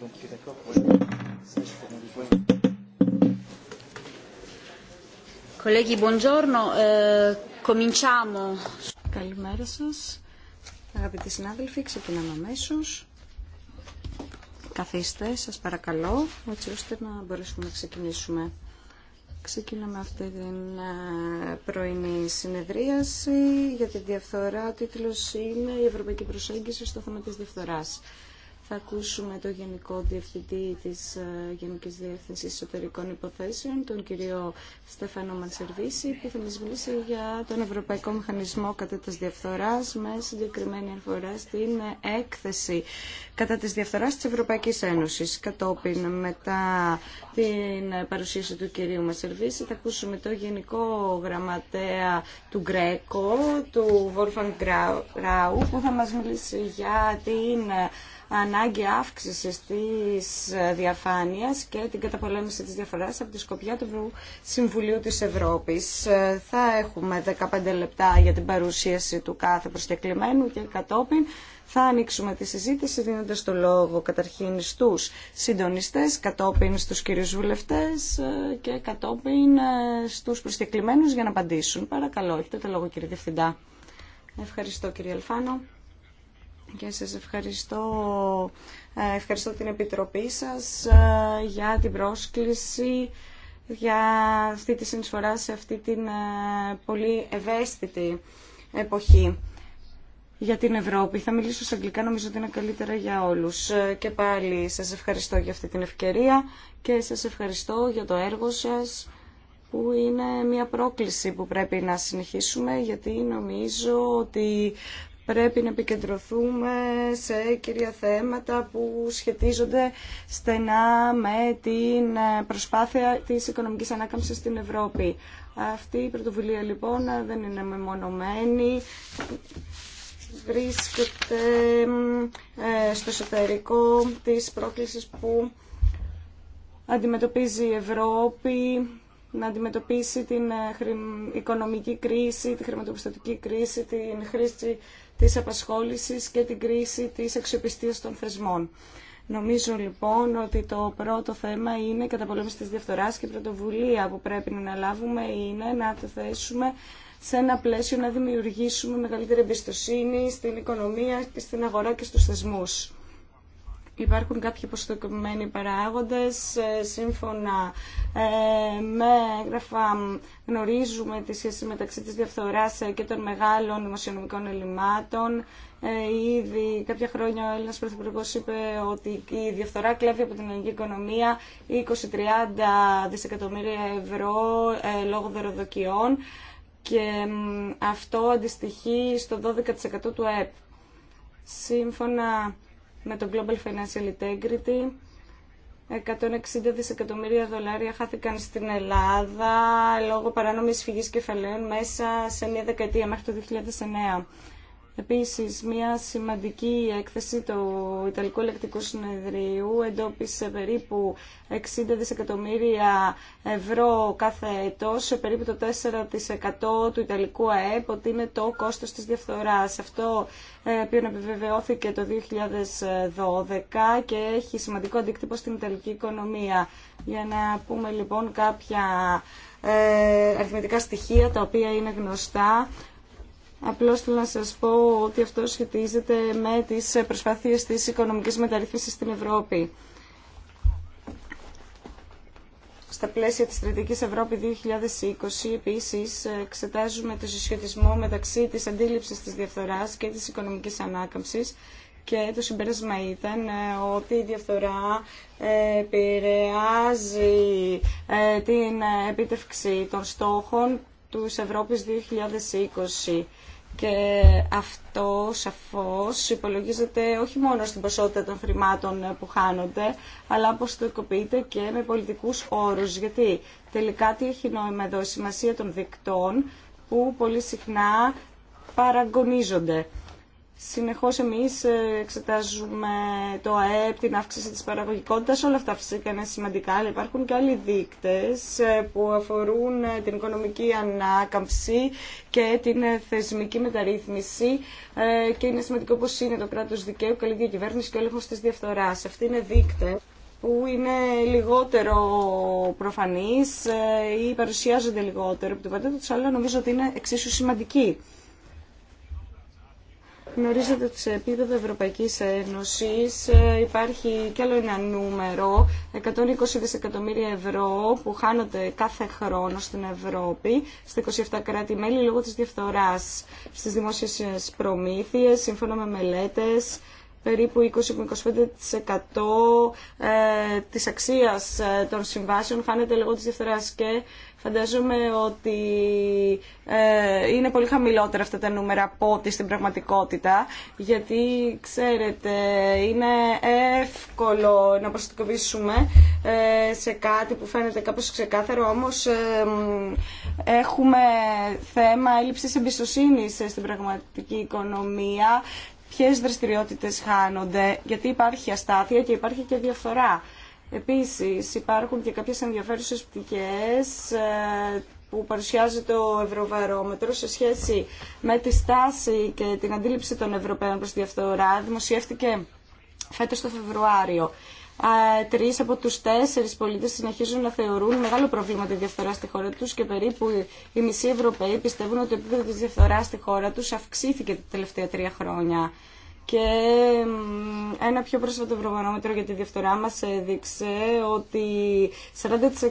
donc tu es d'accord pour Colleghi, buongiorno. Eh, cominciamo. Καλημέρα σα. Αγαπητοί συνάδελφοι, ξεκινάμε αμέσω. Καθίστε, σα παρακαλώ, έτσι ώστε να μπορέσουμε να ξεκινήσουμε. Ξεκινάμε αυτή την ε, πρωινή συνεδρίαση για τη διαφθορά. Ο τίτλο είναι «Η Ευρωπαϊκή Προσέγγιση στο θέμα τη διαφθορά. Θα ακούσουμε το Γενικό Διευθυντή της ε, Γενικής Διεύθυνσης Εσωτερικών Υποθέσεων, τον κύριο Στεφανό Μανσερβίση, που θα μας μιλήσει για τον Ευρωπαϊκό Μηχανισμό κατά της Διαφθοράς με συγκεκριμένη αφορά στην έκθεση κατά της Διαφθοράς της Ευρωπαϊκής Ένωσης. Κατόπιν μετά την παρουσίαση του κυρίου Μανσερβίση θα ακούσουμε το Γενικό Γραμματέα του Γκρέκο, του Βόρφαν Γκράου, που θα μας μιλήσει για την ανάγκη αύξηση της διαφάνεια και την καταπολέμηση τη διαφορά από τη σκοπιά του Συμβουλίου της Ευρώπης. Ε, θα έχουμε 15 λεπτά για την παρουσίαση του κάθε προσκεκλημένου και κατόπιν θα ανοίξουμε τη συζήτηση δίνοντα το λόγο καταρχήν στου συντονιστέ, κατόπιν στους κύριου βουλευτέ ε, και κατόπιν ε, στους προσκεκλημένου για να απαντήσουν. Παρακαλώ, έχετε το λόγο κύριε Διευθυντά. Ευχαριστώ κύριε Αλφάνο και σας ευχαριστώ, ε, ευχαριστώ την Επιτροπή σας ε, για την πρόσκληση, για αυτή τη συνεισφορά σε αυτή την ε, πολύ ευαίσθητη εποχή για την Ευρώπη. Θα μιλήσω σε αγγλικά, νομίζω ότι είναι καλύτερα για όλους. Και πάλι σας ευχαριστώ για αυτή την ευκαιρία και σας ευχαριστώ για το έργο σας που είναι μια πρόκληση που πρέπει να συνεχίσουμε γιατί νομίζω ότι πρέπει να επικεντρωθούμε σε κυρία θέματα που σχετίζονται στενά με την προσπάθεια της οικονομικής ανάκαμψης στην Ευρώπη. Αυτή η πρωτοβουλία λοιπόν δεν είναι μεμονωμένη. Βρίσκεται ε, στο εσωτερικό της πρόκλησης που αντιμετωπίζει η Ευρώπη να αντιμετωπίσει την ε, οικονομική κρίση, τη χρηματοπιστωτική κρίση, την χρήση της απασχόλησης και την κρίση της αξιοπιστίας των θεσμών. Νομίζω λοιπόν ότι το πρώτο θέμα είναι η καταπολέμηση της διαφθοράς και η πρωτοβουλία που πρέπει να αναλάβουμε είναι να το θέσουμε σε ένα πλαίσιο να δημιουργήσουμε μεγαλύτερη εμπιστοσύνη στην οικονομία και στην αγορά και στους θεσμούς. Υπάρχουν κάποιοι υποστοκομμένοι παράγοντες. Ε, σύμφωνα ε, με έγγραφα γνωρίζουμε τη σχέση μεταξύ της διαφθοράς ε, και των μεγάλων δημοσιονομικών ελλημάτων. Ήδη κάποια χρόνια ο Έλληνας Πρωθυπουργός είπε ότι η διαφθορά κλέβει από την ελληνική οικονομία 20-30 δισεκατομμύρια ευρώ λόγω δωροδοκιών και αυτό αντιστοιχεί στο 12% του ΕΠ. Σύμφωνα με το Global Financial Integrity. 160 δισεκατομμύρια δολάρια χάθηκαν στην Ελλάδα λόγω παράνομης φυγής κεφαλαίων μέσα σε μια δεκαετία μέχρι το 2009. Επίσης, μια σημαντική έκθεση του Ιταλικού Ελεκτικού Συνεδρίου εντόπισε περίπου 60 δισεκατομμύρια ευρώ κάθε έτος, περίπου το 4% του Ιταλικού ΑΕΠ, ότι είναι το κόστος της διαφθοράς. Αυτό ε, που επιβεβαιώθηκε το 2012 και έχει σημαντικό αντίκτυπο στην Ιταλική οικονομία. Για να πούμε λοιπόν κάποια ε, αριθμητικά στοιχεία τα οποία είναι γνωστά Απλώς θέλω να σας πω ότι αυτό σχετίζεται με τις προσπάθειες της οικονομικής μεταρρύθμισης στην Ευρώπη. Στα πλαίσια της στρατηγικής Ευρώπη 2020, επίσης, εξετάζουμε το συσχετισμό μεταξύ της αντίληψης της διαφθοράς και της οικονομικής ανάκαμψης και το συμπέρασμα ήταν ε, ότι η διαφθορά ε, επηρεάζει ε, την επίτευξη των στόχων τους Ευρώπης 2020. Και αυτό σαφώς υπολογίζεται όχι μόνο στην ποσότητα των χρημάτων που χάνονται, αλλά αποστοικοποιείται και με πολιτικούς όρους. Γιατί τελικά τι έχει νόημα εδώ η σημασία των δικτών που πολύ συχνά παραγωνίζονται. Συνεχώς εμείς ε, εξετάζουμε το ΑΕΠ, την αύξηση της παραγωγικότητας, όλα αυτά φυσικά είναι σημαντικά, αλλά υπάρχουν και άλλοι δείκτες ε, που αφορούν ε, την οικονομική ανάκαμψη και την θεσμική μεταρρύθμιση και είναι σημαντικό πώς είναι το κράτος δικαίου, καλή διακυβέρνηση και ο έλεγχος της διαφθοράς. Αυτοί είναι δείκτε που είναι λιγότερο προφανής ή παρουσιάζονται λιγότερο από το αλλά νομίζω ότι είναι εξίσου σημαντικοί. Γνωρίζετε ότι σε επίπεδο Ευρωπαϊκής Ένωσης ε, υπάρχει κι άλλο ένα νούμερο, 120 δισεκατομμύρια ευρώ που χάνονται κάθε χρόνο στην Ευρώπη, στα 27 κράτη-μέλη λόγω της διαφθοράς στις δημόσιες προμήθειες, σύμφωνα με μελέτες περίπου 20-25% ε, της αξίας ε, των συμβάσεων χάνεται λόγω της διαφθοράς και φαντάζομαι ότι ε, είναι πολύ χαμηλότερα αυτά τα νούμερα από ό,τι στην πραγματικότητα γιατί ξέρετε είναι εύκολο να ε, σε κάτι που φαίνεται κάπως ξεκάθαρο όμως έχουμε θέμα έλλειψης εμπιστοσύνης στην πραγματική οικονομία ποιε δραστηριότητε χάνονται, γιατί υπάρχει αστάθεια και υπάρχει και διαφθορά. Επίση, υπάρχουν και κάποιε ενδιαφέρουσε πτυχέ ε, που παρουσιάζει το Ευρωβαρόμετρο σε σχέση με τη στάση και την αντίληψη των Ευρωπαίων προ τη διαφθορά. Δημοσιεύτηκε φέτο το Φεβρουάριο. Τρει από τους τέσσερις πολίτε συνεχίζουν να θεωρούν μεγάλο πρόβλημα τη διαφθορά στη χώρα τους και περίπου οι μισοί Ευρωπαίοι πιστεύουν ότι το επίπεδο τη διαφθορά στη χώρα του αυξήθηκε τα τελευταία τρία χρόνια. Και ένα πιο πρόσφατο ευρωβαρόμετρο για τη διαφθορά μας έδειξε ότι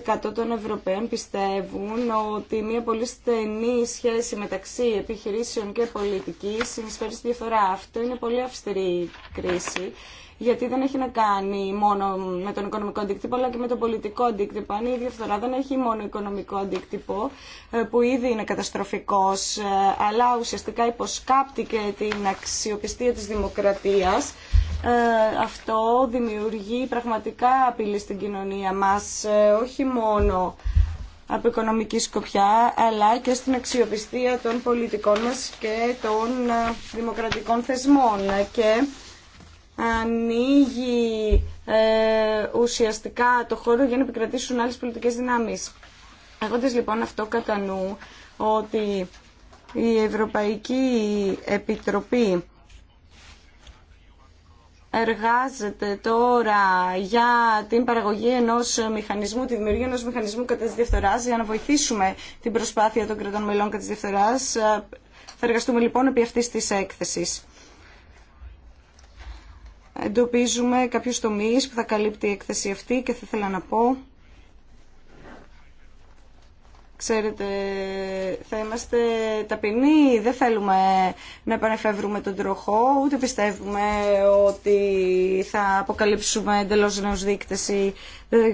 40% των Ευρωπαίων πιστεύουν ότι μια πολύ στενή σχέση μεταξύ επιχειρήσεων και πολιτικής συνεισφέρει στη διαφθορά. Αυτό είναι πολύ αυστηρή κρίση γιατί δεν έχει να κάνει μόνο με τον οικονομικό αντίκτυπο, αλλά και με τον πολιτικό αντίκτυπο. Αν η ίδια φθορά δεν έχει μόνο οικονομικό αντίκτυπο, ε, που ήδη είναι καταστροφικός, ε, αλλά ουσιαστικά υποσκάπτει την αξιοπιστία της δημοκρατίας, ε, αυτό δημιουργεί πραγματικά απειλή στην κοινωνία μας, όχι μόνο από οικονομική σκοπιά, αλλά και στην αξιοπιστία των πολιτικών μας και των δημοκρατικών θεσμών. Και ανοίγει ε, ουσιαστικά το χώρο για να επικρατήσουν άλλες πολιτικές δυνάμεις. Έχοντας λοιπόν αυτό κατά νου ότι η Ευρωπαϊκή Επιτροπή εργάζεται τώρα για την παραγωγή ενός μηχανισμού, τη δημιουργία ενός μηχανισμού κατά της διαφθοράς για να βοηθήσουμε την προσπάθεια των κρατών μελών κατά της διαφθοράς. Ε, θα εργαστούμε λοιπόν επί αυτής της έκθεσης εντοπίζουμε κάποιους τομείς που θα καλύπτει η έκθεση αυτή και θα ήθελα να πω Ξέρετε, θα είμαστε ταπεινοί, δεν θέλουμε να επανεφεύρουμε τον τροχό, ούτε πιστεύουμε ότι θα αποκαλύψουμε εντελώ νέους δείκτες ή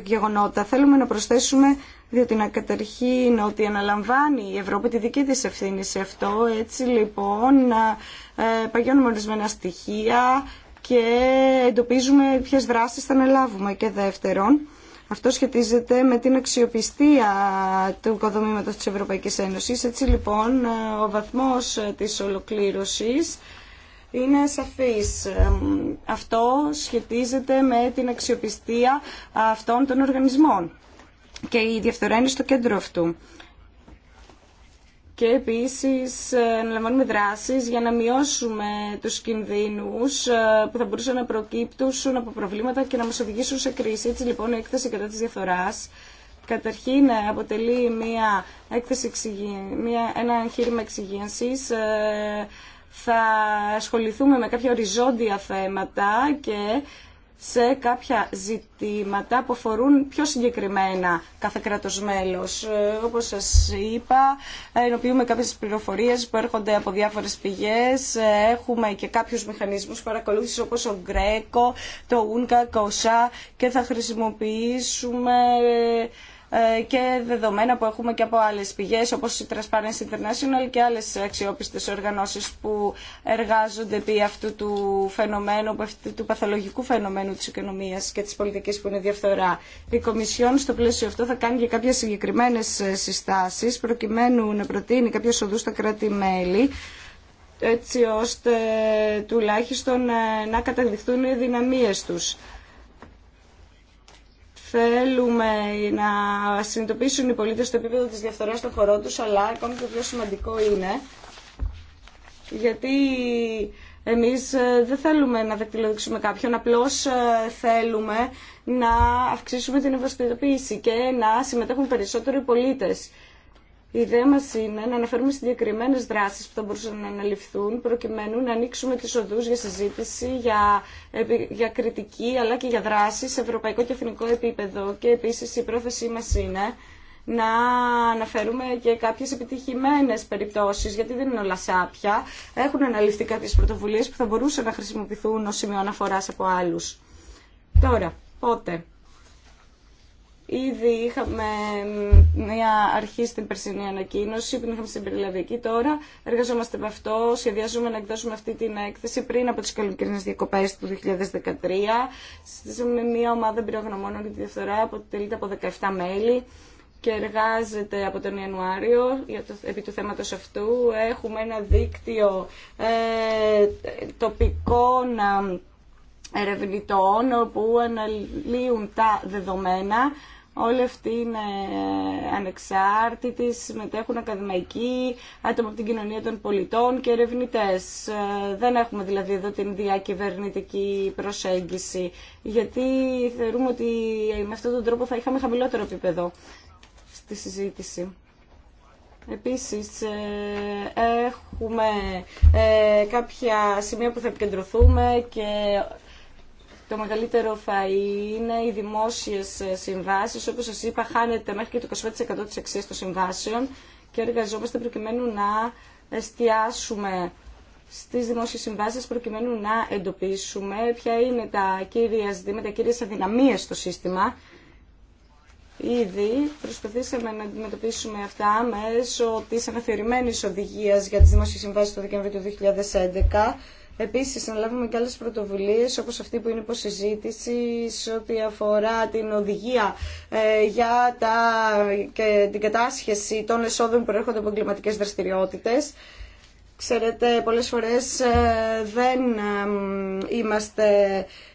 γεγονότα. Θέλουμε να προσθέσουμε, διότι να καταρχήν ότι αναλαμβάνει η Ευρώπη τη δική της ευθύνη σε αυτό, έτσι λοιπόν να ε, παγιώνουμε ορισμένα στοιχεία, και εντοπίζουμε ποιες δράσεις θα αναλάβουμε. Και δεύτερον, αυτό σχετίζεται με την αξιοπιστία του οικοδομήματο της Ευρωπαϊκής Ένωσης. Έτσι λοιπόν, ο βαθμός ε, της ολοκλήρωσης είναι σαφής. Αυτό σχετίζεται με την αξιοπιστία αυτών των οργανισμών και η διαφθορά είναι στο κέντρο αυτού και επίσης ε, λαμβάνουμε δράσεις για να μειώσουμε τους κινδύνους ε, που θα μπορούσαν να προκύπτουν από προβλήματα και να μας οδηγήσουν σε κρίση. Έτσι λοιπόν η έκθεση κατά της διαφοράς, καταρχήν ε, αποτελεί μια έκθεση, μια, ένα εγχείρημα εξυγίανσης θα ασχοληθούμε με κάποια οριζόντια θέματα και σε κάποια ζητήματα που αφορούν πιο συγκεκριμένα κάθε κράτος μέλος. Ε, όπως σας είπα, ενοποιούμε κάποιες πληροφορίες που έρχονται από διάφορες πηγές. Ε, έχουμε και κάποιους μηχανισμούς παρακολούθησης όπως ο Γκρέκο, το Ούνκα, Κοσά και θα χρησιμοποιήσουμε ε, ε, και δεδομένα που έχουμε και από άλλες πηγές όπως η Transparency International και άλλες αξιόπιστες οργανώσεις που εργάζονται επί αυτού του φαινομένου, του παθολογικού φαινομένου της οικονομίας και της πολιτικής που είναι διαφθορά. Η Κομισιόν στο πλαίσιο αυτό θα κάνει και κάποιες συγκεκριμένες ε, συστάσεις προκειμένου να προτείνει κάποιες οδούς στα κράτη-μέλη έτσι ώστε τουλάχιστον ε, να καταδειχθούν οι δυναμίες τους. Θέλουμε να συνειδητοποιήσουν οι πολίτες το επίπεδο της διαφθοράς των χωρών τους, αλλά ακόμη το πιο σημαντικό είναι γιατί εμείς ε, δεν θέλουμε να δεκτυλοδείξουμε κάποιον, απλώς ε, θέλουμε να αυξήσουμε την ευαισθητοποίηση και να συμμετέχουν περισσότερο οι πολίτες. Η ιδέα μα είναι να αναφέρουμε συγκεκριμένε δράσει που θα μπορούσαν να αναλυφθούν προκειμένου να ανοίξουμε τι οδού για συζήτηση, για, για κριτική αλλά και για δράση σε ευρωπαϊκό και εθνικό επίπεδο και επίση η πρόθεσή μα είναι να αναφέρουμε και κάποιε επιτυχημένε περιπτώσει, γιατί δεν είναι όλα σάπια. Έχουν αναλυφθεί κάποιε πρωτοβουλίε που θα μπορούσαν να χρησιμοποιηθούν ω σημείο αναφορά από άλλου. Τώρα, πότε Ήδη είχαμε μια αρχή στην περσινή ανακοίνωση που την είχαμε συμπεριλάβει εκεί. Τώρα εργαζόμαστε με αυτό. Σχεδιάζουμε να εκδώσουμε αυτή την έκθεση πριν από τις καλοκαιρινές διακοπές του 2013. Συζητήσαμε μια ομάδα εμπειρογνωμόνων για τη διαφθορά που από 17 μέλη και εργάζεται από τον Ιανουάριο για το, επί του θέματος αυτού. Έχουμε ένα δίκτυο ε, τοπικών ε, ερευνητών που αναλύουν τα δεδομένα Όλοι αυτοί είναι ανεξάρτητοι, συμμετέχουν ακαδημαϊκοί, άτομα από την κοινωνία των πολιτών και ερευνητέ. Ε, δεν έχουμε δηλαδή εδώ την διακυβερνητική προσέγγιση, γιατί θεωρούμε ότι με αυτόν τον τρόπο θα είχαμε χαμηλότερο επίπεδο στη συζήτηση. Επίσης, ε, έχουμε ε, κάποια σημεία που θα επικεντρωθούμε και το μεγαλύτερο θα είναι οι δημόσιες ε, συμβάσεις. Όπως σας είπα, χάνεται μέχρι και το 25% της αξίας των συμβάσεων και εργαζόμαστε προκειμένου να εστιάσουμε στις δημόσιες συμβάσεις προκειμένου να εντοπίσουμε ποια είναι τα κύρια ζητήματα, τα κύρια αδυναμίες στο σύστημα. Ήδη προσπαθήσαμε να αντιμετωπίσουμε αυτά μέσω της αναθεωρημένης οδηγίας για τις δημόσιες συμβάσεις το Δεκέμβριο του 2011 Επίσης, να λάβουμε και άλλες πρωτοβουλίες, όπως αυτή που είναι υποσυζήτηση, σε ό,τι αφορά την οδηγία ε, για τα, και την κατάσχεση των εσόδων που προέρχονται από εγκληματικέ δραστηριότητες. Ξέρετε, πολλές φορές ε, δεν είμαστε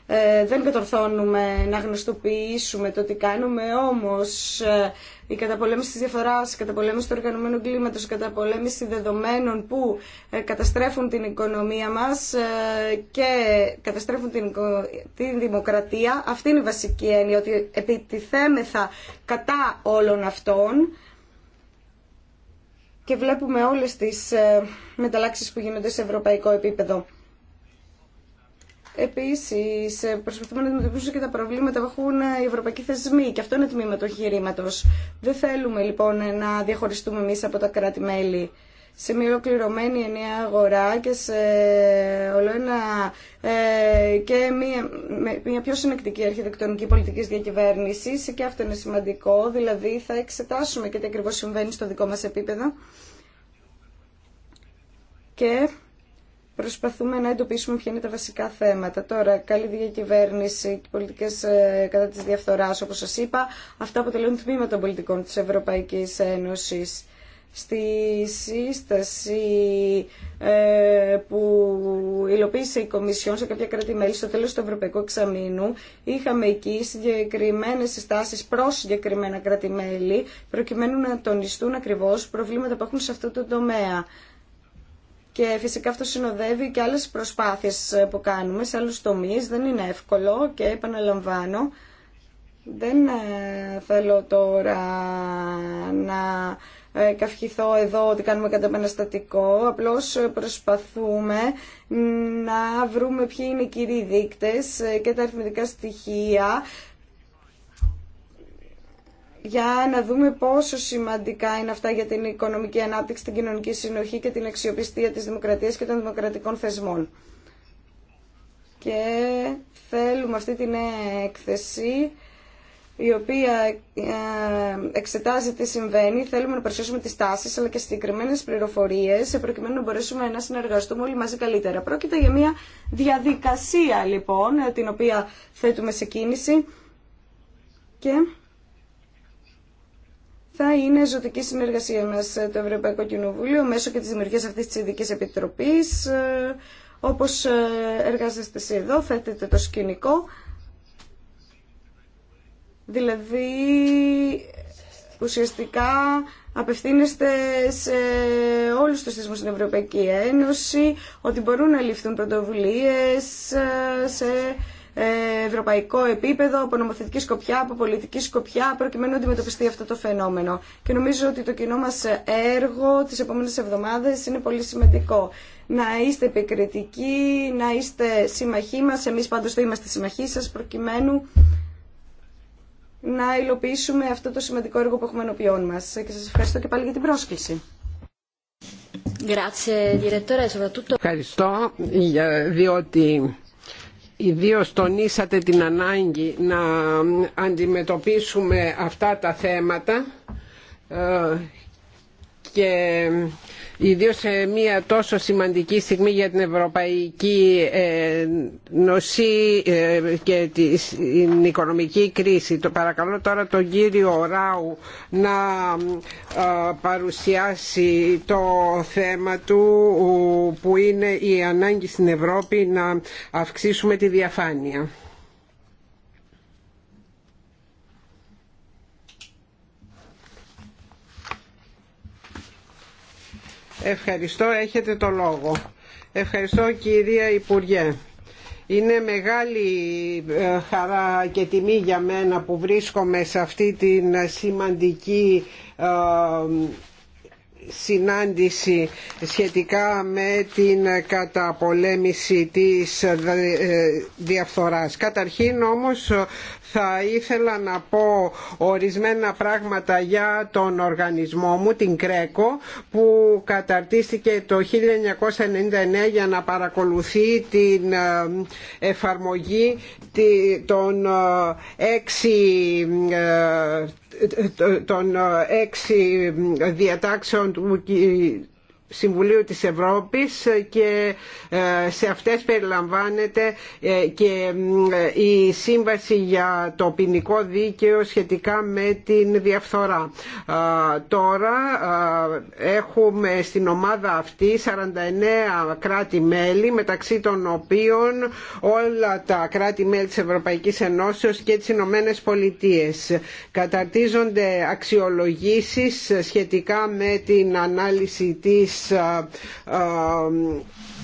ε, δεν κατορθώνουμε να γνωστοποιήσουμε το τι κάνουμε, όμως ε, η καταπολέμηση της διαφοράς, η καταπολέμηση του οργανωμένου κλίματος, η καταπολέμηση δεδομένων που ε, καταστρέφουν την οικονομία μας και καταστρέφουν την, την δημοκρατία, αυτή είναι η βασική έννοια, ότι επιτιθέμεθα κατά όλων αυτών και βλέπουμε όλες τις μεταλλάξεις που γίνονται σε ευρωπαϊκό επίπεδο. Επίση, προσπαθούμε να αντιμετωπίσουμε και τα προβλήματα που έχουν οι ευρωπαϊκοί θεσμοί και αυτό είναι το τμήμα του εγχειρήματο. Δεν θέλουμε λοιπόν να διαχωριστούμε εμεί από τα κράτη-μέλη σε μια ολοκληρωμένη ενιαία αγορά και σε όλο ένα, ε, και μια, μια πιο συνεκτική αρχιτεκτονική πολιτική διακυβέρνηση και αυτό είναι σημαντικό. Δηλαδή, θα εξετάσουμε και τι ακριβώ συμβαίνει στο δικό μα επίπεδο. Και Προσπαθούμε να εντοπίσουμε ποια είναι τα βασικά θέματα. Τώρα, καλή διακυβέρνηση και πολιτικέ ε, κατά τη διαφθορά, όπω σα είπα, αυτά αποτελούν τμήμα των πολιτικών τη Ευρωπαϊκή Ένωση. Στη σύσταση ε, που υλοποίησε η Κομισιόν σε κάποια κράτη-μέλη στο τέλος του Ευρωπαϊκού Εξαμήνου, είχαμε εκεί συγκεκριμένες συστάσεις προς συγκεκριμένα κράτη-μέλη, προκειμένου να τονιστούν ακριβώς προβλήματα που έχουν σε αυτό το τομέα. Και φυσικά αυτό συνοδεύει και άλλες προσπάθειες ε, που κάνουμε σε άλλους τομείς. Δεν είναι εύκολο και επαναλαμβάνω. Δεν ε, θέλω τώρα να ε, καυχηθώ εδώ ότι κάνουμε κάτι επαναστατικό. Απλώς προσπαθούμε να βρούμε ποιοι είναι οι κύριοι δείκτες και τα αριθμητικά στοιχεία για να δούμε πόσο σημαντικά είναι αυτά για την οικονομική ανάπτυξη, την κοινωνική συνοχή και την αξιοπιστία της δημοκρατίας και των δημοκρατικών θεσμών. Και θέλουμε αυτή την έκθεση η οποία ε, εξετάζει τι συμβαίνει. Θέλουμε να παρουσιάσουμε τι τάσει αλλά και συγκεκριμένε πληροφορίε, προκειμένου να μπορέσουμε να συνεργαστούμε όλοι μαζί καλύτερα. Πρόκειται για μια διαδικασία λοιπόν, την οποία θέτουμε σε κίνηση και θα είναι ζωτική συνεργασία μας ε, το Ευρωπαϊκό Κοινοβούλιο μέσω και της δημιουργίας αυτής της ειδική επιτροπής. Ε, όπως ε, εργάζεστε εδώ, θέτετε το σκηνικό. Δηλαδή, ουσιαστικά απευθύνεστε σε όλους τους θεσμούς στην Ευρωπαϊκή Ένωση ότι μπορούν να ληφθούν πρωτοβουλίες σε ευρωπαϊκό επίπεδο, από νομοθετική σκοπιά, από πολιτική σκοπιά, προκειμένου να αντιμετωπιστεί αυτό το φαινόμενο. Και νομίζω ότι το κοινό μας έργο τις επόμενες εβδομάδες είναι πολύ σημαντικό. Να είστε επικριτικοί, να είστε συμμαχοί μας, εμείς πάντως το είμαστε συμμαχοί σας, προκειμένου να υλοποιήσουμε αυτό το σημαντικό έργο που έχουμε ενωπιών μας. Και σας ευχαριστώ και πάλι για την πρόσκληση. Ευχαριστώ, διότι Ιδίως τονίσατε την ανάγκη να αντιμετωπίσουμε αυτά τα θέματα ε, και Ιδίω σε μια τόσο σημαντική στιγμή για την Ευρωπαϊκή ε, Νοσή ε, και την οικονομική κρίση. Το παρακαλώ τώρα τον κύριο Ράου να ε, παρουσιάσει το θέμα του που είναι η ανάγκη στην Ευρώπη να αυξήσουμε τη διαφάνεια. Ευχαριστώ, έχετε το λόγο. Ευχαριστώ κυρία Υπουργέ. Είναι μεγάλη ε, χαρά και τιμή για μένα που βρίσκομαι σε αυτή την σημαντική ε, συνάντηση σχετικά με την καταπολέμηση της ε, ε, διαφθοράς. Καταρχήν όμως ε, θα ήθελα να πω ορισμένα πράγματα για τον οργανισμό μου, την Κρέκο, που καταρτίστηκε το 1999 για να παρακολουθεί την εφαρμογή των έξι των έξι διατάξεων του Συμβουλίου της Ευρώπης και ε, σε αυτές περιλαμβάνεται ε, και ε, η σύμβαση για το ποινικό δίκαιο σχετικά με την διαφθορά. Τώρα έχουμε στην ομάδα αυτή 49 κράτη-μέλη μεταξύ των οποίων όλα τα κράτη-μέλη της Ευρωπαϊκής Ενώσεως και τις Ηνωμένε Πολιτείες. Καταρτίζονται αξιολογήσεις σχετικά με την ανάλυση της της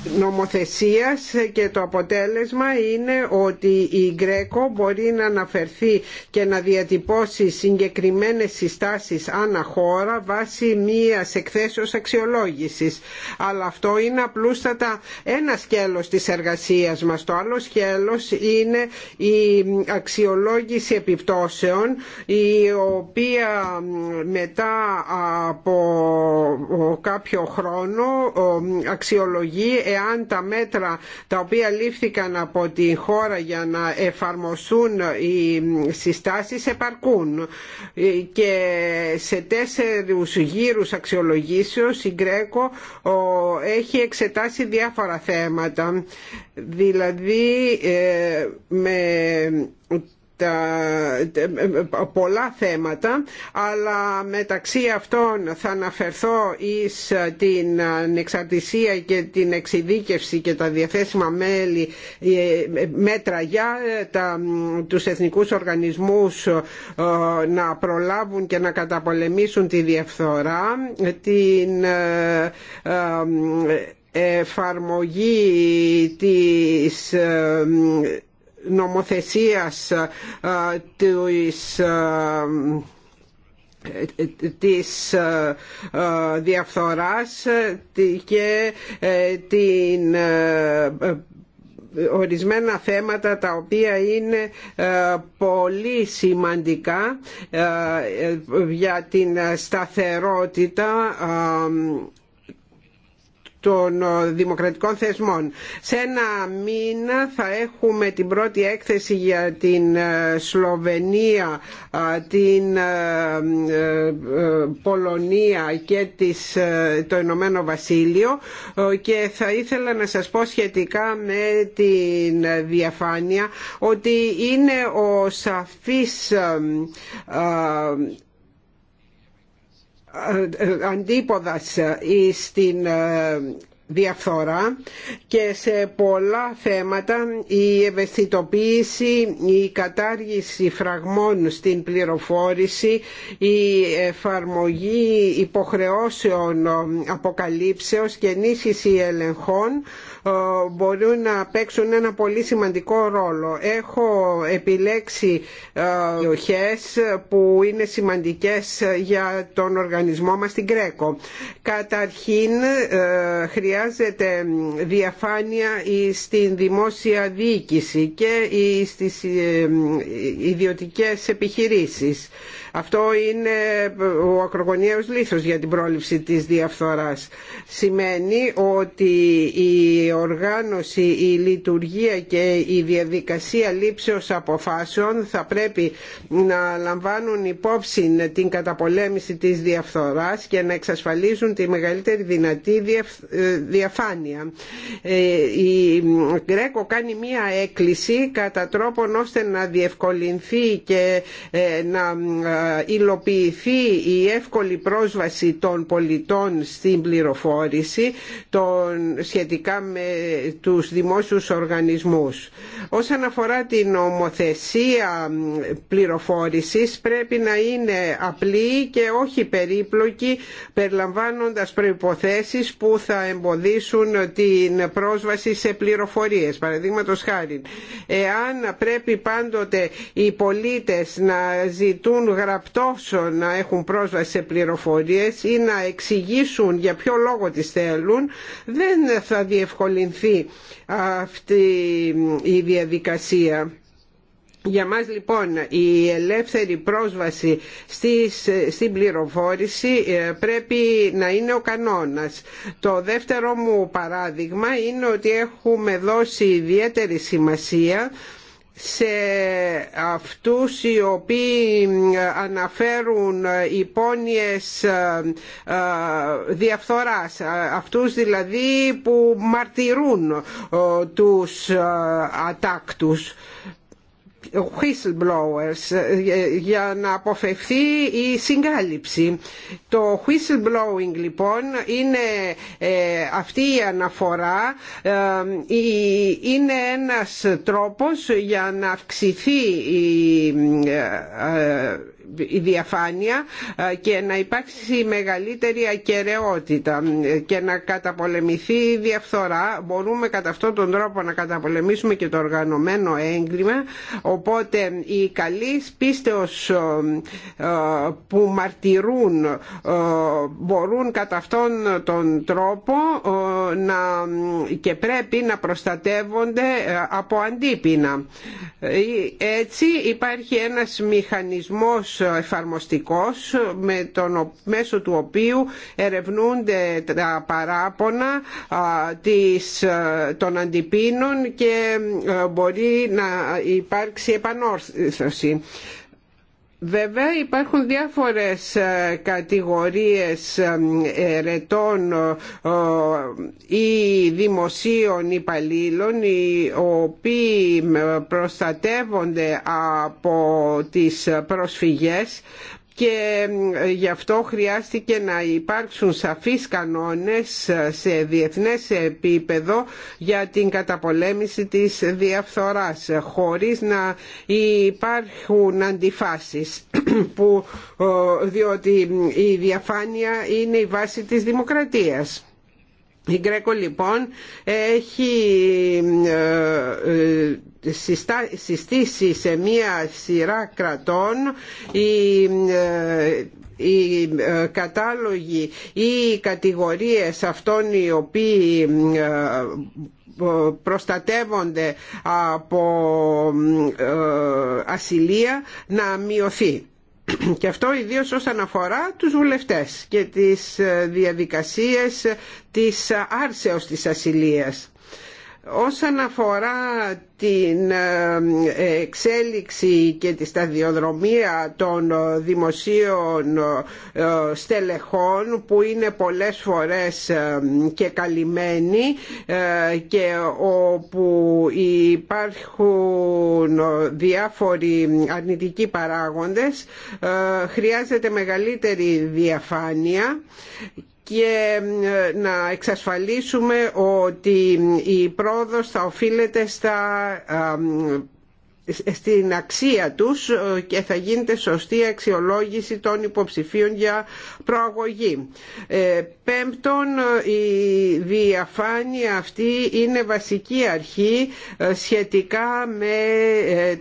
νομοθεσίας και το αποτέλεσμα είναι ότι η Γκρέκο μπορεί να αναφερθεί και να διατυπώσει συγκεκριμένες συστάσεις ανά χώρα βάσει μίας εκθέσεως αξιολόγησης. Αλλά αυτό είναι απλούστατα ένα σκέλος της εργασίας μας. Το άλλο σκέλος είναι η αξιολόγηση επιπτώσεων η οποία μετά από κάποιο χρόνο ε, αξιολογεί εάν τα μέτρα τα οποία λήφθηκαν από τη χώρα για να εφαρμοσούν οι συστάσεις επαρκούν και σε τέσσερους γύρους αξιολογήσεως η Γκρέκο έχει εξετάσει διάφορα θέματα δηλαδή ε, με τα, ε, ε, πολλά θέματα αλλά μεταξύ αυτών θα αναφερθώ εις ε, την ανεξαρτησία και την εξειδίκευση και τα διαθέσιμα μέλη, μέτρα για τα, τους εθνικούς οργανισμούς να προλάβουν και να καταπολεμήσουν τη διαφθορά, την εφαρμογή της νομοθεσίας ε, της ε, της ε, διαφθοράς και την ορισμένα θέματα τα οποία είναι πολύ σημαντικά για την σταθερότητα των ε, δημοκρατικών θεσμών. Σε ένα μήνα θα έχουμε την πρώτη έκθεση για την ε, Σλοβενία, ε, την Πολωνία και το Ηνωμένο Βασίλειο και θα ήθελα να σας πω σχετικά με την διαφάνεια ότι είναι ο σαφής αντίποδας στην ε, διαφθορά και σε πολλά θέματα η ευαισθητοποίηση, η κατάργηση φραγμών στην πληροφόρηση, η εφαρμογή υποχρεώσεων αποκαλύψεως και ενίσχυση ελεγχών ε, μπορούν να παίξουν ένα πολύ σημαντικό ρόλο. Έχω επιλέξει περιοχές που είναι σημαντικές για τον οργανισμό μας στην Κρέκο. Καταρχήν ε, χρειάζεται διαφάνεια στην δημόσια διοίκηση και στις ε, ιδιωτικές επιχειρήσεις. Αυτό είναι ο ακρογωνιαίος λήθος για την πρόληψη της διαφθοράς. Σημαίνει ότι η οργάνωση, η λειτουργία και η διαδικασία λήψεως αποφάσεων θα πρέπει να λαμβάνουν υπόψη την καταπολέμηση της διαφθοράς και να εξασφαλίζουν τη μεγαλύτερη δυνατή ε, διαφάνεια. Ε, η Γκρέκο κάνει μία έκκληση κατά τρόπον ώστε να διευκολυνθεί και ε, να υλοποιηθεί η εύκολη πρόσβαση των πολιτών στην πληροφόρηση των, σχετικά με τους δημόσιους οργανισμούς. Όσον αφορά την ομοθεσία πληροφόρησης πρέπει να είναι απλή και όχι περίπλοκη περιλαμβάνοντας προϋποθέσεις που θα εμποδίσουν την πρόσβαση σε πληροφορίες. Παραδείγματος χάρη, εάν πρέπει πάντοτε οι πολίτες να ζητούν να έχουν πρόσβαση σε πληροφορίες ή να εξηγήσουν για ποιο λόγο τις θέλουν δεν θα διευκολυνθεί αυτή η διαδικασία. Για μας λοιπόν η ελεύθερη πρόσβαση στις, στην πληροφόρηση ε, πρέπει να είναι ο κανόνας. Το δεύτερο μου παράδειγμα είναι ότι έχουμε δώσει ιδιαίτερη σημασία σε αυτούς οι οποίοι αναφέρουν υπόνοιες ε, ε, διαφθοράς αυτούς δηλαδή που μαρτυρούν τους ε, ατάκτους whistleblowers ε, ε, για να αποφευθεί η συγκάλυψη. Το whistleblowing λοιπόν είναι ε, αυτή η αναφορά, είναι ένας τρόπος για να αυξηθεί η η διαφάνεια ε, και να υπάρξει μεγαλύτερη ακαιρεότητα και να καταπολεμηθεί η διαφθορά. Μπορούμε κατά αυτόν τον τρόπο να καταπολεμήσουμε και το οργανωμένο έγκλημα. Οπότε οι καλοί πίστεως ε, ε, που μαρτυρούν μπορούν κατά αυτόν τον τρόπο να, και πρέπει να προστατεύονται από αντίπεινα. Έτσι υπάρχει ένας μηχανισμός εφαρμοστικός με τον, μέσω του οποίου ερευνούνται τα παράπονα της, των αντιπίνων και ε, μπορεί να υπάρξει επανόρθωση. Βέβαια υπάρχουν διάφορες ε, κατηγορίες ε, ερετών ε, ή δημοσίων υπαλλήλων οι οποίοι προστατεύονται από τις προσφυγές και γι' αυτό χρειάστηκε να υπάρξουν σαφείς κανόνες σε διεθνές επίπεδο για την καταπολέμηση της διαφθοράς χωρίς να υπάρχουν αντιφάσεις που, διότι η διαφάνεια είναι η βάση της δημοκρατίας. Η Γκρέκο λοιπόν έχει ε, ε, συστήσει σε μία σειρά κρατών η οι ε, κατάλογοι ή οι κατηγορίες αυτών οι οποίοι προστατεύονται από ασυλία να μειωθεί και αυτό ιδίως όσον αφορά τους βουλευτές και τις ε, διαδικασίες της ε, άρσεως της ασυλίας. Όσον αφορά την ε, ε, εξέλιξη και τη σταδιοδρομία των δημοσίων ε, στελεχών που είναι πολλές φορές και καλυμμένοι και όπου υπάρχουν διάφοροι αρνητικοί παράγοντες χρειάζεται μεγαλύτερη διαφάνεια και να εξασφαλίσουμε ότι η πρόοδος θα οφείλεται στην αξία τους ε, και θα γίνεται σωστή αξιολόγηση των υποψηφίων για προαγωγή. Ε, πέμπτον, ε, η διαφάνεια αυτή είναι βασική αρχή σχετικά με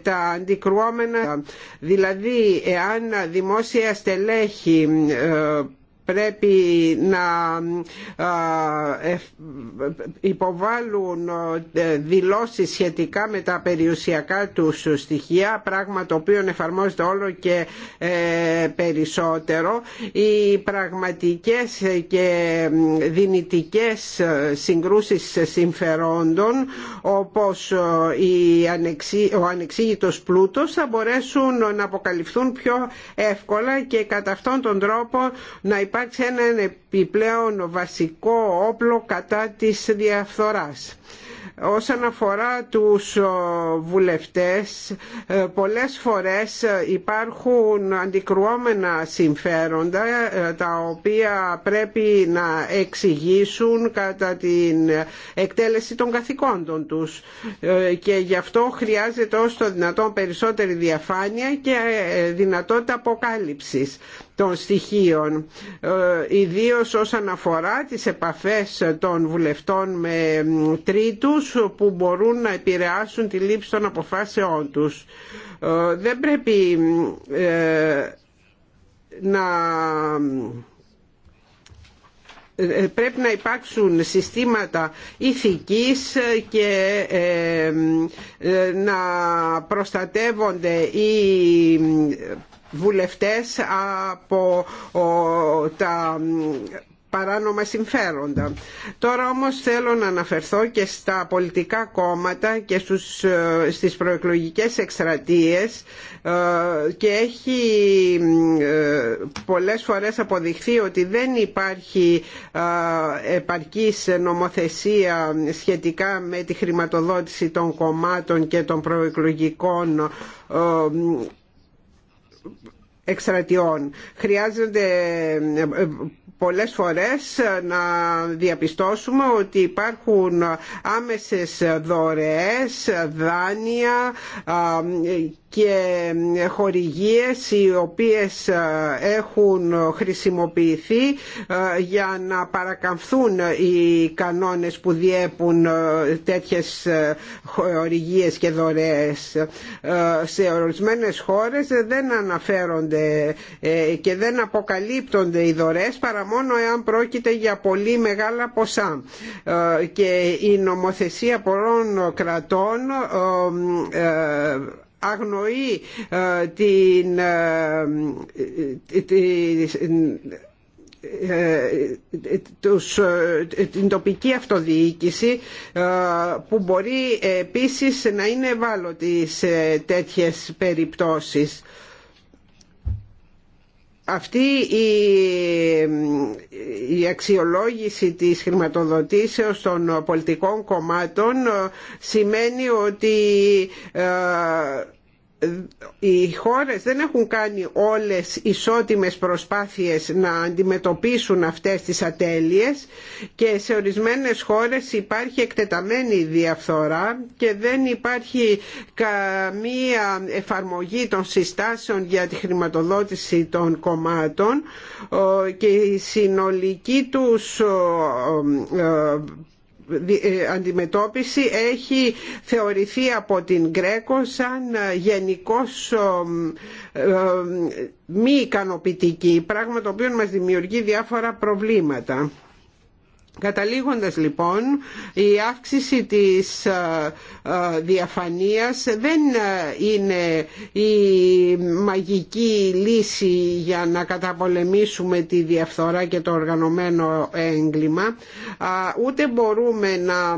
τα αντικρουόμενα. Δηλαδή, εάν δημόσια στελέχη πρέπει να ε, υποβάλουν ε, δηλώσεις σχετικά με τα περιουσιακά τους στοιχεία πράγμα το οποίο εφαρμόζεται όλο και ε, περισσότερο οι πραγματικές και δυνητικές συγκρούσεις συμφερόντων όπως ο ανεξήγητος πλούτος θα μπορέσουν να αποκαλυφθούν πιο εύκολα και κατά αυτόν τον τρόπο να υπάρχει υπάρξει ένα επιπλέον βασικό όπλο κατά της διαφθοράς. Όσον αφορά τους ε, βουλευτές, ε, πολλές φορές ε, υπάρχουν αντικρουόμενα συμφέροντα τα οποία πρέπει να εξηγήσουν κατά την εκτέλεση των καθηκόντων τους και γι' αυτό χρειάζεται όσο το δυνατόν περισσότερη διαφάνεια και δυνατότητα αποκάλυψης των στοιχείων ε, ιδίως όσον αφορά τις επαφές των βουλευτών με τρίτους που μπορούν να επηρεάσουν τη λήψη των αποφάσεών τους. Ε, δεν πρέπει ε, να πρέπει να υπάρξουν συστήματα ηθικής και να προστατεύονται οι βουλευτές από τα παράνομα συμφέροντα. Τώρα όμως θέλω να αναφερθώ και στα πολιτικά κόμματα και στους, ε, στις προεκλογικές εκστρατείες ε, και έχει ε, πολλές φορές αποδειχθεί ότι δεν υπάρχει επαρκής νομοθεσία σχετικά με τη χρηματοδότηση των κομμάτων και των προεκλογικών εκστρατιών. Χρειάζονται ε, πολλές φορές ε, να διαπιστώσουμε ότι υπάρχουν άμεσες δωρεές, δάνεια ε, και ε, χορηγίες οι οποίες ε, έχουν χρησιμοποιηθεί ε, για να παρακαμφθούν οι κανόνες που διέπουν τέτοιες χορηγίες και δωρεές. Σε ορισμένες χώρες δεν αναφέρονται και δεν αποκαλύπτονται οι δωρεές παρά μόνο εάν πρόκειται για πολύ μεγάλα ποσά. Και η νομοθεσία πολλών κρατών αγνοεί ε, την, ε, ε, την την τοπική αυτοδιοίκηση που μπορεί επίσης να είναι ευάλωτη σε τέτοιες περιπτώσεις αυτή η, αξιολόγηση της χρηματοδοτήσεως των πολιτικών κομμάτων ε, σημαίνει ότι ε, οι χώρες δεν έχουν κάνει όλες ισότιμες προσπάθειες να αντιμετωπίσουν αυτές τις ατέλειες και σε ορισμένες χώρες υπάρχει εκτεταμένη διαφθορά και δεν υπάρχει καμία εφαρμογή των συστάσεων για τη χρηματοδότηση των κομμάτων ε, και η συνολική τους ε, ε, ε, αντιμετώπιση έχει θεωρηθεί από την Γκρέκο σαν ε, γενικός ε, μη ικανοποιητική, πράγμα το οποίο μας δημιουργεί διάφορα προβλήματα. Καταλήγοντας λοιπόν, η αύξηση της ε, ε, διαφανείας δεν ε, είναι η μαγική λύση για να καταπολεμήσουμε τη διαφθορά και το οργανωμένο έγκλημα, ούτε μπορούμε να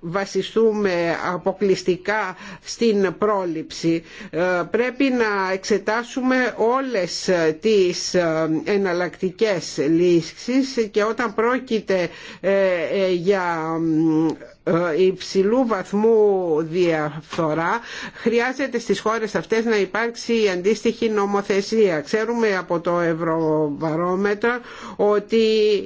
βασιστούμε αποκλειστικά στην πρόληψη. Ε, πρέπει να εξετάσουμε όλες τις ε, εναλλακτικές λύσεις και όταν πρόκειται ε, για ε, υψηλού βαθμού διαφθορά χρειάζεται στις χώρες αυτές να υπάρξει αντίστοιχη νομοθεσία. Ξέρουμε από το Ευρωβαρόμετρο ότι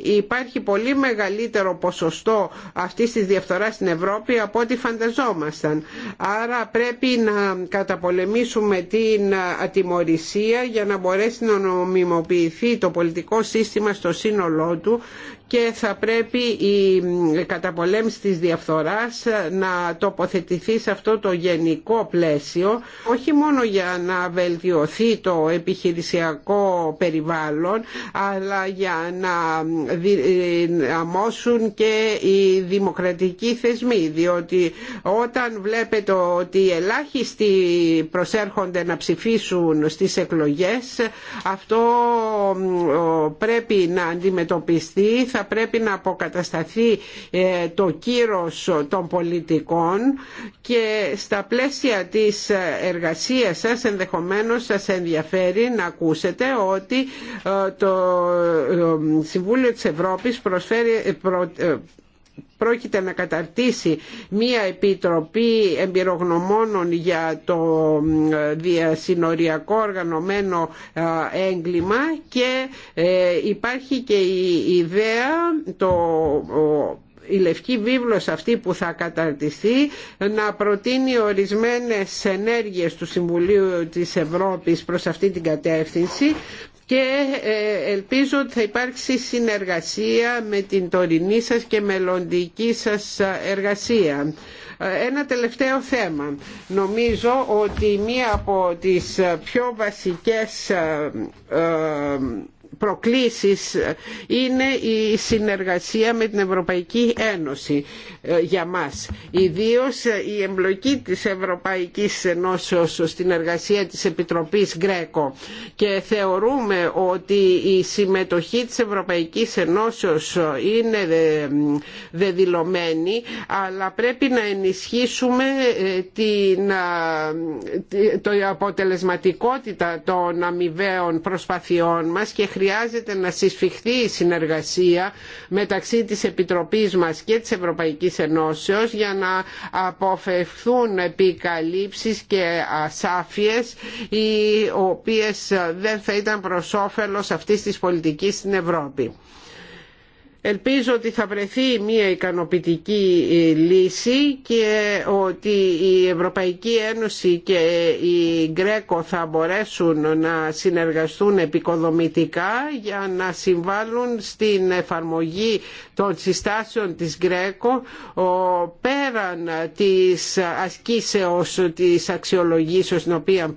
υπάρχει πολύ μεγαλύτερο ποσοστό αυτής της διαφθοράς στην Ευρώπη από ό,τι φανταζόμασταν. Άρα πρέπει να καταπολεμήσουμε την ατιμορρησία για να μπορέσει να νομιμοποιηθεί το πολιτικό σύστημα στο σύνολό του και θα πρέπει η καταπολέμηση της διαφθοράς να τοποθετηθεί σε αυτό το γενικό πλαίσιο όχι μόνο για να βελτιωθεί το επιχειρησιακό περιβάλλον αλλά για να αμώσουν και οι δημοκρατικοί θεσμοί διότι όταν βλέπετε ότι οι ελάχιστοι προσέρχονται να ψηφίσουν στις εκλογές αυτό πρέπει να αντιμετωπιστεί πρέπει να αποκατασταθεί ε, το κύρος των πολιτικών και στα πλαίσια της εργασίας σας ενδεχομένως σας ενδιαφέρει να ακούσετε ότι ε, το ε, Συμβούλιο της Ευρώπης προσφέρει πρόκειται να καταρτήσει μία επιτροπή εμπειρογνωμόνων για το διασυνοριακό οργανωμένο έγκλημα και ε, υπάρχει και η ιδέα το η λευκή βίβλος αυτή που θα καταρτιστεί να προτείνει ορισμένες ενέργειες του Συμβουλίου της Ευρώπης προς αυτή την κατεύθυνση και ε, ελπίζω ότι θα υπάρξει συνεργασία με την τωρινή σας και μελλοντική σας εργασία. Ε, ένα τελευταίο θέμα. Νομίζω ότι μία από τις πιο βασικές ε, προκλήσεις ε, είναι η συνεργασία με την Ευρωπαϊκή Ένωση ε, για μας. Ιδίως ε, η εμπλοκή της Ευρωπαϊκής Ενώσεως στην εργασία της Επιτροπής Γκρέκο και θεωρούμε ότι η συμμετοχή της Ευρωπαϊκής Ενώσεως είναι δεδηλωμένη αλλά πρέπει να ενισχύσουμε την, το αποτελεσματικότητα των αμοιβαίων προσπαθειών μας και χρειάζεται να συσφιχθεί η συνεργασία μεταξύ της Επιτροπής μας και της Ευρωπαϊκής Ενώσεως για να αποφευχθούν επικαλύψεις και ασάφειες οι οποίες δεν θα ήταν προς όφελος αυτής της πολιτικής στην Ευρώπη. Ελπίζω ότι θα βρεθεί μια ικανοποιητική ε, λύση και ε, ότι η Ευρωπαϊκή Ένωση και ε, η Γκρέκο θα μπορέσουν να συνεργαστούν επικοδομητικά για να συμβάλλουν στην εφαρμογή των συστάσεων της Γκρέκο πέραν της ασκήσεως της αξιολογήσεως την οποία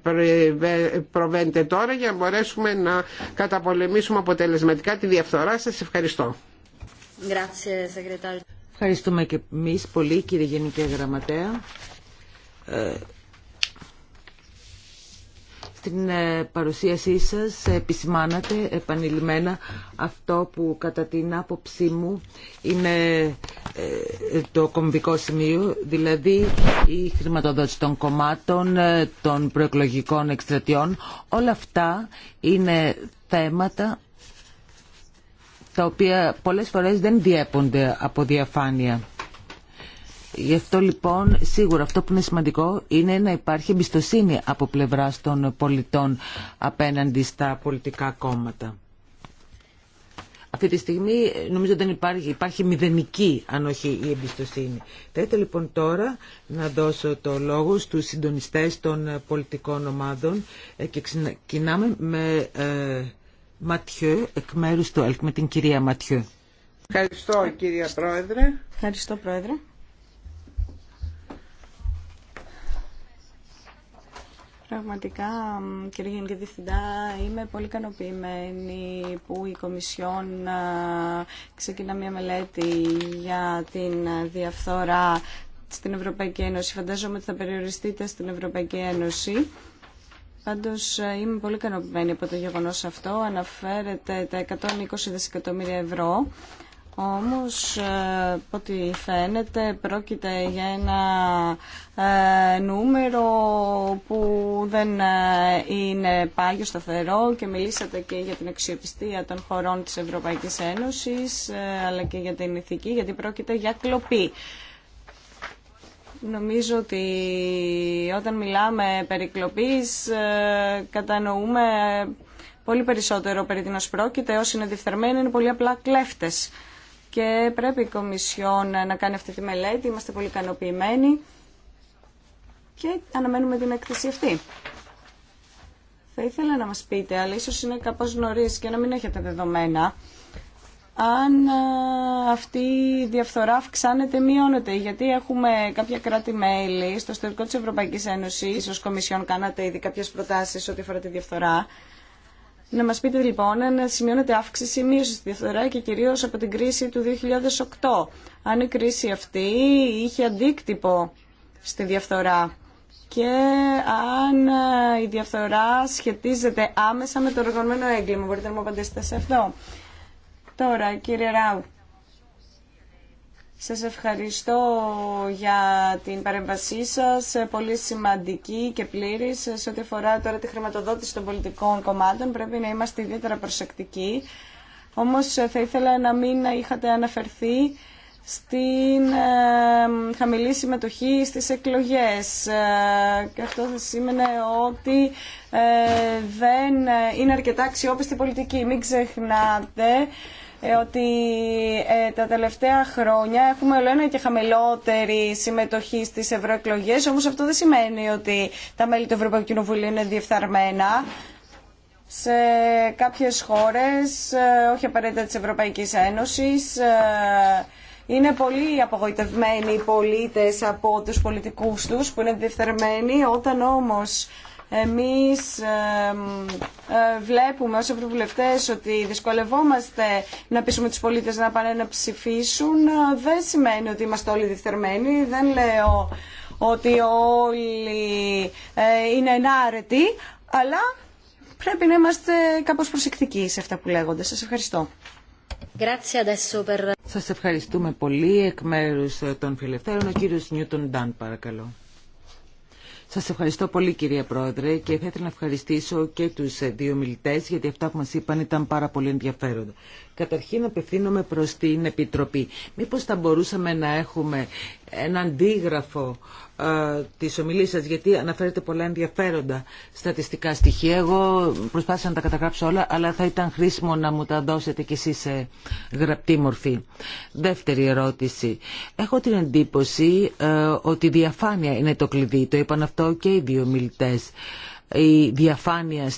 προβαίνεται τώρα για να μπορέσουμε να καταπολεμήσουμε αποτελεσματικά τη διαφθορά. Σας ευχαριστώ. Ευχαριστούμε και εμείς πολύ κύριε Γενική Γραμματέα. Ε, στην ε, παρουσίασή σας επισημάνατε επανειλημμένα αυτό που κατά την άποψή μου είναι ε, το κομβικό σημείο, δηλαδή η χρηματοδότηση των κομμάτων, των προεκλογικών εκστρατιών. Όλα αυτά είναι θέματα τα οποία πολλές φορές δεν διέπονται από διαφάνεια. Γι' αυτό λοιπόν σίγουρα αυτό που είναι σημαντικό είναι να υπάρχει εμπιστοσύνη από πλευρά των πολιτών απέναντι στα πολιτικά κόμματα. Αυτή τη στιγμή νομίζω ότι υπάρχει, υπάρχει μηδενική αν όχι η εμπιστοσύνη. Θα λοιπόν τώρα να δώσω το λόγο στους συντονιστές των πολιτικών ομάδων ε, και ξεκινάμε με ε, Ματιού, εκ μέρους του ΕΛΚ με την κυρία Ματιού. Ευχαριστώ κυρία Πρόεδρε. Ευχαριστώ Πρόεδρε. Πραγματικά, κύριε Γενική Διευθυντά, είμαι πολύ ικανοποιημένη που η Κομισιόν ξεκινά μια μελέτη για την διαφθορά στην Ευρωπαϊκή Ένωση. Φαντάζομαι ότι θα περιοριστείτε στην Ευρωπαϊκή Ένωση Πάντως ε, είμαι πολύ ικανοποιημένη από το γεγονός αυτό. Αναφέρεται τα 120 δισεκατομμύρια ευρώ. Όμως, ε, από ό,τι φαίνεται, πρόκειται για ένα ε, νούμερο που δεν είναι πάγιο σταθερό και μιλήσατε και για την αξιοπιστία των χωρών της Ευρωπαϊκής Ένωσης αλλά και για την ηθική, γιατί πρόκειται για κλοπή. Νομίζω ότι όταν μιλάμε περί κλοπής, ε, κατανοούμε πολύ περισσότερο περί ως πρόκειται. Όσοι είναι διφθαρμένοι είναι πολύ απλά κλέφτες. Και πρέπει η Κομισιόν να κάνει αυτή τη μελέτη. Είμαστε πολύ ικανοποιημένοι και αναμένουμε την έκθεση αυτή. Θα ήθελα να μας πείτε, αλλά ίσως είναι κάπως νωρίς και να μην έχετε δεδομένα αν αυτή η διαφθορά ή μειώνεται. Γιατί έχουμε κάποια κράτη-μέλη στο εσωτερικό της Ευρωπαϊκής Ένωσης, ίσως Κομισιόν κάνατε ήδη κάποιες προτάσεις ό,τι αφορά τη διαφθορά. Να μας πείτε λοιπόν αν σημειώνεται αύξηση ή μείωση στη διαφθορά και κυρίως από την κρίση του 2008. Αν η κρίση αυτή είχε αντίκτυπο στη διαφθορά και αν η διαφθορά σχετίζεται άμεσα με το οργανωμένο έγκλημα. Μπορείτε να μου απαντήσετε σε αυτό. Τώρα, κύριε Ράου, σας ευχαριστώ για την παρέμβασή σας, πολύ σημαντική και πλήρης. Σε ό,τι αφορά τώρα τη χρηματοδότηση των πολιτικών κομμάτων, πρέπει να είμαστε ιδιαίτερα προσεκτικοί. Όμως θα ήθελα να μην είχατε αναφερθεί στην χαμηλή συμμετοχή στις εκλογές ε, και αυτό θα σήμαινε ότι ε, δεν είναι αρκετά αξιόπιστη πολιτική. Μην ξεχνάτε ε, ότι ε, τα τελευταία χρόνια έχουμε όλο ένα και χαμηλότερη συμμετοχή στις ευρωεκλογέ, όμως αυτό δεν σημαίνει ότι τα μέλη του Ευρωπαϊκού Κοινοβουλίου είναι διεφθαρμένα. Σε κάποιες χώρες, ε, όχι απαραίτητα της Ευρωπαϊκής Ένωσης, είναι πολύ απογοητευμένοι οι πολίτες από τους πολιτικούς τους που είναι διεφθαρμένοι όταν όμως εμείς ε, βλέπουμε ως ευρωβουλευτές ότι δυσκολευόμαστε να πείσουμε τους πολίτες να πάνε να ψηφίσουν. Δεν σημαίνει ότι είμαστε όλοι διφθερμένοι. Δεν λέω ότι όλοι ε, είναι ενάρετοι, αλλά πρέπει να είμαστε κάπως προσεκτικοί σε αυτά που λέγονται. Σας ευχαριστώ. Σας ευχαριστούμε πολύ εκ μέρους των φιλελευθέρων. Ο κύριος Νιούτον Ντάν, παρακαλώ. Σας ευχαριστώ πολύ κυρία Πρόεδρε και θα ήθελα να ευχαριστήσω και τους ε, δύο μιλητές γιατί αυτά που μας είπαν ήταν πάρα πολύ ενδιαφέροντα. Καταρχήν απευθύνομαι προς την Επιτροπή. Μήπως θα μπορούσαμε να έχουμε ένα αντίγραφο ε, της ομιλής σας, γιατί αναφέρετε πολλά ενδιαφέροντα στατιστικά στοιχεία. Εγώ προσπάθησα να τα καταγράψω όλα, αλλά θα ήταν χρήσιμο να μου τα δώσετε κι εσείς σε γραπτή μορφή. Δεύτερη ερώτηση. Έχω την εντύπωση ε, ότι η διαφάνεια είναι το κλειδί. Το είπαν αυτό και οι δύο μιλητές. Η διαφάνεια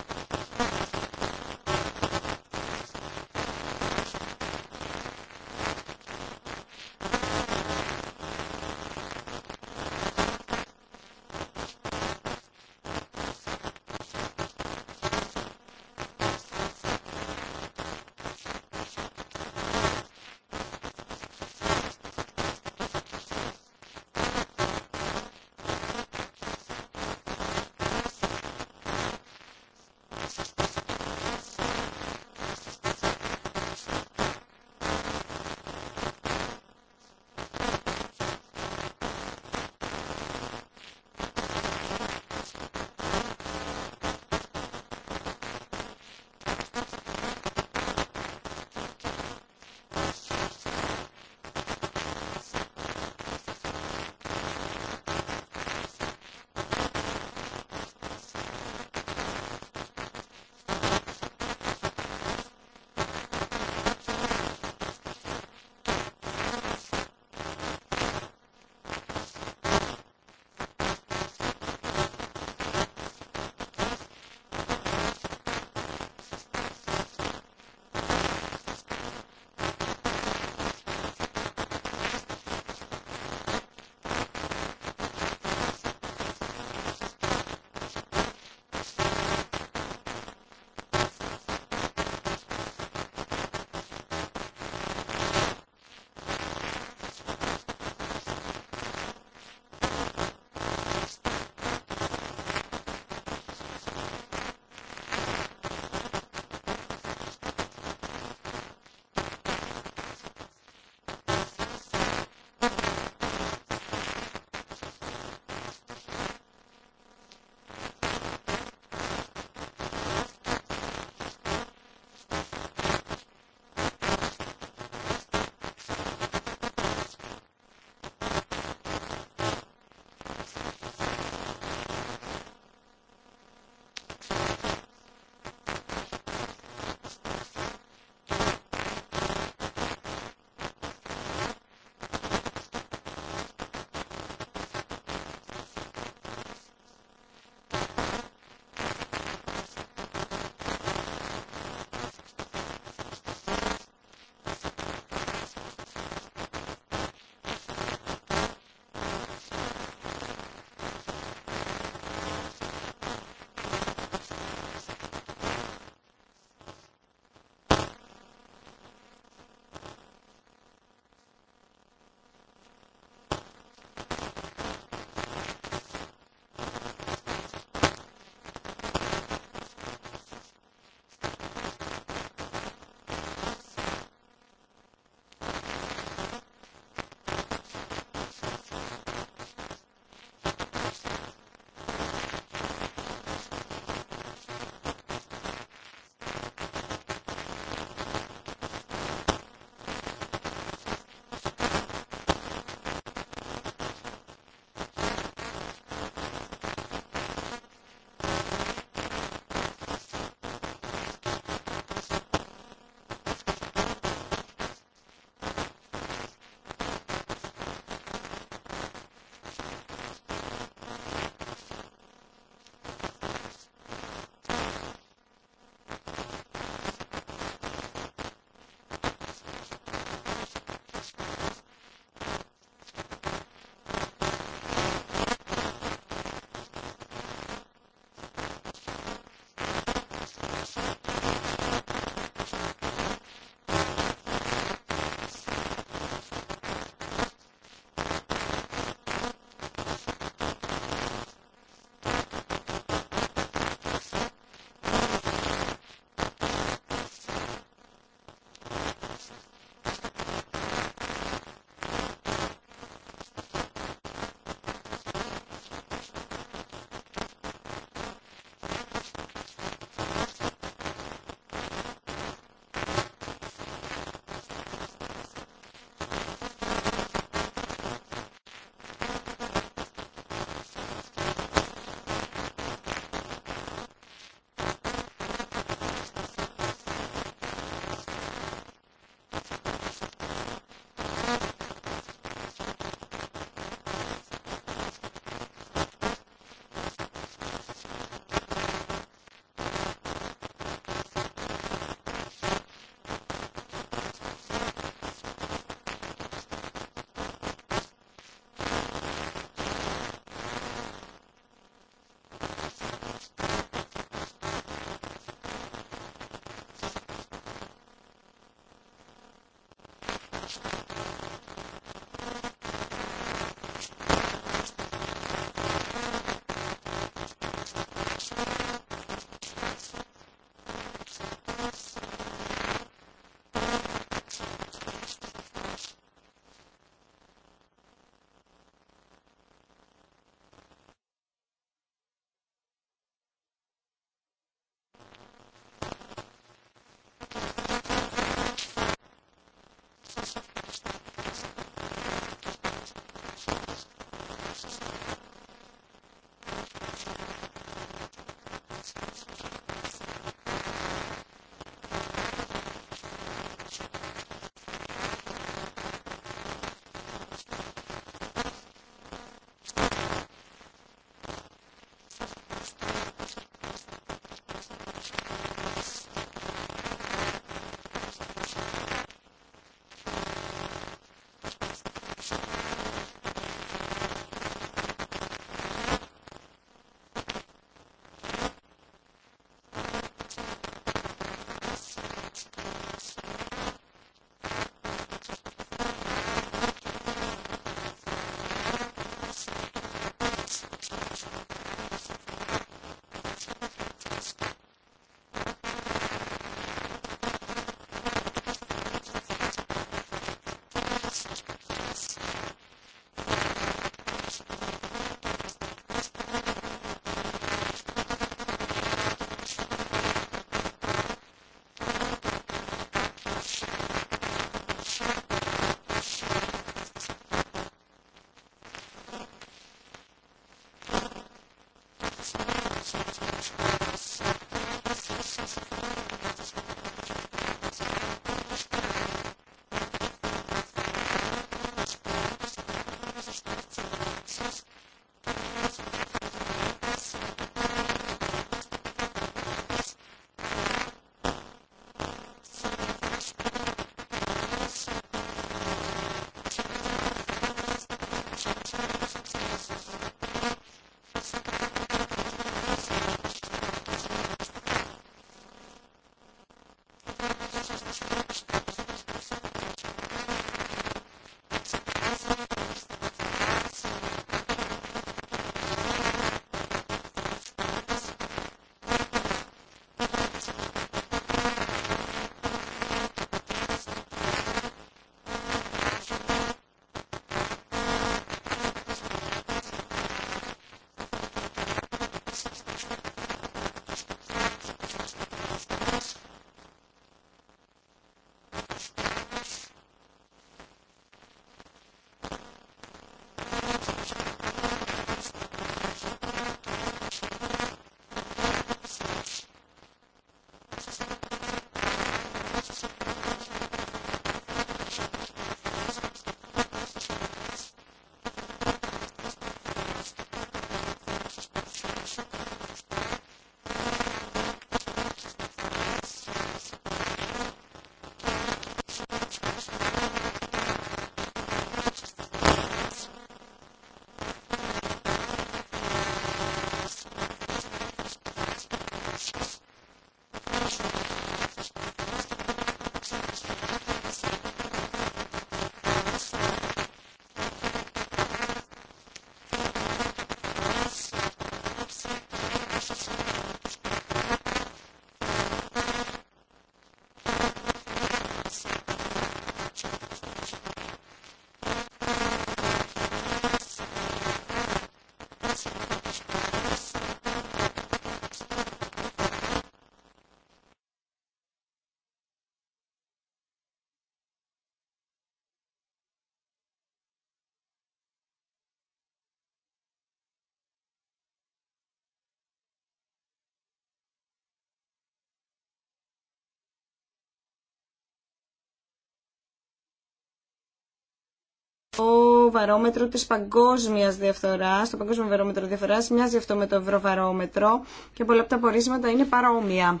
βαρόμετρο της παγκόσμιας διαφθοράς, το παγκόσμιο βαρόμετρο διαφθοράς, μοιάζει αυτό με το ευρωβαρόμετρο και πολλά από τα πορίσματα είναι παρόμοια.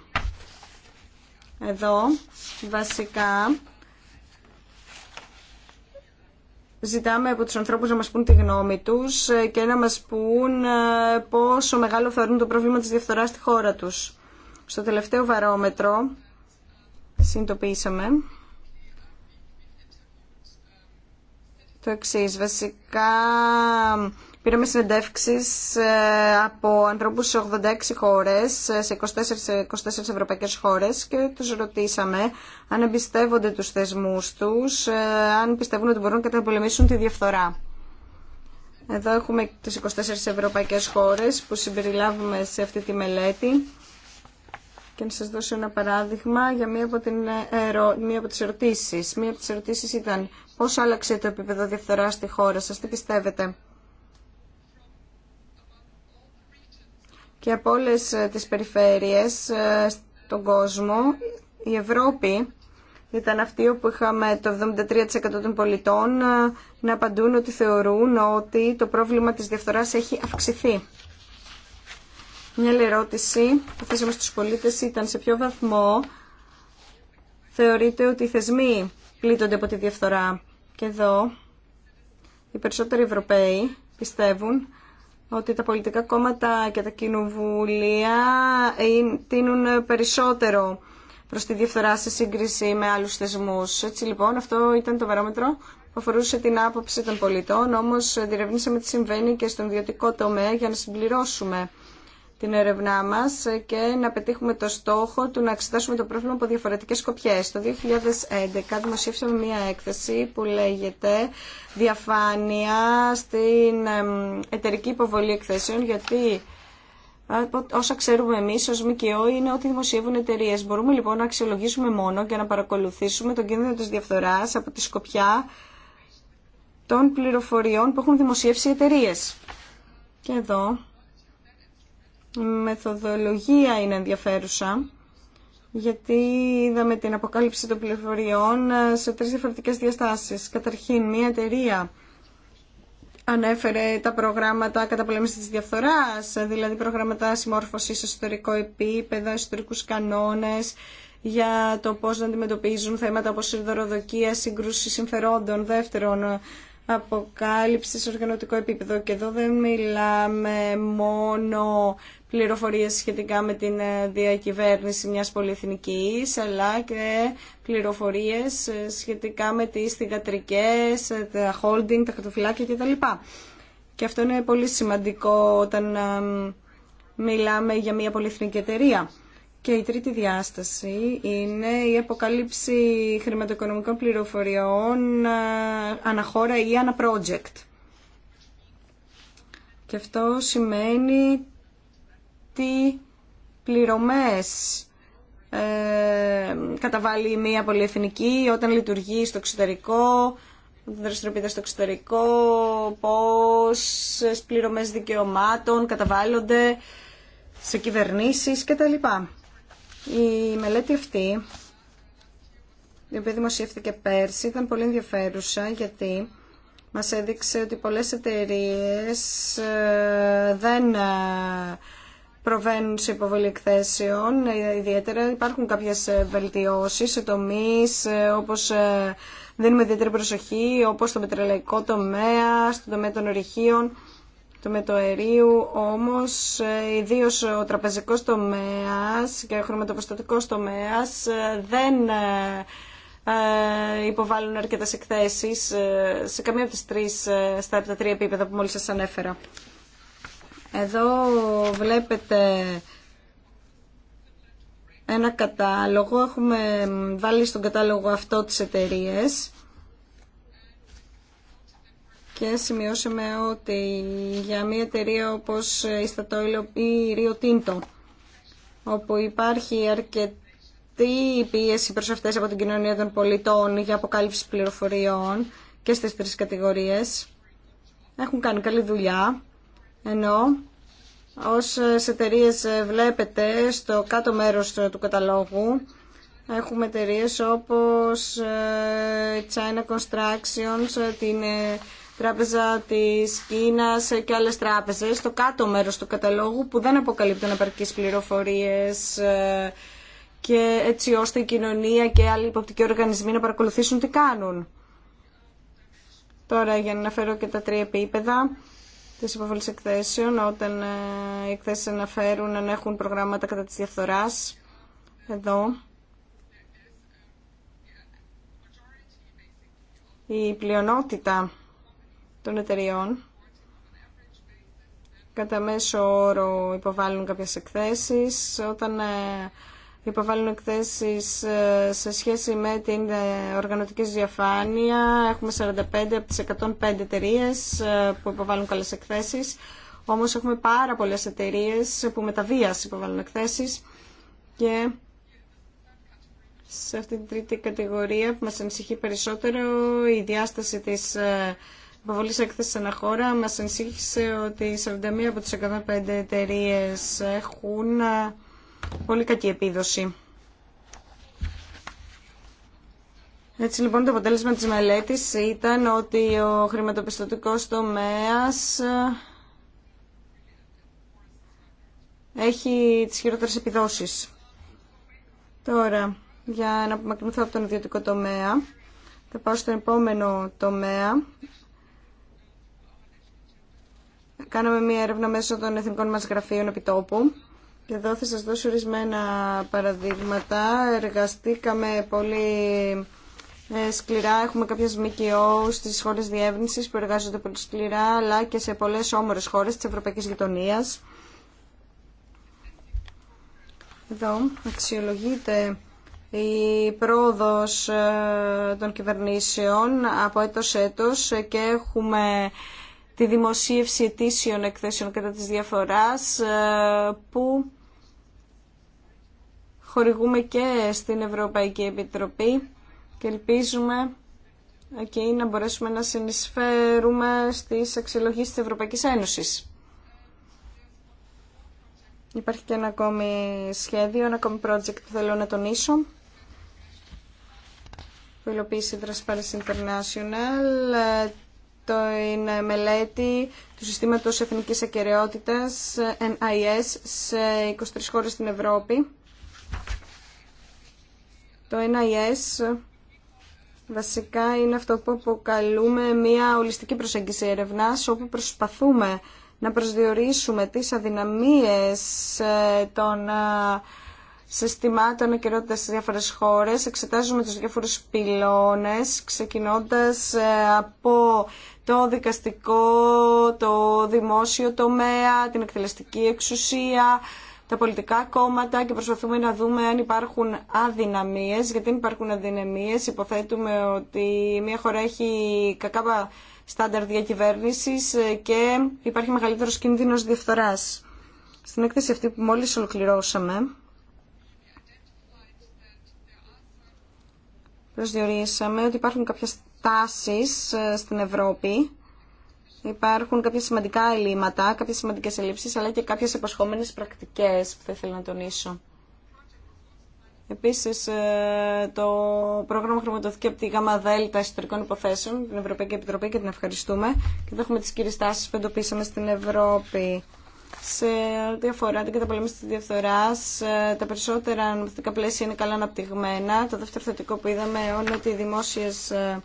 Εδώ βασικά ζητάμε από τους ανθρώπους να μας πούν τη γνώμη τους και να μας πούν ε, πόσο μεγάλο θεωρούν το πρόβλημα της διαφθοράς στη χώρα τους. Στο τελευταίο βαρόμετρο συνειδητοποιήσαμε εξή. Βασικά πήραμε συνεντεύξει ε, από ανθρώπους σε 86 χώρε ε, σε 24, σε 24 ευρωπαϊκές χώρες και τους ρωτήσαμε αν εμπιστεύονται τους θεσμούς του, ε, αν πιστεύουν ότι μπορούν να καταπολεμήσουν τη διαφθορά. Εδώ έχουμε τις 24 ευρωπαϊκές χώρες που συμπεριλάβουμε σε αυτή τη μελέτη και να σας δώσω ένα παράδειγμα για μία από, την ε, ερω... μία από τις ερωτήσεις. Μία από τις ερωτήσεις ήταν πώς άλλαξε το επίπεδο διαφθορά στη χώρα σας, τι πιστεύετε. Και από όλε ε, τις περιφέρειες ε, στον κόσμο, η Ευρώπη ήταν αυτή όπου είχαμε το 73% των πολιτών να απαντούν ότι θεωρούν ότι το πρόβλημα της διαφθοράς έχει αυξηθεί. Μια άλλη ερώτηση που θέσαμε στους πολίτες ήταν σε ποιο βαθμό θεωρείται ότι οι θεσμοί πλήττονται από τη διαφθορά. Και εδώ οι περισσότεροι Ευρωπαίοι πιστεύουν ότι τα πολιτικά κόμματα και τα κοινοβουλία τίνουν περισσότερο προς τη διαφθορά σε σύγκριση με άλλους θεσμούς. Έτσι λοιπόν αυτό ήταν το βαρόμετρο που αφορούσε την άποψη των πολιτών, όμως διερευνήσαμε τι συμβαίνει και στον ιδιωτικό τομέα για να συμπληρώσουμε την έρευνά μας και να πετύχουμε το στόχο του να εξετάσουμε το πρόβλημα από διαφορετικές σκοπιές. Το 2011 δημοσίευσαμε μία έκθεση που λέγεται «Διαφάνεια στην εταιρική υποβολή εκθέσεων» γιατί Όσα ξέρουμε εμεί ω ΜΚΟ είναι ότι δημοσιεύουν εταιρείε. Μπορούμε λοιπόν να αξιολογήσουμε μόνο και να παρακολουθήσουμε τον κίνδυνο τη διαφθορά από τη σκοπιά των πληροφοριών που έχουν δημοσιεύσει οι εταιρείε. Και εδώ μεθοδολογία είναι ενδιαφέρουσα γιατί είδαμε την αποκάλυψη των πληροφοριών σε τρεις διαφορετικές διαστάσεις. Καταρχήν, μια εταιρεία ανέφερε τα προγράμματα καταπολέμησης της διαφθοράς, δηλαδή προγράμματα συμμόρφωσης σε ιστορικό επίπεδο, ιστορικούς κανόνες, για το πώς να αντιμετωπίζουν θέματα όπως η δωροδοκία, σύγκρουση συμφερόντων, δεύτερον, αποκάλυψη σε οργανωτικό επίπεδο. Και εδώ δεν μιλάμε μόνο πληροφορίες σχετικά με την ε, διακυβέρνηση μιας πολυεθνικής, αλλά και πληροφορίες ε, σχετικά με τις θηγατρικές, ε, τα holding, τα κατοφυλάκια κτλ. Και αυτό είναι πολύ σημαντικό όταν μιλάμε για μια πολυεθνική εταιρεία. Και η τρίτη διάσταση είναι η αποκάλυψη χρηματοοικονομικών πληροφοριών αναχώρα ή ανα Και αυτό σημαίνει τι πληρωμές ε, καταβάλει μια πολυεθνική όταν λειτουργεί στο εξωτερικό, δραστηριοποιείται στο εξωτερικό, πόσες πληρωμές δικαιωμάτων καταβάλλονται σε κυβερνήσεις κτλ. Η μελέτη αυτή, η οποία δημοσιεύτηκε πέρσι, ήταν πολύ ενδιαφέρουσα γιατί μας έδειξε ότι πολλές εταιρείες ε, δεν ε, προβαίνουν σε υποβολή εκθέσεων. Ε, ιδιαίτερα υπάρχουν κάποιες ε, βελτιώσεις σε τομείς ε, όπως δίνουμε ιδιαίτερη προσοχή, όπως στο πετρελαϊκό τομέα, στο τομέα των ορυχείων, το με το αερίου, όμως ιδίω ο τραπεζικός τομέας και ο χρωματοποστατικός τομέας δεν υποβάλλουν αρκετές εκθέσεις σε καμία από τις τρεις, στα τρία επίπεδα που μόλις σας ανέφερα. Εδώ βλέπετε ένα κατάλογο. Έχουμε βάλει στον κατάλογο αυτό τις εταιρείε. Και σημειώσαμε ότι για μια εταιρεία όπως η Στατόιλο ή η Rio όπου υπάρχει αρκετή πίεση προς αυτές από την κοινωνία των πολιτών για αποκάλυψη πληροφοριών και στις τρεις κατηγορίες, έχουν κάνει καλή δουλειά ενώ ως εταιρείε ε, βλέπετε στο κάτω μέρος ε, του καταλόγου έχουμε εταιρείε όπως ε, China Constructions, την Τράπεζα της Κίνας και άλλες τράπεζες στο κάτω μέρος του καταλόγου που δεν αποκαλύπτουν επαρκείς πληροφορίες και έτσι ώστε η κοινωνία και άλλοι υποπτικοί οργανισμοί να παρακολουθήσουν τι κάνουν. Τώρα για να αναφέρω και τα τρία επίπεδα Τη υποβολή εκθέσεων όταν ε, οι εκθέσει αναφέρουν να έχουν προγράμματα κατά της διαφθοράς. Εδώ η πλειονότητα των εταιριών κατά μέσο όρο υποβάλλουν κάποιες εκθέσεις. Όταν ε, υποβάλλουν εκθέσεις ε, σε σχέση με την ε, οργανωτική διαφάνεια. Έχουμε 45 από τις 105 εταιρείε ε, που υποβάλλουν καλές εκθέσεις. Όμως έχουμε πάρα πολλές εταιρείε που με τα βίας υποβάλλουν εκθέσεις και σε αυτή την τρίτη κατηγορία που μας ανησυχεί περισσότερο η διάσταση της υποβολής ένα χώρα. μας ανησύχησε ότι 41 από τις 105 εταιρείε έχουν Πολύ κακή επίδοση. Έτσι λοιπόν το αποτέλεσμα της μελέτης ήταν ότι ο χρηματοπιστωτικός τομέας ε, έχει τις χειρότερες επιδόσεις. Τώρα, για να απομακρυνθώ από τον ιδιωτικό τομέα, θα πάω στο επόμενο τομέα. Κάναμε μία έρευνα μέσω των εθνικών μας γραφείων επιτόπου και εδώ θα σας δώσω ορισμένα παραδείγματα. Εργαστήκαμε πολύ ε, σκληρά. Έχουμε κάποιες ΜΚΟ στις χώρες διεύρυνσης που εργάζονται πολύ σκληρά, αλλά και σε πολλές όμορες χώρες της Ευρωπαϊκής Γειτονίας. Εδώ αξιολογείται η πρόοδος ε, των κυβερνήσεων από έτος έτος και έχουμε τη δημοσίευση αιτήσεων εκθέσεων κατά της διαφοράς ε, που χορηγούμε και στην Ευρωπαϊκή Επιτροπή και ελπίζουμε εκεί να μπορέσουμε να συνεισφέρουμε στις αξιολογίες της Ευρωπαϊκής Ένωσης. Υπάρχει και ένα ακόμη σχέδιο, ένα ακόμη project που θέλω να τονίσω που υλοποίησε η Transparency International το είναι μελέτη του Συστήματος Εθνικής Ακαιρεότητας, NIS, σε 23 χώρες στην Ευρώπη. Το NIS βασικά είναι αυτό που αποκαλούμε μια ολιστική προσέγγιση έρευνας, όπου προσπαθούμε να προσδιορίσουμε τις αδυναμίες ε, των ε, Συστημάτων ανακαιρότητα στις διάφορες χώρες. Εξετάζουμε τους διάφορους πυλώνες, ξεκινώντας ε, από το δικαστικό, το δημόσιο τομέα, την εκτελεστική εξουσία, τα πολιτικά κόμματα και προσπαθούμε να δούμε αν υπάρχουν αδυναμίες. Γιατί υπάρχουν αδυναμίες, υποθέτουμε ότι μια χώρα έχει κακά στάνταρ διακυβέρνηση ε, και υπάρχει μεγαλύτερος κίνδυνος διαφθοράς. Στην έκθεση αυτή που μόλις ολοκληρώσαμε, προσδιορίσαμε ότι υπάρχουν κάποιες τάσεις ε, στην Ευρώπη Υπάρχουν κάποια σημαντικά ελλείμματα, κάποιες σημαντικές ελλείψεις, αλλά και κάποιες επασχόμενες πρακτικές που θα ήθελα να τονίσω. Επίσης, ε, το πρόγραμμα χρηματοδοτήθηκε από τη ΓΑΜΑ ΔΕΛΤΑ Ιστορικών Υποθέσεων, την Ευρωπαϊκή Επιτροπή και την ευχαριστούμε. Και εδώ έχουμε τις κύριες τάσεις που εντοπίσαμε στην Ευρώπη σε ό,τι αφορά την καταπολέμηση τη διαφθοράς, ε, τα περισσότερα νομοθετικά πλαίσια είναι καλά αναπτυγμένα. Το δεύτερο θετικό που είδαμε είναι ότι οι δημόσιες ε,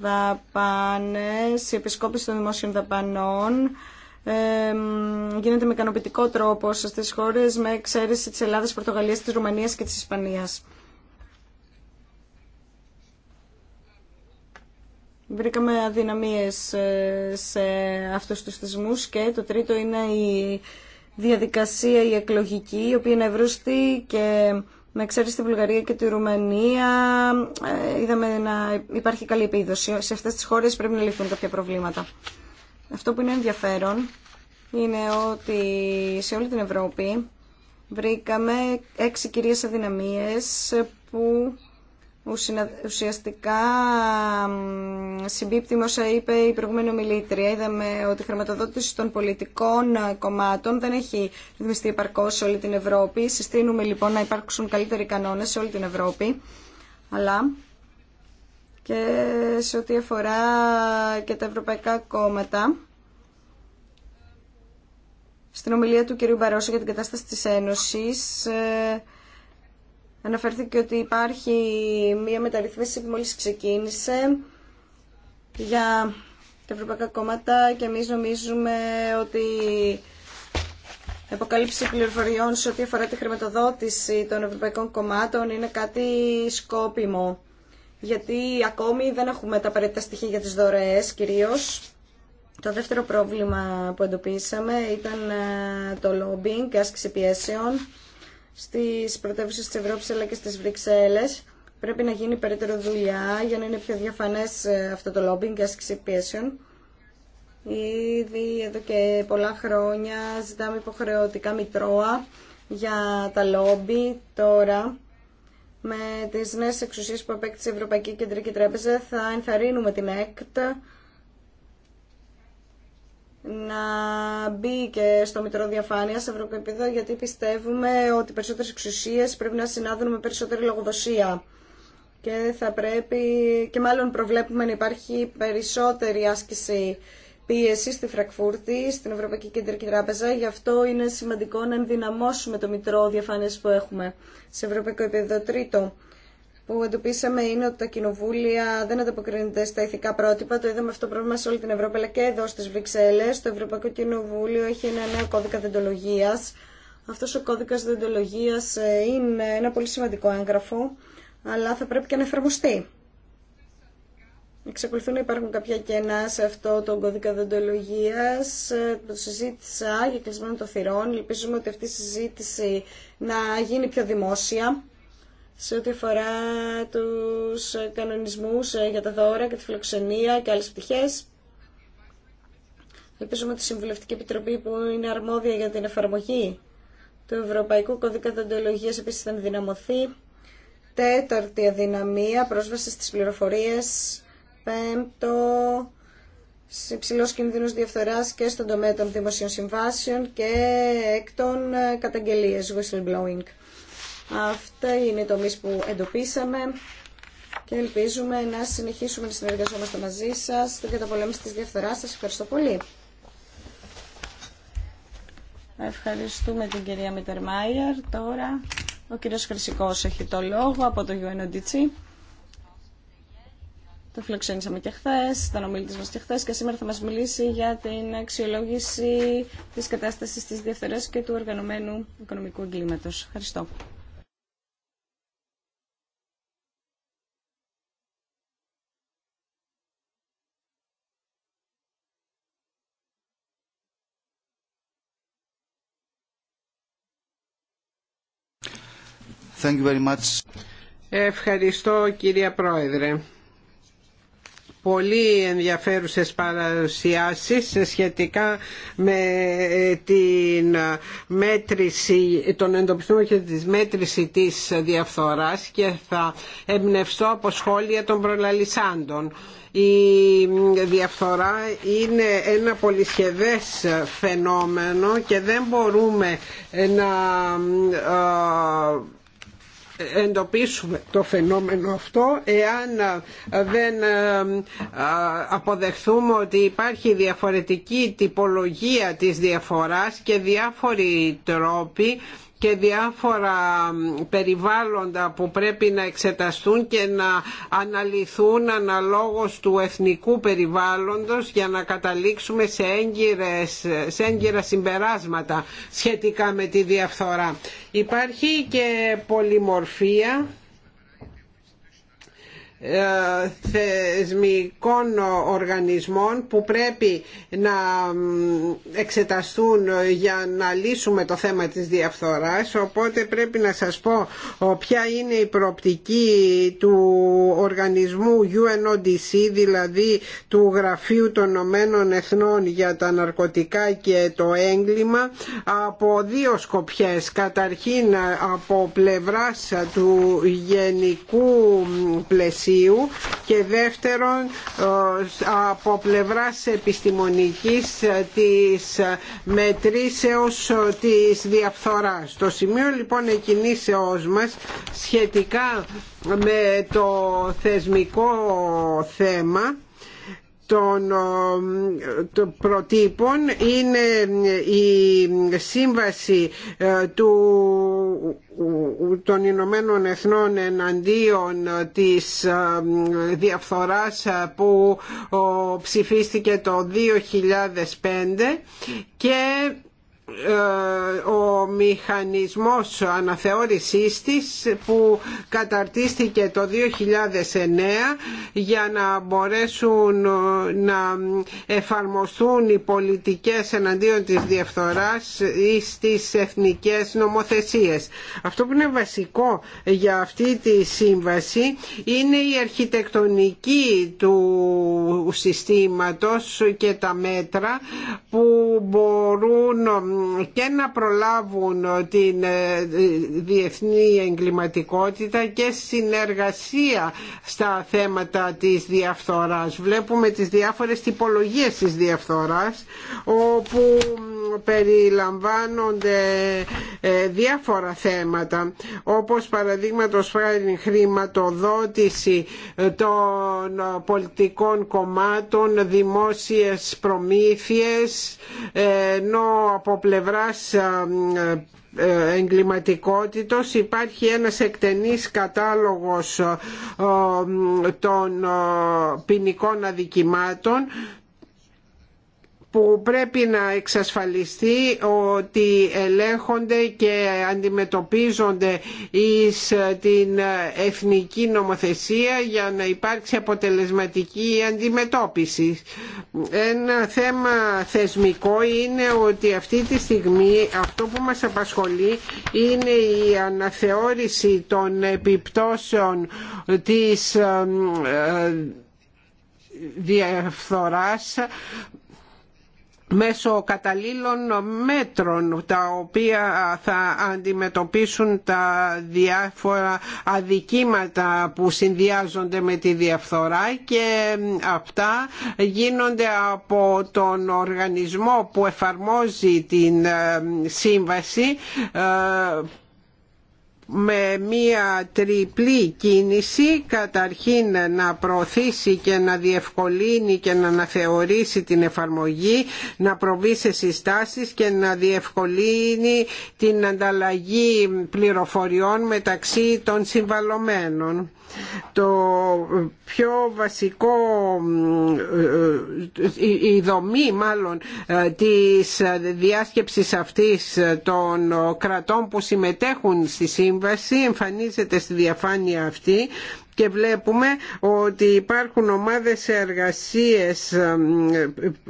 δαπάνες, η επισκόπηση των δημόσιων δαπανών ε, γίνεται με ικανοποιητικό τρόπο στις χώρες με εξαίρεση της Ελλάδας, Πορτογαλίας, της Ρουμανίας και της Ισπανία Βρήκαμε αδυναμίες ε, σε αυτούς τους θεσμούς και το τρίτο είναι η διαδικασία η εκλογική, η οποία είναι ευρούστη και με ξέρει στη Βουλγαρία και τη Ρουμανία ε, είδαμε να υπάρχει καλή επίδοση. Σε αυτές τις χώρες πρέπει να λυθούν κάποια προβλήματα. Αυτό που είναι ενδιαφέρον είναι ότι σε όλη την Ευρώπη βρήκαμε έξι κυρίες αδυναμίες που ουσιαστικά συμπίπτει με όσα είπε η προηγούμενη ομιλήτρια. Είδαμε ότι η χρηματοδότηση των πολιτικών ε, κομμάτων δεν έχει ρυθμιστεί επαρκώ σε όλη την Ευρώπη. Συστήνουμε λοιπόν να υπάρξουν καλύτεροι κανόνες σε όλη την Ευρώπη. Αλλά και σε ό,τι αφορά και τα ευρωπαϊκά κόμματα. Στην ομιλία του κ. Μπαρόσο για την κατάσταση της Ένωσης, ε, Αναφέρθηκε ότι υπάρχει μία μεταρρυθμίση που μόλις ξεκίνησε για τα ευρωπαϊκά κόμματα και εμείς νομίζουμε ότι αποκάλυψη πληροφοριών σε ό,τι αφορά τη χρηματοδότηση των ευρωπαϊκών κομμάτων είναι κάτι σκόπιμο. Γιατί ακόμη δεν έχουμε τα απαραίτητα στοιχεία για τις δωρεές κυρίως. Το δεύτερο πρόβλημα που εντοπίσαμε ήταν ε, το lobbying και άσκηση πιέσεων Στι πρωτεύουσε της Ευρώπης αλλά και στι Βρυξέλλες. Πρέπει να γίνει περαιτέρω δουλειά για να είναι πιο διαφανές ε, αυτό το lobbying και άσκηση πιέσεων. Ήδη εδώ και πολλά χρόνια ζητάμε υποχρεωτικά μητρώα για τα λόμπι. Τώρα με τις νέες εξουσίες που απέκτησε η Ευρωπαϊκή Κεντρική Τράπεζα θα ενθαρρύνουμε την ΕΚΤ να μπει και στο Μητρό Διαφάνεια σε ευρωπαϊκό γιατί πιστεύουμε ότι περισσότερες εξουσίες πρέπει να συνάδουν με περισσότερη λογοδοσία. Και θα πρέπει, και μάλλον προβλέπουμε να υπάρχει περισσότερη άσκηση πίεση στη Φρακφούρτη, στην Ευρωπαϊκή Κεντρική Τράπεζα. Γι' αυτό είναι σημαντικό να ενδυναμώσουμε το Μητρό Διαφάνεια που έχουμε σε ευρωπαϊκό επίπεδο. Τρίτο, που εντοπίσαμε είναι ότι τα κοινοβούλια δεν ανταποκρίνονται στα ηθικά πρότυπα. Το είδαμε αυτό το πρόβλημα σε όλη την Ευρώπη, αλλά και εδώ στι Βρυξέλλε. Το Ευρωπαϊκό Κοινοβούλιο έχει ένα νέο κώδικα δεντολογία. Αυτό ο κώδικα δεντολογία ε, είναι ένα πολύ σημαντικό έγγραφο, αλλά θα πρέπει και να εφαρμοστεί. Εξακολουθούν να υπάρχουν κάποια κενά σε αυτό το κώδικα δοντολογία. Ε, το συζήτησα για κλεισμένο των θυρών. Ελπίζουμε ότι αυτή η συζήτηση να γίνει πιο δημόσια σε ό,τι αφορά τους κανονισμούς ε, για τα δώρα και τη φιλοξενία και άλλες πτυχές. Ελπίζουμε ότι τη Συμβουλευτική Επιτροπή που είναι αρμόδια για την εφαρμογή του Ευρωπαϊκού Κώδικα Δοντολογίας επίσης θα ενδυναμωθεί. Τέταρτη αδυναμία, πρόσβαση στις πληροφορίες. Πέμπτο, υψηλό κινδύνος διαφθοράς και στον τομέα των δημοσίων συμβάσεων. Και έκτον, ε, καταγγελίες, whistleblowing. Αυτά είναι οι τομείς που εντοπίσαμε και ελπίζουμε να συνεχίσουμε να συνεργαζόμαστε μαζί σας στην καταπολέμηση της διαφθοράς. Σας ευχαριστώ πολύ. Ευχαριστούμε την κυρία Μιτερμάιερ. Τώρα ο κύριος Χρυσικός έχει το λόγο από το UNODC. Το φιλοξένησαμε και χθε, ήταν ο μιλητή μα και χθε και σήμερα θα μα μιλήσει για την αξιολόγηση τη κατάσταση τη διαφθορά και του οργανωμένου οικονομικού εγκλήματο. Ευχαριστώ. Ευχαριστώ κυρία Πρόεδρε. Πολύ ενδιαφέρουσες παρουσιάσεις σχετικά με την μέτρηση, τον εντοπισμό και τη μέτρηση της διαφθοράς και θα εμπνευστώ από σχόλια των προλαλισάντων. Η διαφθορά είναι ένα πολυσχεδές φαινόμενο και δεν μπορούμε να ε, εντοπίσουμε το φαινόμενο αυτό εάν δεν ε, ε, αποδεχθούμε ότι υπάρχει διαφορετική τυπολογία της διαφοράς και διάφοροι τρόποι και διάφορα περιβάλλοντα που πρέπει να εξεταστούν και να αναλυθούν αναλόγως του εθνικού περιβάλλοντος για να καταλήξουμε σε, έγκυρες, σε έγκυρα συμπεράσματα σχετικά με τη διαφθορά. Υπάρχει και πολυμορφία ε, θεσμικών οργανισμών που πρέπει να εξεταστούν για να λύσουμε το θέμα της διαφθοράς οπότε πρέπει να σας πω ποια είναι η προοπτική του οργανισμού UNODC δηλαδή του Γραφείου των Ηνωμένων Εθνών για τα Ναρκωτικά και το Έγκλημα από δύο σκοπιές καταρχήν από πλευράς του γενικού πλαισίου και δεύτερον ε, από πλευράς επιστημονικής ε, της ε, μετρήσεως της διαφθοράς. Το σημείο λοιπόν εκκινήσεώς μας σχετικά με το θεσμικό θέμα ε, των προτύπων είναι ε, η σύμβαση ε, του, των Ηνωμένων Εθνών εναντίον της διαφθοράς που ψηφίστηκε το 2005 και ε, ο μηχανισμός αναθεώρησής της που καταρτίστηκε το 2009 για να μπορέσουν να εφαρμοστούν οι πολιτικές εναντίον της διαφθοράς ή στις εθνικές νομοθεσίες. Αυτό που είναι βασικό για αυτή τη σύμβαση είναι η αρχιτεκτονική του συστήματος και τα μέτρα που μπορούν και να προλάβουν την ε, διεθνή εγκληματικότητα και συνεργασία στα θέματα της διαφθοράς. Βλέπουμε τις διάφορες τυπολογίες της διαφθοράς όπου περιλαμβάνονται ε, διάφορα θέματα όπως παραδείγματος χάρη χρηματοδότηση ε, των πολιτικών κομμάτων, δημόσιες προμήθειες ενώ από πλευράς ε, εγκληματικότητος υπάρχει ένας εκτενής κατάλογος των ποινικών αδικημάτων που πρέπει να εξασφαλιστεί ότι ελέγχονται και αντιμετωπίζονται εις ε, την ε, εθνική νομοθεσία για να υπάρξει αποτελεσματική αντιμετώπιση. Ένα θέμα θεσμικό είναι ότι αυτή τη στιγμή αυτό που μας απασχολεί είναι η αναθεώρηση των επιπτώσεων της ε, διαφθοράς μέσω καταλήλων μέτρων τα οποία θα αντιμετωπίσουν τα διάφορα αδικήματα που συνδυάζονται με τη διαφθορά και αυτά γίνονται από τον οργανισμό που εφαρμόζει την ε, σύμβαση ε, με μία τριπλή κίνηση καταρχήν να προωθήσει και να διευκολύνει και να αναθεωρήσει την εφαρμογή να προβεί σε συστάσεις και να διευκολύνει την ανταλλαγή πληροφοριών μεταξύ των συμβαλωμένων το πιο βασικό, η δομή μάλλον της διάσκεψης αυτής των κρατών που συμμετέχουν στη σύμβαση εμφανίζεται στη διαφάνεια αυτή και βλέπουμε ότι υπάρχουν ομάδες εργασίες ε,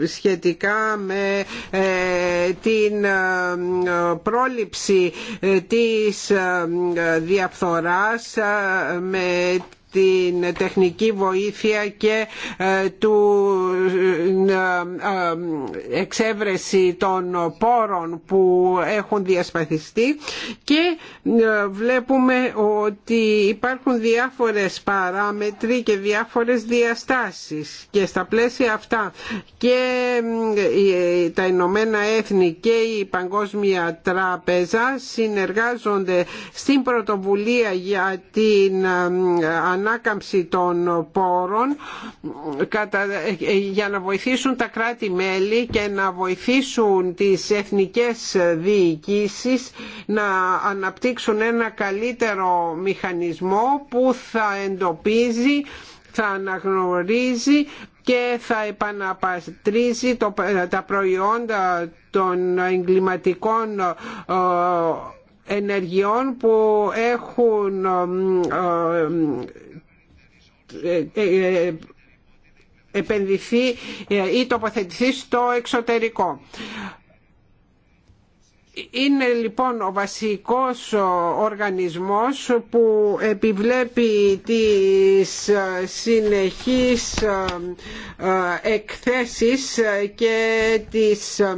σχετικά με ε, την ε, πρόληψη της διαφθοράς με την τεχνική βοήθεια και ε, του ε, ε, εξέβρεση των πόρων που έχουν διασπαθιστεί και βλέπουμε ότι υπάρχουν διάφορες παράμετροι και διάφορες διαστάσεις και στα πλαίσια αυτά και τα Ηνωμένα Έθνη και η Παγκόσμια Τράπεζα συνεργάζονται στην πρωτοβουλία για την ανάκαμψη των πόρων για να βοηθήσουν τα κράτη-μέλη και να βοηθήσουν τις εθνικές διοικήσεις να αναπτύξουν ένα καλύτερο μηχανισμό που θα εντοπίζει θα αναγνωρίζει και θα επαναπατρίζει τα προϊόντα των εγκληματικών ε, ενεργειών που έχουν ε, ε, ε, επενδυθεί ε, ή τοποθετηθεί στο εξωτερικό. Είναι λοιπόν ο βασικός οργανισμός που επιβλέπει τις συνεχείς ε, ε, εκθέσεις και τις ε,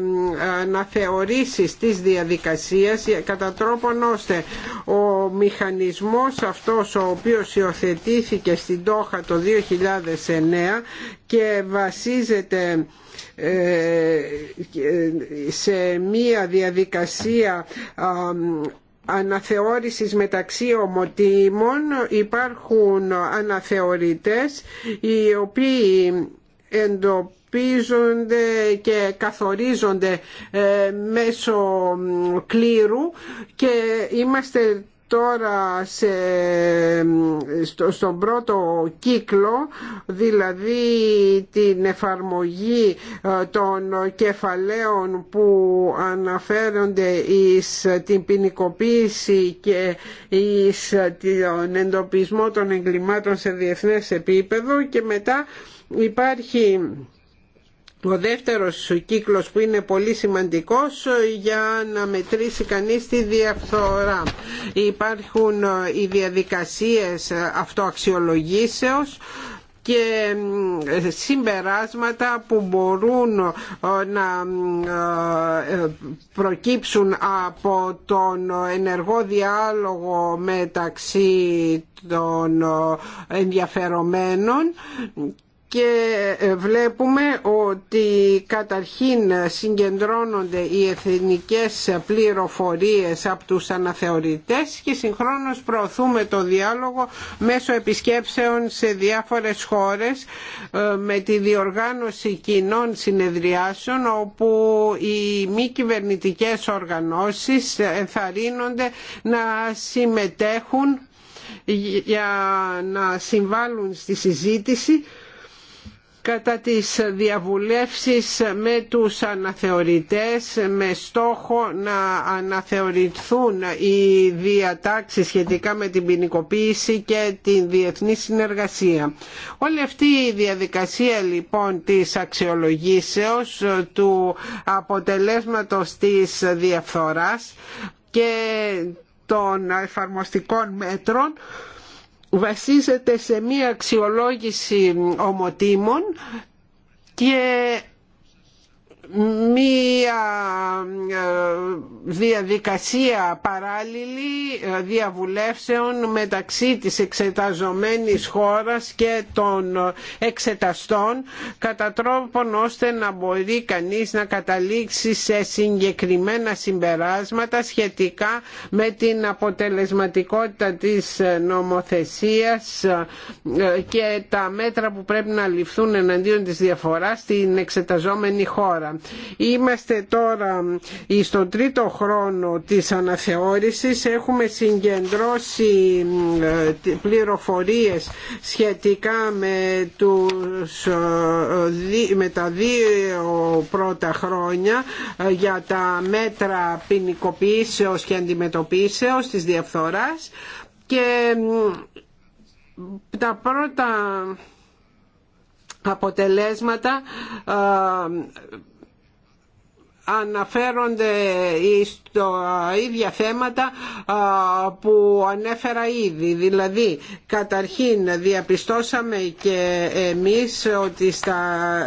αναθεωρήσεις της διαδικασίας κατά τρόπον ώστε ο μηχανισμός αυτός ο οποίος υιοθετήθηκε στην Τόχα το 2009 και βασίζεται ε, σε μία διαδικασία αναθεώρησης μεταξύ ομοτήμων υπάρχουν αναθεωρητές οι οποίοι εντοπίζονται και καθορίζονται ε, μέσω κλήρου και είμαστε τώρα στο, στον πρώτο κύκλο δηλαδή την εφαρμογή ε, των κεφαλαίων που αναφέρονται εις την ποινικοποίηση και εις τον εντοπισμό των εγκλημάτων σε διεθνές επίπεδο και μετά υπάρχει ο δεύτερος κύκλος που είναι πολύ σημαντικός ε, για να μετρήσει κανείς τη διαφθορά. Υπάρχουν ε, οι διαδικασίες ε, αυτοαξιολογήσεως και συμπεράσματα που μπορούν να προκύψουν από τον ενεργό διάλογο μεταξύ των ενδιαφερομένων και ε, βλέπουμε ότι καταρχήν συγκεντρώνονται οι εθνικές πληροφορίες από τους αναθεωρητές και συγχρόνως προωθούμε το διάλογο μέσω επισκέψεων σε διάφορες χώρες ε, με τη διοργάνωση κοινών συνεδριάσεων όπου οι μη κυβερνητικέ οργανώσεις ενθαρρύνονται να συμμετέχουν για να συμβάλλουν στη συζήτηση κατά τις διαβουλεύσεις με τους αναθεωρητές με στόχο να αναθεωρηθούν οι διατάξεις σχετικά με την ποινικοποίηση και την διεθνή συνεργασία. Όλη αυτή η διαδικασία λοιπόν της αξιολογήσεως του αποτελέσματος της διαφθοράς και των εφαρμοστικών μέτρων βασίζεται σε μία αξιολόγηση ομοτήμων και μία ε, διαδικασία παράλληλη ε, διαβουλεύσεων μεταξύ της εξεταζομένης χώρας και των εξεταστών κατά τρόπον ώστε να μπορεί κανείς να καταλήξει σε συγκεκριμένα συμπεράσματα σχετικά με την αποτελεσματικότητα της νομοθεσίας ε, και τα μέτρα που πρέπει να ληφθούν εναντίον της διαφοράς στην εξεταζόμενη χώρα Είμαστε τώρα στον τρίτο χρόνο της αναθεώρησης. Έχουμε συγκεντρώσει ε, πληροφορίες σχετικά με, τους, ε, με τα δύο πρώτα χρόνια ε, για τα μέτρα ποινικοποιήσεως και αντιμετωπίσεως της διαφθοράς και τα πρώτα αποτελέσματα αναφέρονται τα ίδια θέματα που ανέφερα ήδη. Δηλαδή, καταρχήν διαπιστώσαμε και εμείς ότι στα,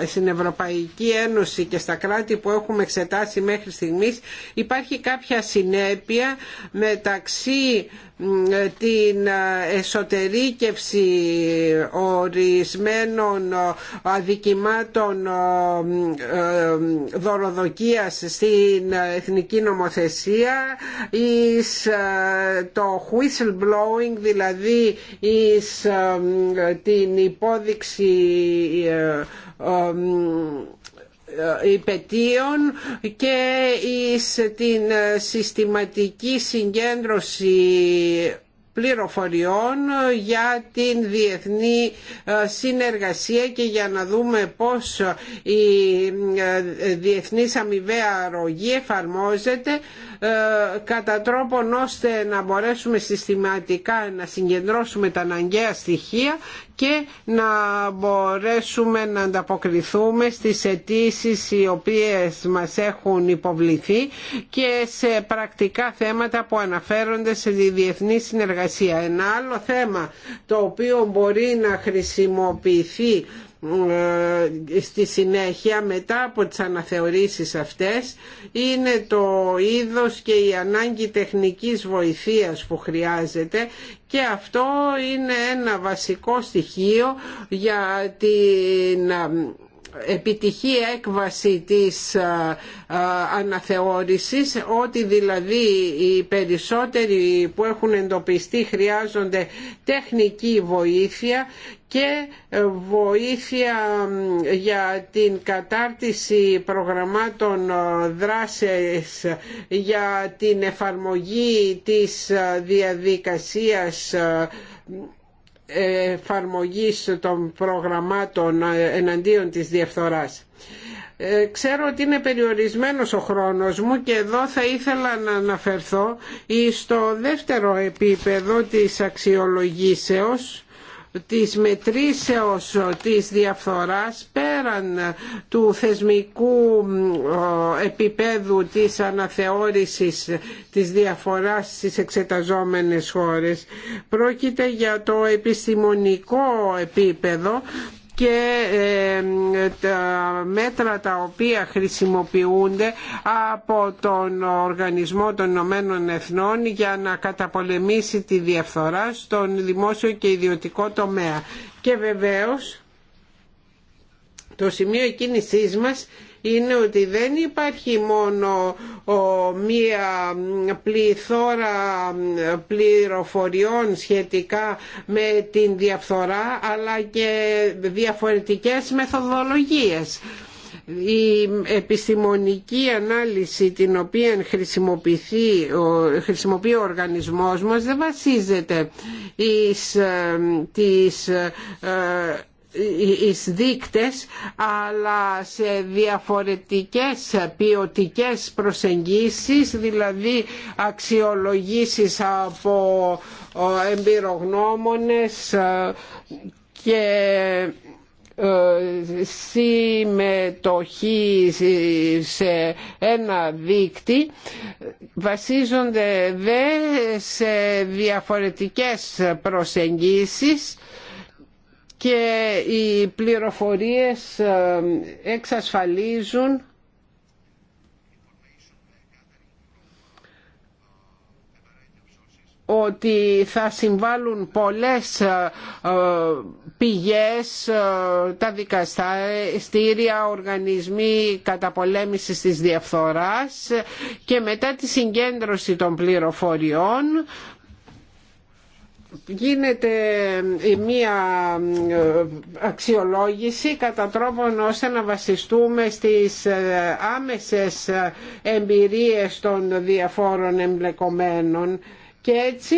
στην Ευρωπαϊκή Ένωση και στα κράτη που έχουμε εξετάσει μέχρι στιγμής υπάρχει κάποια συνέπεια μεταξύ την εσωτερήκευση ορισμένων αδικημάτων ε, δωροδοκίας στην εθνική νομοθεσία νομοθεσία εις ε, το whistleblowing δηλαδή εις ε, την υπόδειξη ε, υπετίων και εις την συστηματική συγκέντρωση πληροφοριών ε, για την διεθνή ε, συνεργασία και για να δούμε πώς η ε, διεθνής αμοιβαία αρρωγή εφαρμόζεται κατά τρόπον ώστε να μπορέσουμε συστηματικά να συγκεντρώσουμε τα αναγκαία στοιχεία και να μπορέσουμε να ανταποκριθούμε στις αιτήσει οι οποίες μας έχουν υποβληθεί και σε πρακτικά θέματα που αναφέρονται σε διεθνή συνεργασία. Ένα άλλο θέμα το οποίο μπορεί να χρησιμοποιηθεί ε, στη συνέχεια μετά από τις αναθεωρήσεις αυτές είναι το είδος και η ανάγκη τεχνικής βοηθείας που χρειάζεται και αυτό είναι ένα βασικό στοιχείο για την ε, επιτυχή έκβαση της ε, αναθεώρησης ότι δηλαδή οι περισσότεροι που έχουν εντοπιστεί χρειάζονται τεχνική βοήθεια και ε, βοήθεια για την κατάρτιση προγραμμάτων ε, δράσης για την εφαρμογή της ε, διαδικασίας εφαρμογής των προγραμμάτων εναντίον της διαφθοράς. Ξέρω ότι είναι περιορισμένος ο χρόνος μου και εδώ θα ήθελα να αναφερθώ στο δεύτερο επίπεδο της αξιολογήσεως της μετρήσεως της διαφθοράς πέραν του θεσμικού επίπεδου της αναθεώρησης της διαφοράς στις εξεταζόμενες χώρες. Πρόκειται για το επιστημονικό επίπεδο και ε, τα μέτρα τα οποία χρησιμοποιούνται από τον Οργανισμό των Ηνωμένων Εθνών για να καταπολεμήσει τη διαφθορά στον δημόσιο και ιδιωτικό τομέα. Και βεβαίως το σημείο κίνησής μας είναι ότι δεν υπάρχει μόνο μία πληθώρα πληροφοριών σχετικά με την διαφθορά αλλά και διαφορετικές μεθοδολογίες η επιστημονική ανάλυση την οποία χρησιμοποιεί ο οργανισμός μας δεν βασίζεται εις, ε, ε, εις δείκτες αλλά σε διαφορετικές ποιοτικέ προσεγγίσεις δηλαδή αξιολογήσεις από ε, εμπειρογνώμονες ε, και ε, συμμετοχή σε ένα δίκτυ βασίζονται δε σε διαφορετικές προσεγγίσεις και οι πληροφορίες ε, εξασφαλίζουν ότι θα συμβάλλουν πολλές ε, ε, πηγές, τα δικαστήρια, οργανισμοί καταπολέμησης της διαφθοράς και μετά τη συγκέντρωση των πληροφοριών γίνεται μία ε, αξιολόγηση κατά τρόπον ώστε να βασιστούμε στις ε, άμεσες ε, εμπειρίες των διαφόρων εμπλεκομένων και έτσι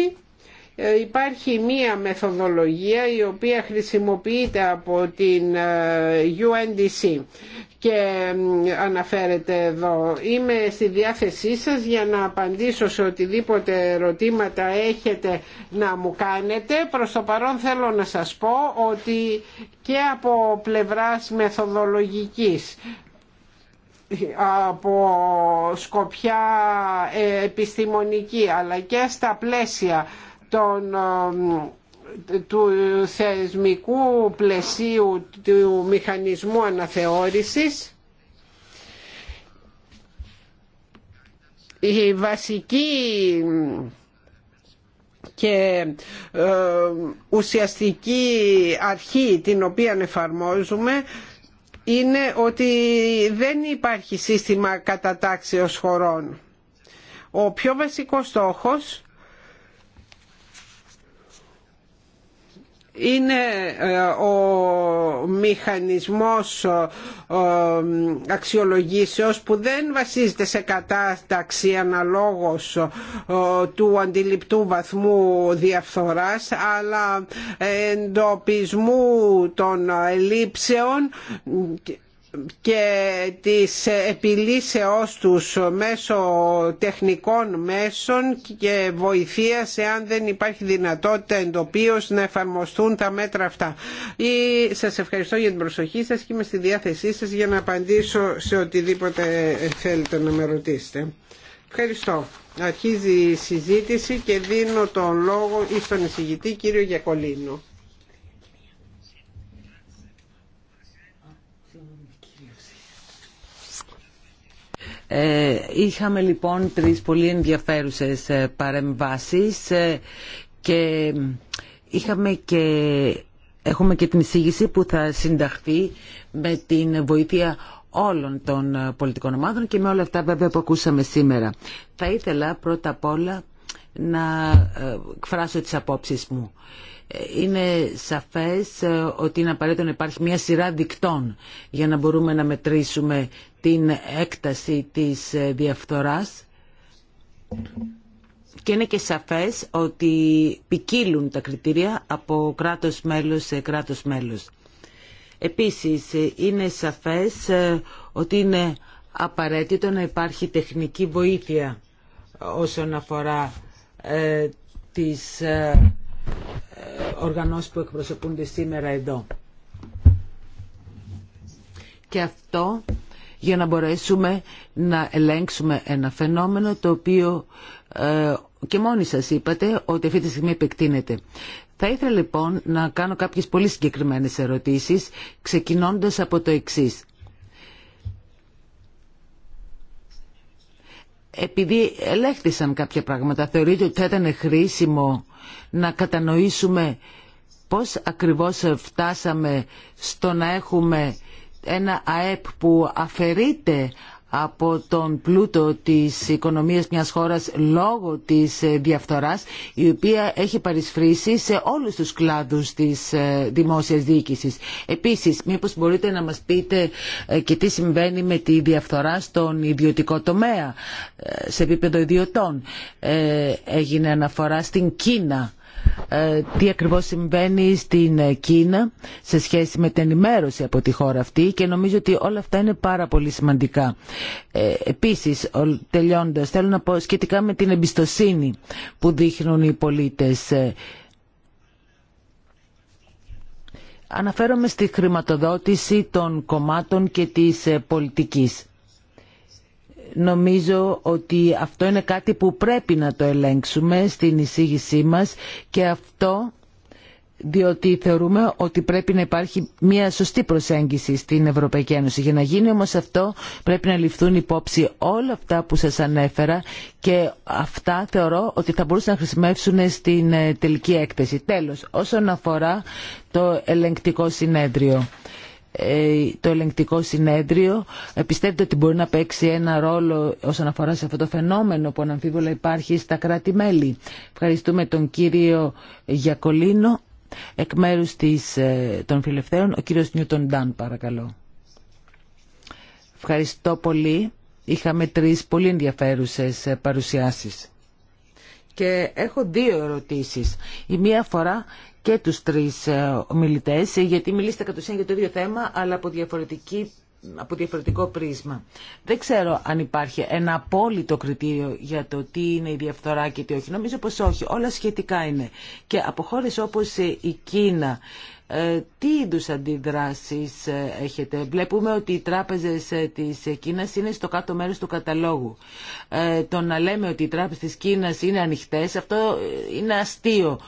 ε, υπάρχει μία μεθοδολογία η οποία χρησιμοποιείται από την ε, UNDC και αναφέρεται εδώ. Είμαι στη διάθεσή σας για να απαντήσω σε οτιδήποτε ερωτήματα έχετε να μου κάνετε. Προς το παρόν θέλω να σας πω ότι και από πλευράς μεθοδολογικής από σκοπιά ε, επιστημονική αλλά και στα πλαίσια του θεσμικού πλαισίου του μηχανισμού αναθεώρησης η βασική και ε, ουσιαστική αρχή την οποία εφαρμόζουμε είναι ότι δεν υπάρχει σύστημα κατατάξεως χωρών. Ο πιο βασικός στόχος είναι ε, ο μηχανισμός ε, αξιολογήσεως που δεν βασίζεται σε κατάταξη αναλόγως ε, του αντιληπτού βαθμού διαφθοράς αλλά εντοπισμού των ελλείψεων και της επιλύσεώς τους μέσω τεχνικών μέσων και βοηθείας εάν δεν υπάρχει δυνατότητα εντοπίως να εφαρμοστούν τα μέτρα αυτά. Ή σας ευχαριστώ για την προσοχή σας και είμαι στη διάθεσή σας για να απαντήσω σε οτιδήποτε θέλετε να με ρωτήσετε. Ευχαριστώ. Αρχίζει η συζήτηση και δίνω τον λόγο στον εισηγητή κύριο Γιακολίνο. Ε, είχαμε λοιπόν τρεις πολύ ενδιαφέρουσες ε, παρεμβάσεις ε, και είχαμε και έχουμε και την εισήγηση που θα συνταχθεί με την βοήθεια όλων των πολιτικών ομάδων και με όλα αυτά βέβαια που ακούσαμε σήμερα. Θα ήθελα πρώτα απ' όλα να εκφράσω τις απόψεις μου είναι σαφές ε, ότι είναι απαραίτητο να υπάρχει μια σειρά δικτών για να μπορούμε να μετρήσουμε την έκταση της ε, διαφθοράς και είναι και σαφές ότι ποικίλουν τα κριτήρια από κράτος μέλος σε κράτος μέλος. Επίσης ε, είναι σαφές ότι είναι απαραίτητο να υπάρχει τεχνική βοήθεια όσον αφορά τις ε, οργανώσεις που εκπροσωπούνται σήμερα εδώ. Και αυτό για να μπορέσουμε να ελέγξουμε ένα φαινόμενο το οποίο ε, και μόνοι σας είπατε ότι αυτή τη στιγμή επεκτείνεται. Θα ήθελα λοιπόν να κάνω κάποιες πολύ συγκεκριμένες ερωτήσεις ξεκινώντας από το εξής. επειδή ελέγχθησαν κάποια πράγματα, θεωρείτε ότι θα ήταν χρήσιμο να κατανοήσουμε πώς ακριβώς φτάσαμε στο να έχουμε ένα ΑΕΠ που αφαιρείται από τον πλούτο της οικονομίας μιας χώρας λόγω της ε, διαφθοράς η οποία έχει παρισφρήσει σε όλους τους κλάδους της ε, δημόσιας διοίκησης. Επίσης, μήπως μπορείτε να μας πείτε ε, και τι συμβαίνει με τη διαφθορά στον ιδιωτικό τομέα σε επίπεδο ιδιωτών. Έγινε αναφορά στην Κίνα ε, τι ακριβώς συμβαίνει στην Κίνα σε σχέση με την ενημέρωση από τη χώρα αυτή και νομίζω ότι όλα αυτά είναι πάρα πολύ σημαντικά. Ε, επίσης, τελειώντας, θέλω να πω σχετικά με την εμπιστοσύνη που δείχνουν οι πολίτες. Ε, αναφέρομαι στη χρηματοδότηση των κομμάτων και της πολιτικής νομίζω ότι αυτό είναι κάτι που πρέπει να το ελέγξουμε στην εισήγησή μας και αυτό διότι θεωρούμε ότι πρέπει να υπάρχει μια σωστή προσέγγιση στην Ευρωπαϊκή Ένωση. Για να γίνει όμως αυτό πρέπει να ληφθούν υπόψη όλα αυτά που σας ανέφερα και αυτά θεωρώ ότι θα μπορούσαν να χρησιμεύσουν στην ε, τελική έκθεση. Τέλος, όσον αφορά το ελεγκτικό συνέδριο. Ε, το ελεγκτικό συνέδριο ε, πιστεύετε ότι μπορεί να παίξει ένα ρόλο όσον αφορά σε αυτό το φαινόμενο που αναμφίβολα υπάρχει στα κράτη-μέλη. Ευχαριστούμε τον κύριο Γιακολίνο εκ μέρους της, ε, των φιλευθέων. Ο κύριος Νιούτον Ντάν παρακαλώ. Ευχαριστώ πολύ. Είχαμε τρεις πολύ ενδιαφέρουσες παρουσιάσεις. Και έχω δύο ερωτήσεις. Η μία αφορά και τους τρεις ε, ομιλητές, ε, γιατί μιλήσατε κατ' ουσίαν για το ίδιο θέμα, αλλά από, διαφορετική, από διαφορετικό πρίσμα. Δεν ξέρω αν υπάρχει ένα απόλυτο κριτήριο για το τι είναι η διαφθορά και τι όχι. Νομίζω πως όχι. Όλα σχετικά είναι. Και από χώρε όπως ε, η Κίνα, ε, τι είδους αντιδράσεις ε, έχετε. Βλέπουμε ότι οι τράπεζες ε, της Κίνας είναι στο κάτω μέρος του καταλόγου. Το να λέμε ότι οι τράπεζες της Κίνας είναι ανοιχτές, αυτό είναι αστείο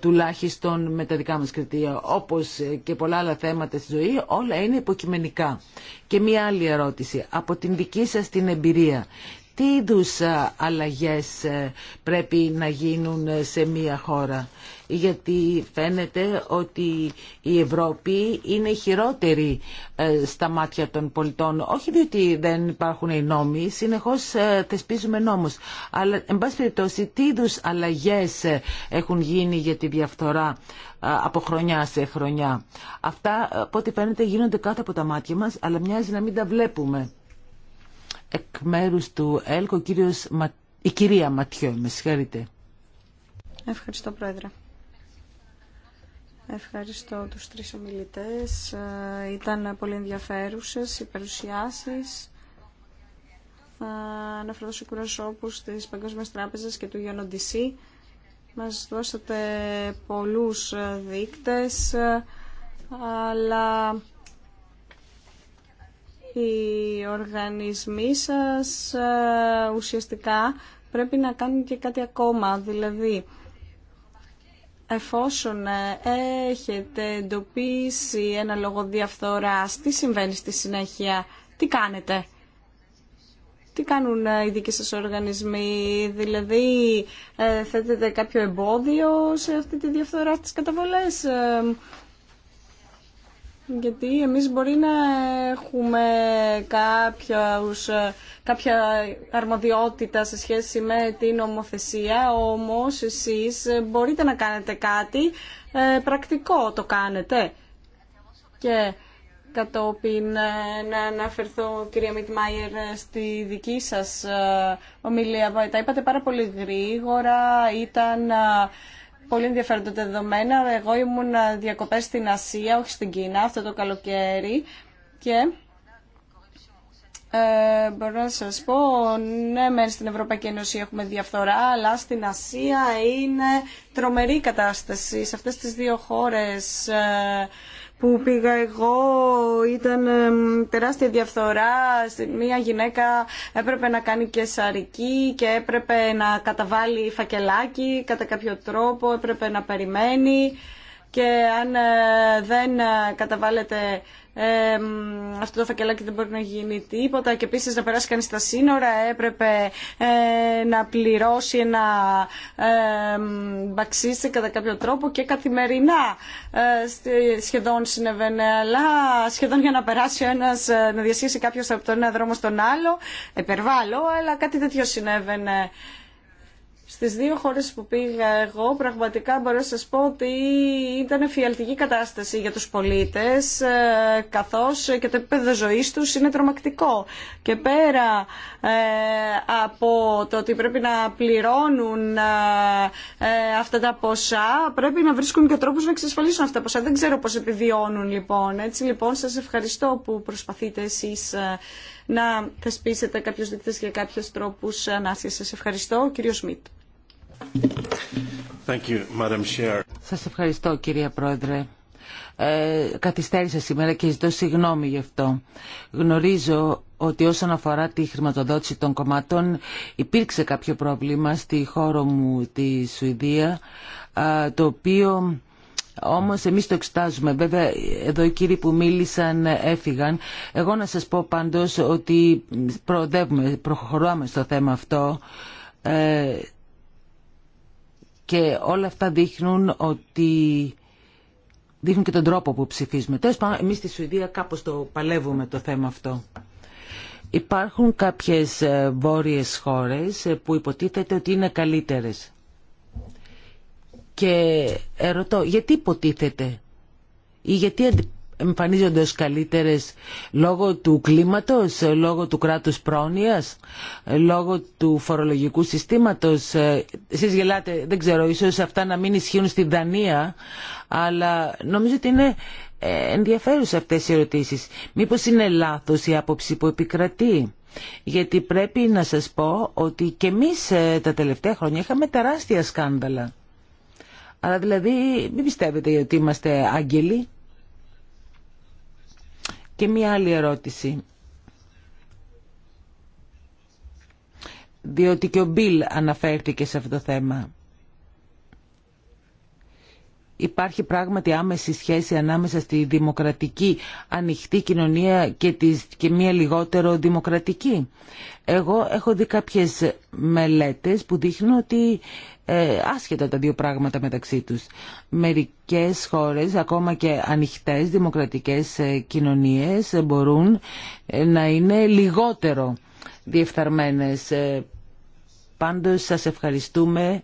τουλάχιστον με τα δικά μας κριτήρια. Όπως και πολλά άλλα θέματα στη ζωή, όλα είναι υποκειμενικά. Και μία άλλη ερώτηση. Από την δική σας την εμπειρία, τι είδου ε, αλλαγές ε, πρέπει να γίνουν ε, σε μία χώρα. Γιατί φαίνεται ότι η Ευρώπη είναι χειρότερη στα μάτια των πολιτών. Όχι διότι δεν υπάρχουν οι νόμοι, συνεχώς θεσπίζουμε νόμους. Αλλά, εν πάση περιπτώσει, τι είδου αλλαγές έχουν γίνει για τη διαφθορά από χρονιά σε χρονιά. Αυτά, από ό,τι φαίνεται, γίνονται κάτω από τα μάτια μας, αλλά μοιάζει να μην τα βλέπουμε εκ μέρου του ΕΛΚΟ, κύριος, η κυρία Ματιό, με Ευχαριστώ, Πρόεδρε. Ευχαριστώ τους τρεις ομιλητές. Ε, ήταν πολύ ενδιαφέρουσες οι παρουσιάσεις. Θα αναφερθώ σε εκπροσώπους της Παγκόσμιας Τράπεζας και του UNODC. Μας δώσατε πολλούς δείκτες, ε, αλλά οι οργανισμοί σας ε, ουσιαστικά πρέπει να κάνουν και κάτι ακόμα. Δηλαδή, εφόσον έχετε εντοπίσει ένα λόγο διαφθοράς, τι συμβαίνει στη συνέχεια, τι κάνετε. Τι κάνουν οι δικοί σας οργανισμοί, δηλαδή ε, θέτετε κάποιο εμπόδιο σε αυτή τη διαφθορά στις καταβολές ε, γιατί εμείς μπορεί να έχουμε ε, κάποια αρμοδιότητα σε σχέση με την ομοθεσία, όμως εσείς μπορείτε να κάνετε κάτι ε, πρακτικό, το κάνετε. Και κατόπιν ε, να αναφερθώ, κυρία Μιτμάιερ, στη δική σας ομιλία. Τα είπατε πάρα πολύ γρήγορα, ήταν πολύ ενδιαφέροντα δεδομένα. Εγώ ήμουν διακοπές στην Ασία, όχι στην Κίνα, αυτό το καλοκαίρι. Και ε, μπορώ να σας πω, ναι, μεν στην Ευρωπαϊκή Ένωση έχουμε διαφθορά, αλλά στην Ασία είναι τρομερή κατάσταση. Σε αυτές τις δύο χώρες... Ε, που πήγα εγώ ήταν τεράστια διαφθορά. Μία γυναίκα έπρεπε να κάνει και σαρική και έπρεπε να καταβάλει φακελάκι κατά κάποιο τρόπο, έπρεπε να περιμένει και αν ε, δεν ε, καταβάλλεται ε, αυτό το φακελάκι δεν μπορεί να γίνει τίποτα και επίσης να περάσει κανείς τα σύνορα έπρεπε ε, να πληρώσει ένα ε, κατά κάποιο τρόπο και καθημερινά σχεδόν συνεβαίνε αλλά σχεδόν για να περάσει ένας να διασχίσει κάποιος από τον ένα δρόμο στον άλλο επερβάλλω αλλά κάτι τέτοιο συνέβαινε στις δύο χώρες που πήγα εγώ πραγματικά μπορώ να σας πω ότι ήταν φιαλτική κατάσταση για τους πολίτες ε, καθώς και το επίπεδο ζωής τους είναι τρομακτικό. Και πέρα ε, από το ότι πρέπει να πληρώνουν ε, αυτά τα ποσά πρέπει να βρίσκουν και τρόπους να εξασφαλίσουν αυτά τα ποσά. Δεν ξέρω πώς επιβιώνουν λοιπόν. Έτσι λοιπόν σας ευχαριστώ που προσπαθείτε εσείς να θεσπίσετε κάποιους δείκτες για κάποιους τρόπους ανάσχεσης. Σας ευχαριστώ. Κύριο Σμιτ. Thank Σας ευχαριστώ κυρία Πρόεδρε. Ε, καθυστέρησα σήμερα και ζητώ συγγνώμη γι' αυτό. Γνωρίζω ότι όσον αφορά τη χρηματοδότηση των κομμάτων υπήρξε κάποιο πρόβλημα στη χώρα μου τη Σουηδία το οποίο όμως εμείς το εξετάζουμε. Βέβαια εδώ οι κύριοι που μίλησαν έφυγαν. Εγώ να σας πω πάντως ότι προοδεύουμε, προχωράμε στο θέμα αυτό. Ε, και όλα αυτά δείχνουν ότι δείχνουν και τον τρόπο που ψηφίζουμε. Τέλο πάντων, εμεί στη Σουηδία κάπω το παλεύουμε το θέμα αυτό. Υπάρχουν κάποιε βόρειε χώρες ε, που υποτίθεται ότι είναι καλύτερες. Και ερωτώ, γιατί υποτίθεται ή γιατί εμφανίζονται ως καλύτερες λόγω του κλίματος, λόγω του κράτους πρόνοιας, λόγω του φορολογικού συστήματος. Ε, εσείς γελάτε, δεν ξέρω, ίσως αυτά να μην ισχύουν στη Δανία, αλλά νομίζω ότι είναι ε, ενδιαφέρουσα αυτές οι ερωτήσεις. Μήπως είναι λάθος η άποψη που επικρατεί. Γιατί πρέπει να σας πω ότι και εμείς ε, τα τελευταία χρόνια είχαμε τεράστια σκάνδαλα. Αλλά δηλαδή μην πιστεύετε ότι είμαστε άγγελοι. Και μία άλλη ερώτηση. Διότι και ο Μπιλ αναφέρθηκε σε αυτό το θέμα υπάρχει πράγματι άμεση σχέση ανάμεσα στη δημοκρατική ανοιχτή κοινωνία και, μια λιγότερο δημοκρατική. Εγώ έχω δει κάποιες μελέτες που δείχνουν ότι ε, άσχετα τα δύο πράγματα μεταξύ τους. Μερικές χώρες, ακόμα και ανοιχτές δημοκρατικές ε, κοινωνίες μπορούν ε, να είναι λιγότερο διεφθαρμένες. Πάντως σας ευχαριστούμε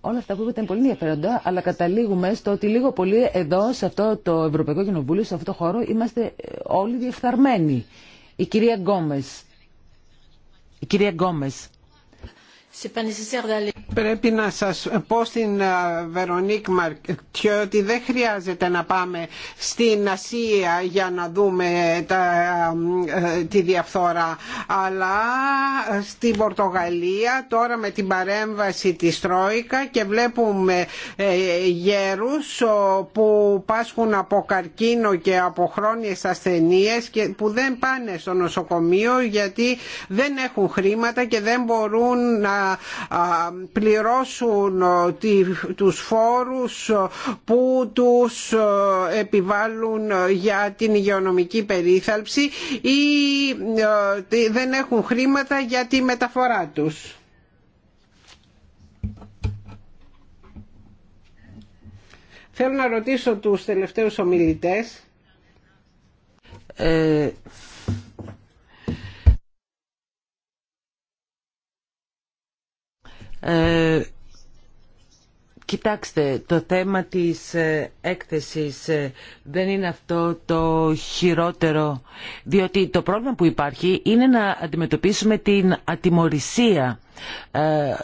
όλα αυτά που είπατε είναι πολύ ενδιαφέροντα, αλλά καταλήγουμε στο ότι λίγο πολύ εδώ, σε αυτό το Ευρωπαϊκό Κοινοβούλιο, σε αυτό το χώρο, είμαστε ε, όλοι διεφθαρμένοι. Η κυρία Γκόμες. Η κυρία Γκόμες. Πρέπει να σας πω στην Βερονίκ Μαρτιό ότι δεν χρειάζεται να πάμε στην Ασία για να δούμε τα, ε, τη διαφθόρα αλλά ε, στην Πορτογαλία τώρα με την παρέμβαση της Τρόικα και βλέπουμε ε, γέρους που πάσχουν από καρκίνο και από χρόνιες ασθενείες και που δεν πάνε στο νοσοκομείο γιατί δεν έχουν χρήματα και δεν μπορούν να πληρώσουν τους φόρους που τους επιβάλλουν για την υγειονομική περίθαλψη ή δεν έχουν χρήματα για τη μεταφορά τους. Θέλω να ρωτήσω τους τελευταίους ομιλητές. Ε, Ε, κοιτάξτε, το θέμα της ε, έκθεσης ε, δεν είναι αυτό το χειρότερο, διότι το πρόβλημα που υπάρχει είναι να αντιμετωπίσουμε την ατιμορρησία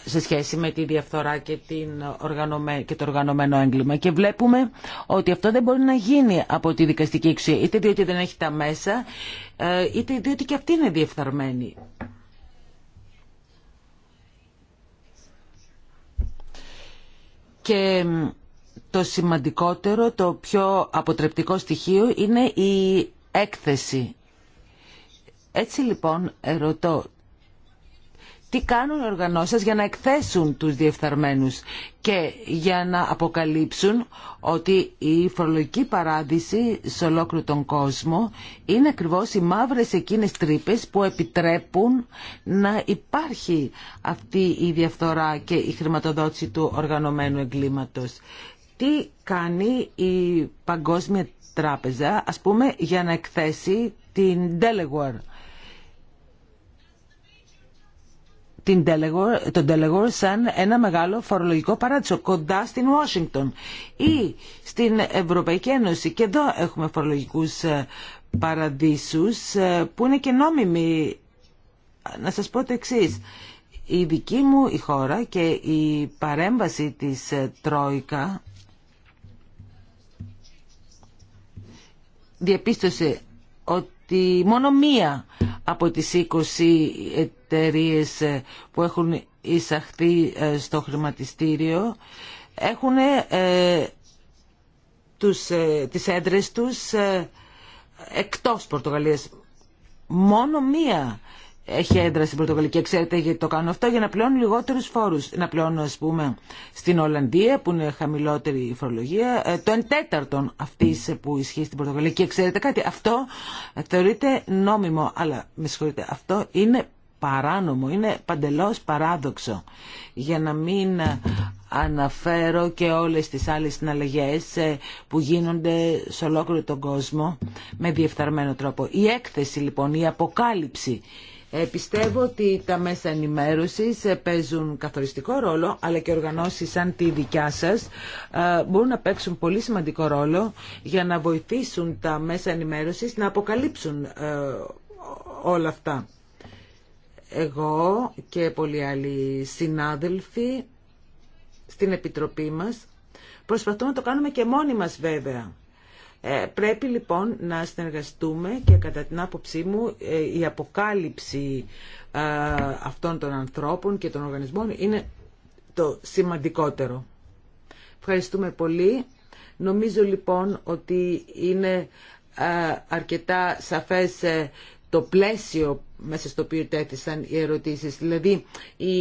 σε σχέση με τη διαφθορά και, την και το οργανωμένο έγκλημα. Και βλέπουμε ότι αυτό δεν μπορεί να γίνει από τη δικαστική εξουσία, είτε διότι δεν έχει τα μέσα, είτε διότι και αυτή είναι διεφθαρμένη. και το σημαντικότερο, το πιο αποτρεπτικό στοιχείο είναι η έκθεση. Έτσι λοιπόν ρωτώ τι κάνουν οι οργανώσεις για να εκθέσουν τους διεφθαρμένους και για να αποκαλύψουν ότι η φορολογική παράδειση σε ολόκληρο τον κόσμο είναι ακριβώς οι μαύρες εκείνες τρύπες που επιτρέπουν να υπάρχει αυτή η διαφθορά και η χρηματοδότηση του οργανωμένου εγκλήματος. Τι κάνει η Παγκόσμια Τράπεζα, ας πούμε, για να εκθέσει την Delaware την τον Τέλεγορ σαν ένα μεγάλο φορολογικό παράδεισο κοντά στην Ουάσιγκτον ή στην Ευρωπαϊκή Ένωση και εδώ έχουμε φορολογικούς ε, παραδείσους ε, που είναι και νόμιμοι. Να σας πω το εξή. Η δική μου η χώρα και η παρέμβαση της ε, Τρόικα διαπίστωσε ότι μόνο μία από τις 20 εταιρείε ε, που έχουν εισαχθεί ε, στο χρηματιστήριο έχουν ε, τους, ε, τις έντρες τους ε, εκτός Πορτογαλίας. Μόνο μία έχει έντρα στην Πορτογαλία και ξέρετε γιατί το κάνω αυτό για να πλέουν λιγότερους φόρους. Να πλέουν ας πούμε στην Ολλανδία που είναι χαμηλότερη η φορολογία το εντέταρτον τέταρτον αυτής που ισχύει στην Πορτογαλία και ξέρετε κάτι αυτό θεωρείται νόμιμο αλλά με συγχωρείτε αυτό είναι παράνομο, είναι παντελώς παράδοξο. Για να μην αναφέρω και όλες τις άλλες συναλλαγές ε, που γίνονται σε ολόκληρο τον κόσμο με διεφθαρμένο τρόπο. Η έκθεση λοιπόν, η αποκάλυψη. Ε, πιστεύω ότι τα μέσα ενημέρωσης ε, παίζουν καθοριστικό ρόλο, αλλά και οργανώσεις σαν τη δικιά σας μπορούν να παίξουν πολύ σημαντικό ρόλο για να βοηθήσουν τα μέσα ενημέρωσης να αποκαλύψουν όλα αυτά εγώ και πολλοί άλλοι συνάδελφοι στην Επιτροπή μας προσπαθούμε να το κάνουμε και μόνοι μας βέβαια. Ε, πρέπει λοιπόν να συνεργαστούμε και κατά την άποψή μου ε, η αποκάλυψη ε, αυτών των ανθρώπων και των οργανισμών είναι το σημαντικότερο. Ευχαριστούμε πολύ. Νομίζω λοιπόν ότι είναι αρκετά σαφές το πλαίσιο μέσα στο οποίο τέθησαν οι ερωτήσεις. Δηλαδή, οι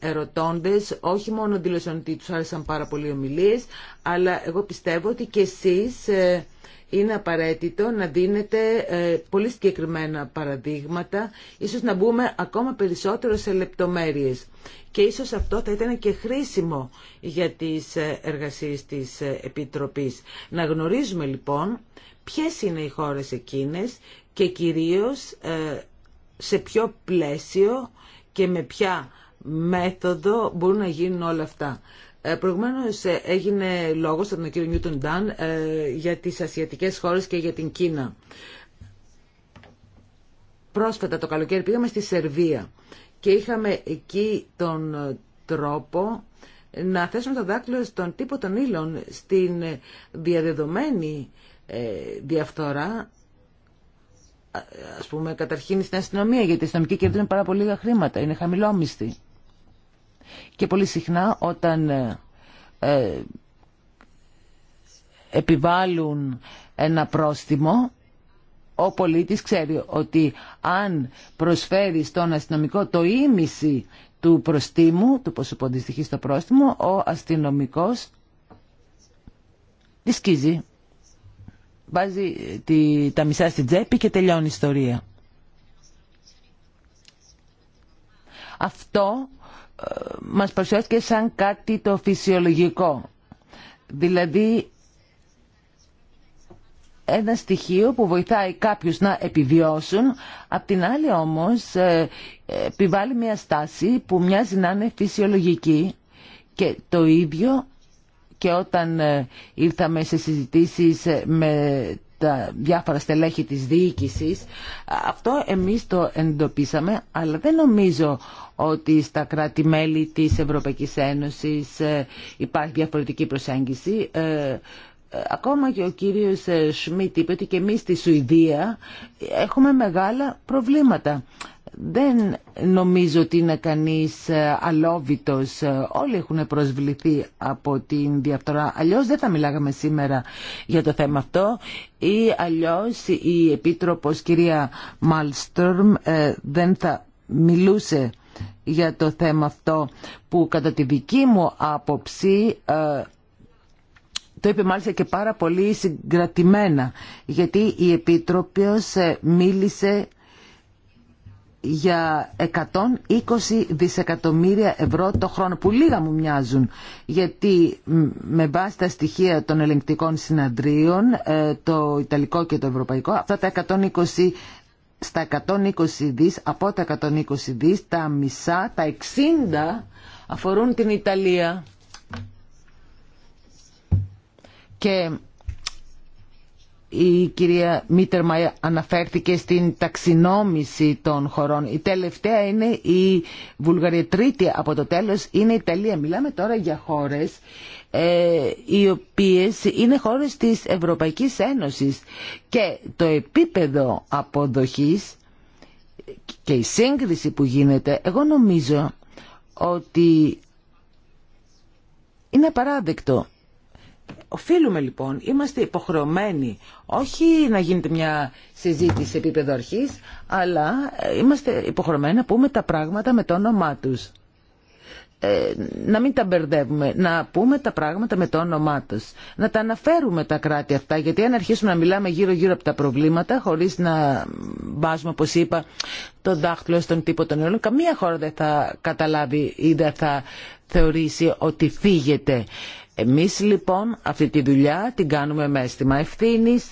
ερωτώντες όχι μόνο δήλωσαν ότι τους άρεσαν πάρα πολύ ομιλίες, αλλά εγώ πιστεύω ότι και εσείς ε, είναι απαραίτητο να δίνετε ε, πολύ συγκεκριμένα παραδείγματα, ίσως να μπούμε ακόμα περισσότερο σε λεπτομέρειες. Και ίσως αυτό θα ήταν και χρήσιμο για τις ε, εργασίες της Επιτροπής. Να γνωρίζουμε λοιπόν ποιες είναι οι χώρες εκείνες και κυρίως ε, σε ποιο πλαίσιο και με ποια μέθοδο μπορούν να γίνουν όλα αυτά. Ε, προηγουμένως ε, έγινε λόγος από τον κύριο Νιούτον Ντάν ε, για τις ασιατικές χώρες και για την Κίνα. Πρόσφατα το καλοκαίρι πήγαμε στη Σερβία και είχαμε εκεί τον τρόπο να θέσουμε το δάκτυλο στον τύπο των ήλων στην διαδεδομένη ε, διαφθορά ας πούμε καταρχήν στην αστυνομία γιατί η αστυνομική κερδίζουν πάρα πολύ λίγα χρήματα, είναι χαμηλόμιστη. Και πολύ συχνά όταν ε, ε, επιβάλλουν ένα πρόστιμο ο πολίτης ξέρει ότι αν προσφέρει στον αστυνομικό το ίμιση του προστίμου, του ποσοποντιστοιχεί στο πρόστιμο, ο αστυνομικός δισκίζει βάζει τη, τα μισά στην τσέπη και τελειώνει η ιστορία. Αυτό ε, μας παρουσιάστηκε σαν κάτι το φυσιολογικό. Δηλαδή ένα στοιχείο που βοηθάει κάποιους να επιβιώσουν, απ' την άλλη όμως ε, επιβάλλει μια στάση που μοιάζει να είναι φυσιολογική και το ίδιο και όταν ε, ήρθαμε σε συζητήσεις ε, με τα διάφορα στελέχη της διοίκησης. Αυτό εμείς το εντοπίσαμε, αλλά δεν νομίζω ότι στα κράτη-μέλη της Ευρωπαϊκής Ένωσης ε, υπάρχει διαφορετική προσέγγιση. Ακόμα και ο κύριος Σμίτ είπε ότι και εμείς στη Σουηδία έχουμε μεγάλα προβλήματα δεν νομίζω ότι είναι κανείς ε, αλόβητος. Ε, όλοι έχουν προσβληθεί από την διαφθορά. Αλλιώς δεν θα μιλάγαμε σήμερα για το θέμα αυτό. Ή αλλιώς η Επίτροπος κυρία Μάλστρομ ε, δεν θα μιλούσε για το θέμα αυτό που κατά τη δική μου άποψη το είπε μάλιστα και πάρα πολύ συγκρατημένα γιατί η Επίτροπος μίλησε για 120 δισεκατομμύρια ευρώ το χρόνο που λίγα μου μοιάζουν γιατί με βάση τα στοιχεία των ελεγκτικών συναντρίων ε, το Ιταλικό και το Ευρωπαϊκό αυτά τα 120 στα 120 δις, από τα 120 δις, τα μισά, τα 60 αφορούν την Ιταλία. Και η κυρία Μίτερμα αναφέρθηκε στην ταξινόμηση των χωρών. Η τελευταία είναι η Βουλγαρία. Τρίτη από το τέλος είναι η Ιταλία. Μιλάμε τώρα για χώρες ε, οι οποίες είναι χώρες της Ευρωπαϊκής Ένωσης και το επίπεδο αποδοχής και η σύγκριση που γίνεται εγώ νομίζω ότι είναι απαράδεκτο Οφείλουμε λοιπόν, είμαστε υποχρεωμένοι όχι να γίνεται μια συζήτηση σε επίπεδο αρχής, αλλά ε, είμαστε υποχρεωμένοι να πούμε τα πράγματα με το όνομά τους. Ε, να μην τα μπερδεύουμε, να πούμε τα πράγματα με το όνομά τους. Να τα αναφέρουμε τα κράτη αυτά, γιατί αν αρχίσουμε να μιλάμε γύρω-γύρω από τα προβλήματα, χωρίς να βάζουμε, όπως είπα, το δάχτυλο στον τύπο των νερών, καμία χώρα δεν θα καταλάβει ή δεν θα θεωρήσει ότι φύγεται. Εμείς λοιπόν αυτή τη δουλειά την κάνουμε με αίσθημα ευθύνη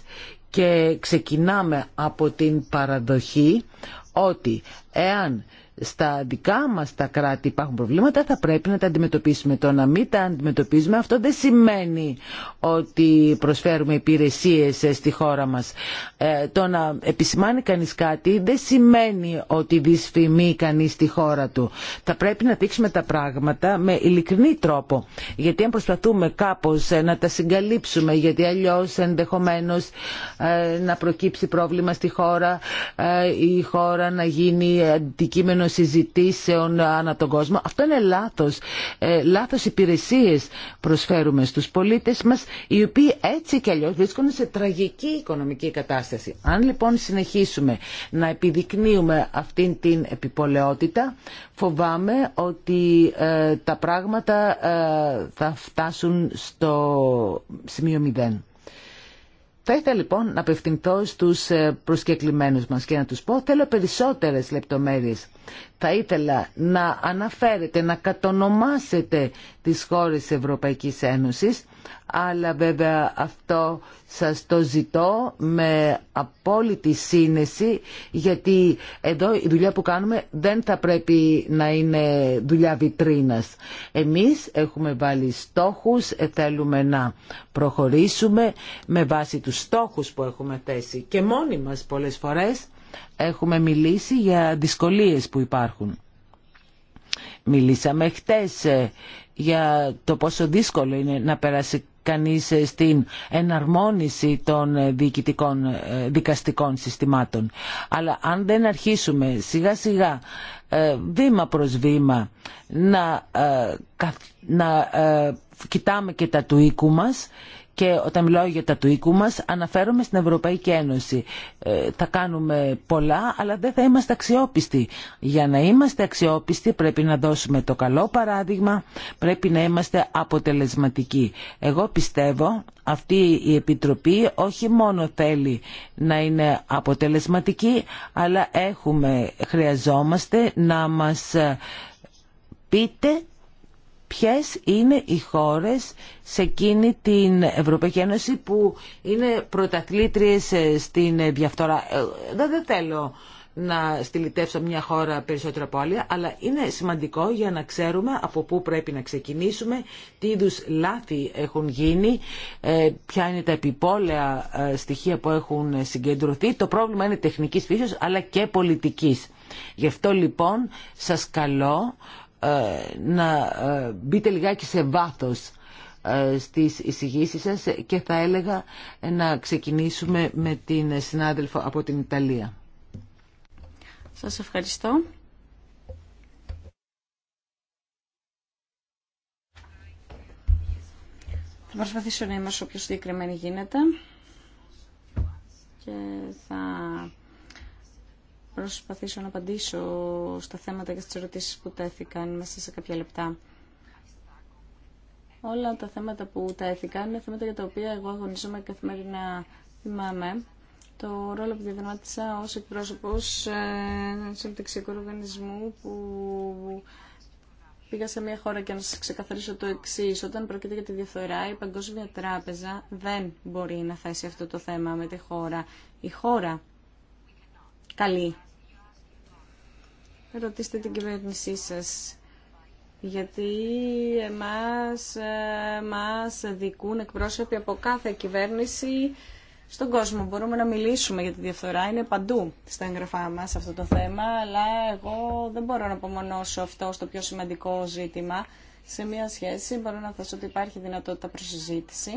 και ξεκινάμε από την παραδοχή ότι εάν στα δικά μας τα κράτη υπάρχουν προβλήματα θα πρέπει να τα αντιμετωπίσουμε. Το να μην τα αντιμετωπίζουμε αυτό δεν σημαίνει ότι προσφέρουμε υπηρεσίες ε, στη χώρα μας. Ε, το να επισημάνει κανείς κάτι δεν σημαίνει ότι δυσφημεί κανείς τη χώρα του. Θα πρέπει να δείξουμε τα πράγματα με ειλικρινή τρόπο. Γιατί αν προσπαθούμε κάπως ε, να τα συγκαλύψουμε γιατί αλλιώς ενδεχομένως ε, να προκύψει πρόβλημα στη χώρα, η χώρα να γίνει αντικείμενο συζητήσεων ανά τον κόσμο. Αυτό είναι λάθος. Ε, λάθος υπηρεσίες προσφέρουμε στους πολίτες μας, οι οποίοι έτσι κι αλλιώς βρίσκονται σε τραγική οικονομική κατάσταση. Αν λοιπόν συνεχίσουμε να επιδεικνύουμε αυτήν την επιπολαιότητα, φοβάμαι ότι ε, τα πράγματα ε, θα φτάσουν στο σημείο μηδέν. Θα ήθελα λοιπόν να απευθυνθώ στους ε, προσκεκλημένους μας και να τους πω θέλω περισσότερες λεπτομέρειες. Θα ήθελα να αναφέρετε, να κατονομάσετε τις χώρες Ευρωπαϊκής Ένωσης αλλά βέβαια αυτό σας το ζητώ με απόλυτη σύνεση γιατί εδώ η δουλειά που κάνουμε δεν θα πρέπει να είναι δουλειά βιτρίνας. Εμείς έχουμε βάλει στόχους, ε, θέλουμε να προχωρήσουμε με βάση τους στόχους που έχουμε θέσει και μόνοι μας πολλές φορές έχουμε μιλήσει για δυσκολίες που υπάρχουν. Μιλήσαμε χτες ε, για το πόσο δύσκολο είναι να περάσει κανείς ε, στην εναρμόνιση των ε, διοικητικών ε, δικαστικών συστημάτων. Αλλά αν δεν αρχίσουμε σιγά σιγά βήμα προς βήμα να, να κοιτάμε και τα του οίκου μας και όταν μιλάω για τα του οίκου μας αναφέρομαι στην Ευρωπαϊκή Ένωση. θα ε, κάνουμε πολλά αλλά δεν θα είμαστε αξιόπιστοι. Για να είμαστε αξιόπιστοι πρέπει να δώσουμε το καλό παράδειγμα, πρέπει να είμαστε αποτελεσματικοί. Εγώ πιστεύω αυτή η Επιτροπή όχι μόνο θέλει να είναι αποτελεσματική αλλά έχουμε, χρειαζόμαστε να μας ε, πείτε ποιες είναι οι χώρες σε εκείνη την Ευρωπαϊκή Ένωση που είναι πρωταθλήτριες ε, στην ε, διαφθορά. Ε, δεν θέλω να στυλιτεύσω μια χώρα περισσότερο από άλλη, αλλά είναι σημαντικό για να ξέρουμε από πού πρέπει να ξεκινήσουμε, τι είδου λάθη έχουν γίνει, ποια είναι τα επιπόλαια στοιχεία που έχουν συγκεντρωθεί. Το πρόβλημα είναι τεχνικής φύσεως αλλά και πολιτικής. Γι' αυτό λοιπόν σας καλώ ε, να ε, μπείτε λιγάκι σε βάθος ε, στις εισηγήσεις σας και θα έλεγα να ξεκινήσουμε με την συνάδελφο από την Ιταλία. Σας ευχαριστώ. Θα προσπαθήσω να είμαι όσο πιο συγκεκριμένη γίνεται και θα προσπαθήσω να απαντήσω στα θέματα και στις ερωτήσεις που τέθηκαν μέσα σε κάποια λεπτά. Όλα τα θέματα που τέθηκαν είναι θέματα για τα οποία εγώ αγωνίζομαι καθημερινά. Θυμάμαι το ρόλο που διαδραμάτισα ως εκπρόσωπος ενός οργανισμού που πήγα σε μια χώρα και να σας ξεκαθαρίσω το εξή. Όταν πρόκειται για τη διαφθορά, η Παγκόσμια Τράπεζα δεν μπορεί να θέσει αυτό το θέμα με τη χώρα. Η χώρα καλεί ρωτήστε την κυβέρνησή σας. Γιατί εμάς μας δικούν εκπρόσωποι από κάθε κυβέρνηση στον κόσμο. Μπορούμε να μιλήσουμε για τη διαφθορά, είναι παντού στα εγγραφά μας αυτό το θέμα, αλλά εγώ δεν μπορώ να απομονώσω αυτό στο πιο σημαντικό ζήτημα. Σε μία σχέση μπορώ να θέσω ότι υπάρχει δυνατότητα προσυζήτηση,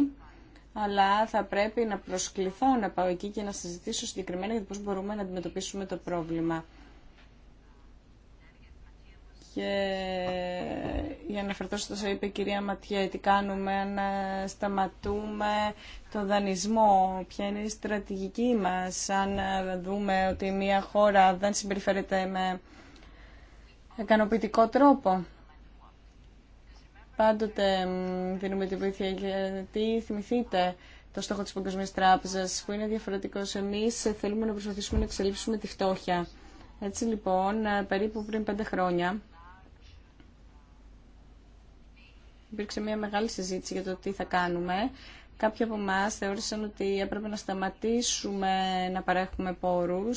αλλά θα πρέπει να προσκληθώ να πάω εκεί και να συζητήσω συγκεκριμένα για πώς μπορούμε να αντιμετωπίσουμε το πρόβλημα. Και για να φερθώ στο είπε η κυρία Ματιέ, τι κάνουμε να ε, σταματούμε το δανεισμό, ποια είναι η στρατηγική μας, αν ε, δούμε ότι μια χώρα δεν συμπεριφέρεται με ικανοποιητικό τρόπο. Πάντοτε δίνουμε τη βοήθεια γιατί θυμηθείτε το στόχο της Παγκοσμία Τράπεζας που είναι διαφορετικός. Εμείς θέλουμε να προσπαθήσουμε να εξελίψουμε τη φτώχεια. Έτσι λοιπόν, ε, περίπου πριν πέντε χρόνια, Υπήρξε μια μεγάλη συζήτηση για το τι θα κάνουμε. Κάποιοι από εμά θεώρησαν ότι έπρεπε να σταματήσουμε να παρέχουμε πόρου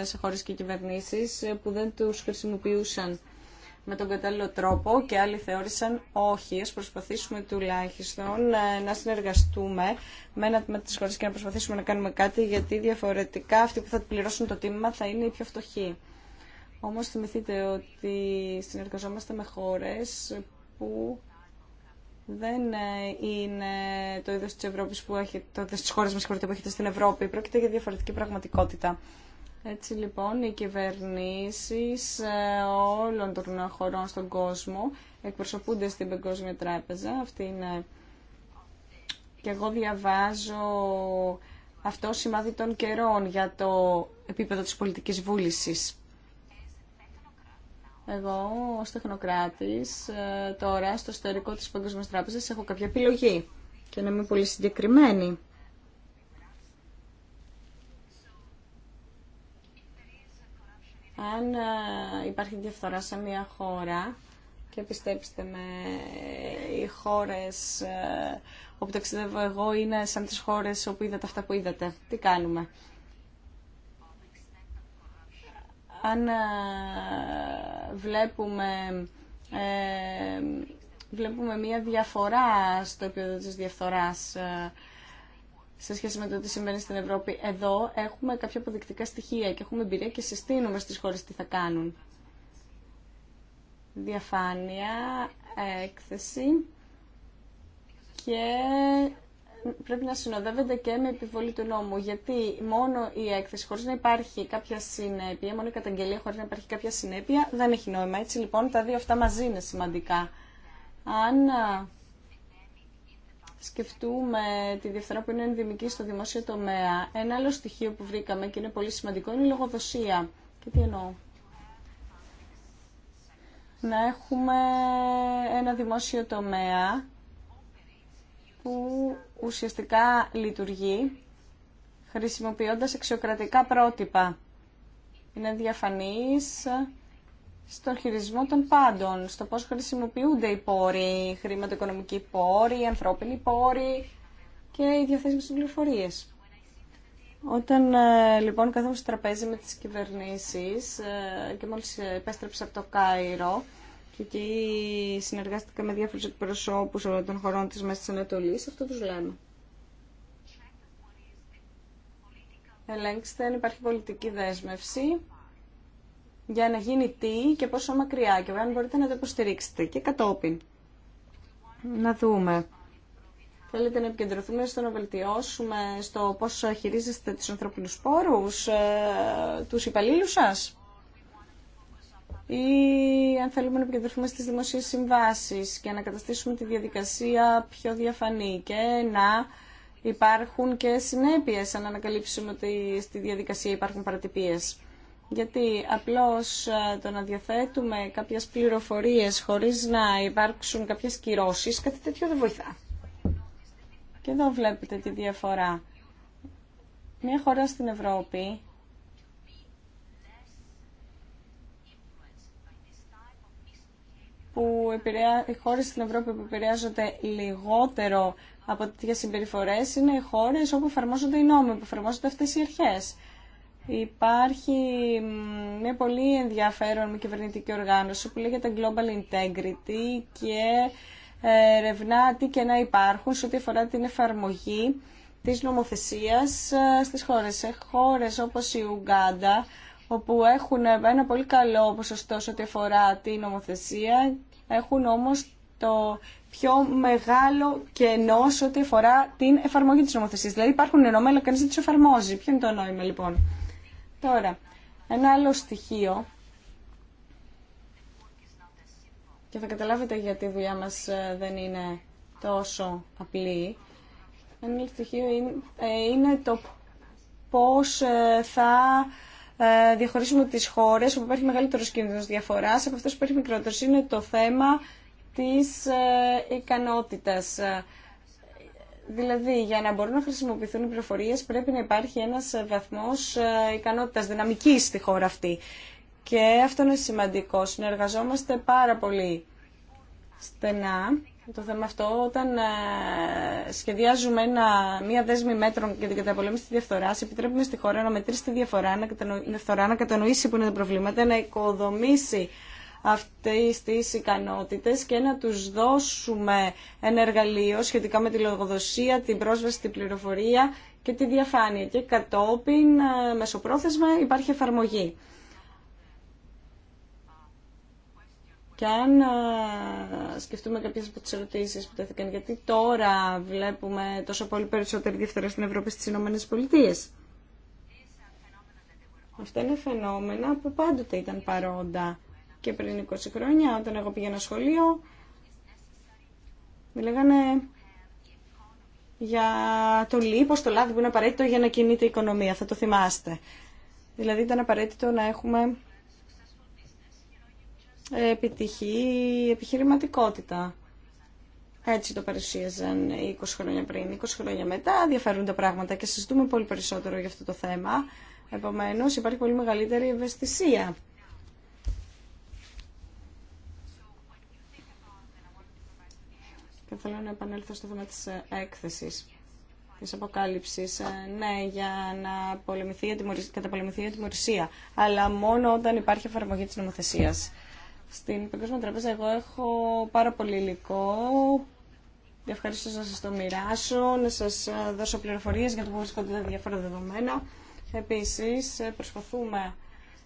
ε, σε χώρε και κυβερνήσει ε, που δεν του χρησιμοποιούσαν με τον κατάλληλο τρόπο και άλλοι θεώρησαν όχι, ας προσπαθήσουμε τουλάχιστον ε, να συνεργαστούμε με ένα τμήμα τη χώρας και να προσπαθήσουμε να κάνουμε κάτι γιατί διαφορετικά αυτοί που θα πληρώσουν το τίμημα θα είναι οι πιο φτωχοί. Όμως θυμηθείτε ότι συνεργαζόμαστε με χώρες που δεν ε, είναι το είδο τη Ευρώπη που έχετε, το τη χώρα μα που έχετε στην Ευρώπη. Πρόκειται για διαφορετική πραγματικότητα. Έτσι λοιπόν, οι κυβερνήσει ε, όλων των χωρών στον κόσμο εκπροσωπούνται στην Παγκόσμια Τράπεζα. Αυτή είναι. Και εγώ διαβάζω αυτό σημάδι των καιρών για το επίπεδο της πολιτικής βούλησης εγώ ως τεχνοκράτης ε, τώρα στο ιστορικό της Παγκόσμιας Τράπεζας έχω κάποια επιλογή και να είμαι πολύ συγκεκριμένη. Αν ε, υπάρχει διαφθορά σε μια χώρα και πιστέψτε με, οι χώρες ε, όπου ταξιδεύω εγώ είναι σαν τις χώρες όπου είδατε αυτά που είδατε. Τι κάνουμε. αν ε, βλέπουμε, ε, βλέπουμε μία διαφορά στο επίπεδο της διαφθοράς ε, σε σχέση με το τι συμβαίνει στην Ευρώπη. Εδώ έχουμε κάποια αποδεικτικά στοιχεία και έχουμε εμπειρία και συστήνουμε στις χώρες τι θα κάνουν. Διαφάνεια, ε, έκθεση και πρέπει να συνοδεύεται και με επιβολή του νόμου. Γιατί μόνο η έκθεση, χωρί να υπάρχει κάποια συνέπεια, μόνο η καταγγελία χωρί να υπάρχει κάποια συνέπεια, δεν έχει νόημα. Έτσι λοιπόν τα δύο αυτά μαζί είναι σημαντικά. Αν σκεφτούμε τη διαφθορά που είναι ενδημική στο δημόσιο τομέα, ένα άλλο στοιχείο που βρήκαμε και είναι πολύ σημαντικό είναι η λογοδοσία. Και τι εννοώ να έχουμε ένα δημόσιο τομέα που ουσιαστικά λειτουργεί χρησιμοποιώντας αξιοκρατικά πρότυπα. Είναι διαφανής στον χειρισμό των πάντων, στο πώς χρησιμοποιούνται οι πόροι, οι χρηματοοικονομικοί πόροι, οι ανθρώπινοι πόροι και οι διαθέσιμες πληροφορίε. Όταν ε, λοιπόν καθόμουν στο τραπέζι με τις κυβερνήσεις ε, και μόλις ε, επέστρεψα από το Κάιρο, και εκεί συνεργάστηκα με διάφορους εκπροσώπους όλων των χωρών της Μέσης Ανατολής, αυτό τους λέμε. Ελέγξτε αν υπάρχει πολιτική δέσμευση για να γίνει τι και πόσο μακριά και αν μπορείτε να το υποστηρίξετε και κατόπιν. Να δούμε. Θέλετε να επικεντρωθούμε στο να βελτιώσουμε στο πώς χειρίζεστε τους ανθρώπινους πόρους, ε, τους υπαλλήλους σας ή αν θέλουμε να επικεντρωθούμε στις δημοσίες συμβάσεις και να καταστήσουμε τη διαδικασία πιο διαφανή και να υπάρχουν και συνέπειες αν ανακαλύψουμε ότι στη διαδικασία υπάρχουν παρατυπίες. Γιατί απλώς ε, το να διαθέτουμε κάποιες πληροφορίες χωρίς να υπάρξουν κάποιες κυρώσεις, κάτι τέτοιο δεν βοηθά. Και εδώ βλέπετε τη διαφορά. Μια χώρα στην Ευρώπη που επηρεά... οι χώρες στην Ευρώπη που επηρεάζονται λιγότερο από τέτοιες συμπεριφορές είναι οι χώρες όπου εφαρμόζονται οι νόμοι, που εφαρμόζονται αυτές οι αρχές. Υπάρχει μια πολύ ενδιαφέρον με κυβερνητική οργάνωση που λέγεται Global Integrity και ε, ερευνά τι και να υπάρχουν σε ό,τι αφορά την εφαρμογή της νομοθεσίας ε, στις χώρες. Σε χώρες όπως η Ουγγάντα, όπου έχουν ένα πολύ καλό ποσοστό σε ό,τι αφορά την νομοθεσία, έχουν όμως το πιο μεγάλο κενό σε ό,τι αφορά την εφαρμογή της νομοθεσίας. Δηλαδή υπάρχουν νόμοι, αλλά κανείς δεν τις εφαρμόζει. Ποιο είναι το νόημα λοιπόν. Τώρα, ένα άλλο στοιχείο και θα καταλάβετε γιατί η δουλειά μας ε, δεν είναι τόσο απλή. Ένα στοιχείο ε, είναι το πώς ε, θα ε, διαχωρίσουμε τις χώρες όπου υπάρχει μεγαλύτερος κίνδυνος διαφοράς από αυτές που υπάρχει μικρότερος. Είναι το θέμα της ε, ικανότητας. Ε, δηλαδή, για να μπορούν να χρησιμοποιηθούν οι πληροφορίε πρέπει να υπάρχει ένας βαθμός ικανότητας δυναμικής στη χώρα αυτή. Και αυτό είναι σημαντικό. Συνεργαζόμαστε πάρα πολύ στενά το θέμα αυτό όταν ε, σχεδιάζουμε ένα, μία δέσμη μέτρων για την καταπολέμηση τη διαφθορά, επιτρέπουμε στη χώρα να μετρήσει τη διαφορά, να, κατανοήσει, που είναι τα προβλήματα, να οικοδομήσει αυτέ τι ικανότητε και να του δώσουμε ένα εργαλείο σχετικά με τη λογοδοσία, την πρόσβαση την πληροφορία και τη διαφάνεια. Και κατόπιν, ε, μεσοπρόθεσμα, υπάρχει εφαρμογή. και αν σκεφτούμε κάποιες από τις ερωτήσεις που τέθηκαν, γιατί τώρα βλέπουμε τόσο πολύ περισσότερη διαφθορά στην Ευρώπη στις Ηνωμένες Πολιτείες. Αυτά είναι φαινόμενα που πάντοτε ήταν παρόντα και πριν 20 χρόνια, όταν εγώ πήγαινα σχολείο, με για το λίπος, το λάδι που είναι απαραίτητο για να κινείται η οικονομία, θα το θυμάστε. Δηλαδή ήταν απαραίτητο να έχουμε επιτυχή επιχειρηματικότητα. Έτσι το παρουσίαζαν 20 χρόνια πριν, 20 χρόνια μετά. Διαφέρουν τα πράγματα και συζητούμε πολύ περισσότερο για αυτό το θέμα. Επομένως υπάρχει πολύ μεγαλύτερη ευαισθησία. Και θέλω να επανέλθω στο θέμα της ε, έκθεσης, της αποκάλυψης. Ε, ναι, για να καταπολεμηθεί η ατιμορρυσία. αλλά μόνο όταν υπάρχει εφαρμογή της νομοθεσίας. Στην Παγκόσμια Τραπέζα εγώ έχω πάρα πολύ υλικό. Ευχαριστώ να σας το μοιράσω, να σας ε, δώσω πληροφορίες για το που βρίσκονται τα διάφορα δεδομένα. Επίσης, ε, προσπαθούμε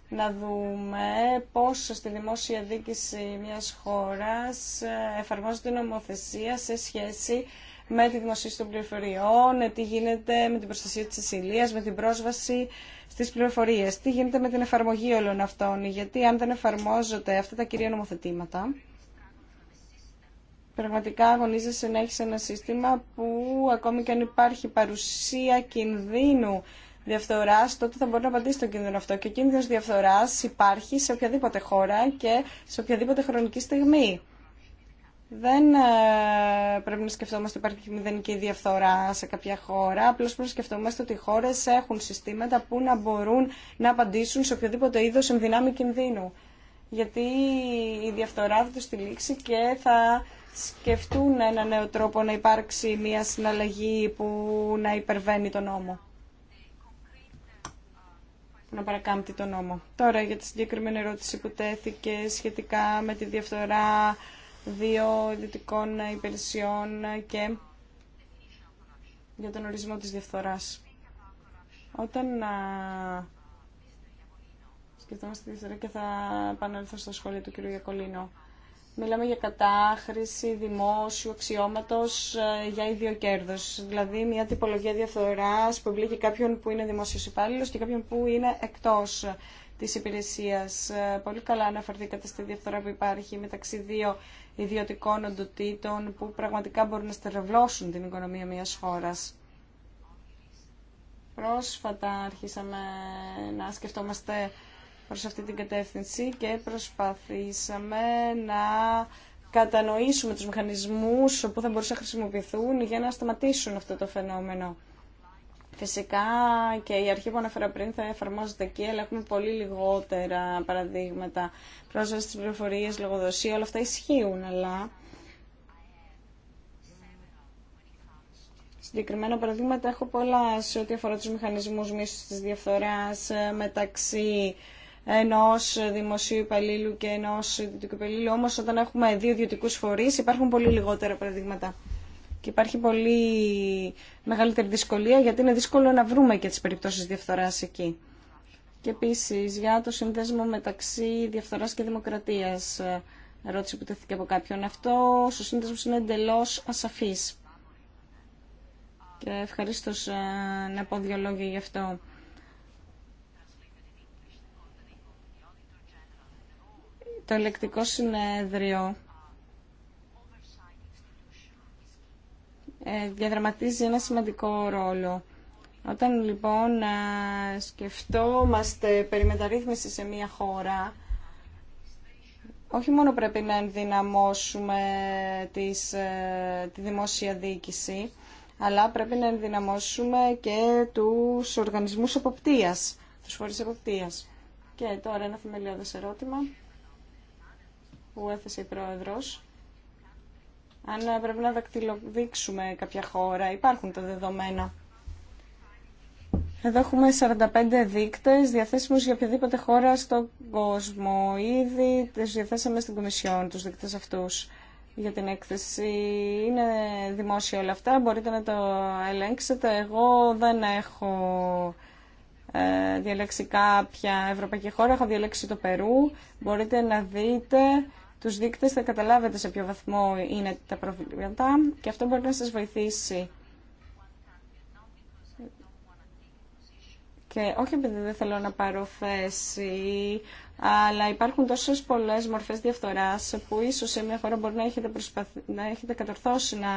να δούμε πώς στη δημόσια δίκηση μιας χώρας ε, εφαρμόζεται η νομοθεσία σε σχέση με τη δημοσίευση των πληροφοριών, τι γίνεται με την προστασία της ασυλίας, με την πρόσβαση στις πληροφορίες, τι γίνεται με την εφαρμογή όλων αυτών, γιατί αν δεν εφαρμόζονται αυτά τα κυρία νομοθετήματα, πραγματικά αγωνίζεσαι να έχεις ένα σύστημα που ακόμη και αν υπάρχει παρουσία κινδύνου διαφθορά, τότε θα μπορεί να απαντήσει τον κίνδυνο αυτό. Και ο κίνδυνο διαφθορά υπάρχει σε οποιαδήποτε χώρα και σε οποιαδήποτε χρονική στιγμή. Δεν ε, πρέπει να σκεφτόμαστε ότι υπάρχει μηδενική διαφθορά σε κάποια χώρα. Απλώ πρέπει να σκεφτόμαστε ότι οι χώρε έχουν συστήματα που να μπορούν να απαντήσουν σε οποιοδήποτε είδο ενδυνάμει κινδύνου. Γιατί η διαφθορά θα του λήξει και θα σκεφτούν ένα νέο τρόπο να υπάρξει μια συναλλαγή που να υπερβαίνει τον νόμο. να παρακάμπτει τον νόμο. Τώρα για τη συγκεκριμένη ερώτηση που τέθηκε σχετικά με τη διαφθορά δύο ιδιωτικών υπηρεσιών και για τον ορισμό της διαφθοράς. Όταν σκεφτόμαστε τη διαφθορά και θα επανέλθω στο σχόλια του κ. Γιακολίνο, μιλάμε για κατάχρηση δημόσιου αξιώματος για ίδιο Δηλαδή μια τυπολογία διαφθοράς που εμπλέκει κάποιον που είναι δημόσιος υπάλληλος και κάποιον που είναι εκτός της υπηρεσίας. Πολύ καλά αναφερθήκατε στη διαφθορά που υπάρχει μεταξύ δύο ιδιωτικών οντοτήτων που πραγματικά μπορούν να στερευλώσουν την οικονομία μιας χώρας. Πρόσφατα αρχίσαμε να σκεφτόμαστε προς αυτή την κατεύθυνση και προσπαθήσαμε να κατανοήσουμε τους μηχανισμούς που θα μπορούσαν να χρησιμοποιηθούν για να σταματήσουν αυτό το φαινόμενο. Φυσικά και η αρχή που αναφέρα πριν θα εφαρμόζεται εκεί, αλλά έχουμε πολύ λιγότερα παραδείγματα. Πρόσβαση στις πληροφορίες, λογοδοσία, όλα αυτά ισχύουν, αλλά... Συγκεκριμένα παραδείγματα έχω πολλά σε ό,τι αφορά τους μηχανισμούς μίσους της διαφθοράς ε, μεταξύ ενός δημοσίου υπαλλήλου και ενός ιδιωτικού υπαλλήλου. Όμως όταν έχουμε δύο ιδιωτικού φορείς υπάρχουν πολύ λιγότερα παραδείγματα. Και υπάρχει πολύ μεγαλύτερη δυσκολία γιατί είναι δύσκολο να βρούμε και τις περιπτώσεις διαφθοράς εκεί. Και επίσης για το σύνδεσμο μεταξύ διαφθοράς και δημοκρατίας, ε, ερώτηση που τέθηκε από κάποιον, αυτό ο σύνδεσμος είναι εντελώς ασαφής. Και ευχαρίστω ε, να πω δύο λόγια γι' αυτό. Το ελεκτικό συνέδριο Ε, διαδραματίζει ένα σημαντικό ρόλο. Όταν λοιπόν σκεφτόμαστε περί μεταρρύθμιση σε μία χώρα, όχι μόνο πρέπει να ενδυναμώσουμε τις, ε, τη δημόσια διοίκηση, αλλά πρέπει να ενδυναμώσουμε και τους οργανισμούς εποπτείας, τους φορείς εποπτείας. Και τώρα ένα θεμελιώδες ερώτημα που έθεσε η Πρόεδρος αν πρέπει να δακτυλοδείξουμε κάποια χώρα, υπάρχουν τα δεδομένα. Εδώ έχουμε 45 δείκτες διαθέσιμους για οποιαδήποτε χώρα στον κόσμο. Ήδη τις διαθέσαμε στην Κομισιόν, τους δείκτες αυτούς για την έκθεση. Είναι δημόσια όλα αυτά, μπορείτε να το ελέγξετε. Εγώ δεν έχω ε, διαλέξει κάποια ευρωπαϊκή χώρα, έχω διαλέξει το Περού. Μπορείτε να δείτε του δείκτε θα καταλάβετε σε ποιο βαθμό είναι τα προβλήματα και αυτό μπορεί να σας βοηθήσει. Και όχι επειδή δεν θέλω να πάρω θέση, αλλά υπάρχουν τόσε πολλέ μορφέ διαφθορά που ίσως σε μια χώρα μπορεί να έχετε, προσπαθ... να έχετε κατορθώσει να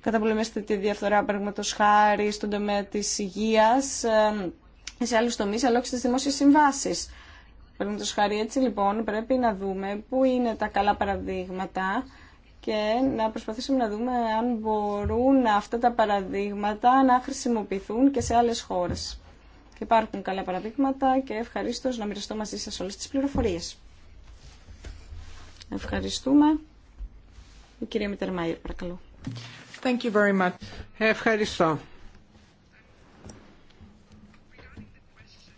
καταπολεμήσετε τη διαφθορά παραδείγματο χάρη στον τομέα της υγείας ε, σε άλλου τομεί, αλλά όχι στι δημόσιε συμβάσει. Παραδείγματο χάρη έτσι λοιπόν πρέπει να δούμε πού είναι τα καλά παραδείγματα και να προσπαθήσουμε να δούμε αν μπορούν αυτά τα παραδείγματα να χρησιμοποιηθούν και σε άλλες χώρες. Υπάρχουν καλά παραδείγματα και ευχαρίστω να μοιραστώ μαζί σας όλες τις πληροφορίες. Ευχαριστούμε. Η κυρία Μητερμαϊρ, παρακαλώ. Thank you very much. Ευχαριστώ.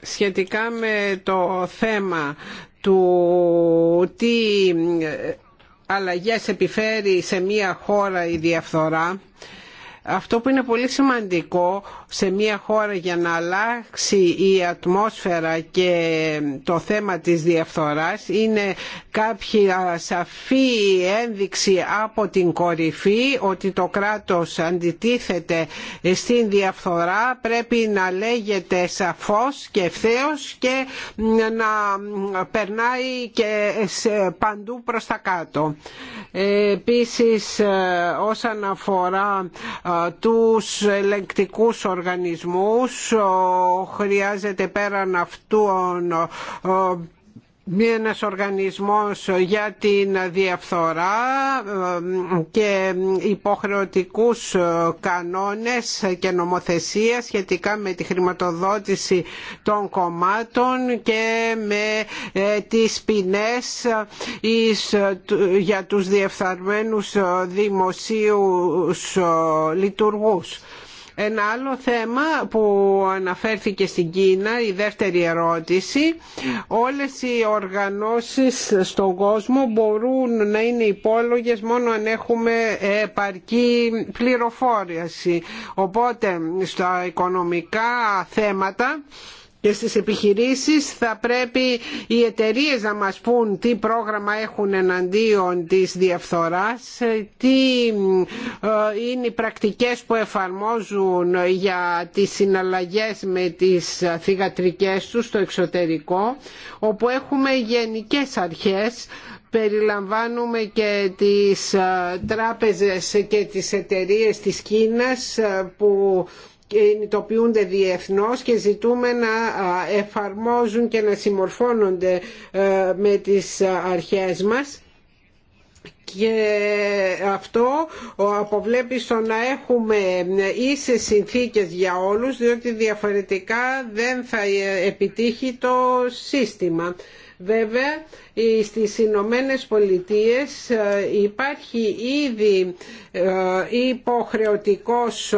σχετικά με το θέμα του τι αλλαγές επιφέρει σε μία χώρα η διαφθορά αυτό που είναι πολύ σημαντικό σε μια χώρα για να αλλάξει η ατμόσφαιρα και το θέμα της διαφθοράς είναι κάποια σαφή ένδειξη από την κορυφή ότι το κράτος αντιτίθεται στην διαφθορά πρέπει να λέγεται σαφώς και ευθέως και να περνάει και παντού προς τα κάτω. Ε, επίσης ε, όσον αφορά ε, τους ελεγκτικούς οργανισμούς χρειάζεται πέραν αυτού ένας οργανισμός για την διαφθορά και υποχρεωτικούς ε, κανόνες και νομοθεσία σχετικά με τη χρηματοδότηση των κομμάτων και με ε, τις ποινές ε, για τους διεφθαρμένους δημοσίους λειτουργούς. Ένα άλλο θέμα που αναφέρθηκε στην Κίνα, η δεύτερη ερώτηση, όλες οι οργανώσεις στον κόσμο μπορούν να είναι υπόλογες μόνο αν έχουμε επαρκή πληροφόρηση. Οπότε στα οικονομικά θέματα και στις επιχειρήσεις θα πρέπει οι εταιρείε να μας πούν τι πρόγραμμα έχουν εναντίον της διαφθοράς, τι ε, είναι οι πρακτικές που εφαρμόζουν για τις συναλλαγές με τις θυγατρικές τους στο εξωτερικό, όπου έχουμε γενικές αρχές περιλαμβάνουμε και τις ε, τράπεζες και τις εταιρείες της Κίνας ε, που κινητοποιούνται διεθνώς και ζητούμε να εφαρμόζουν και να συμμορφώνονται ε, με τις αρχές μας και αυτό αποβλέπει στο να έχουμε ε, ίσες συνθήκες για όλους διότι διαφορετικά δεν θα ε, επιτύχει το σύστημα. Βέβαια ε, στις Ηνωμένε Πολιτείες ε, υπάρχει ήδη ε, υποχρεωτικός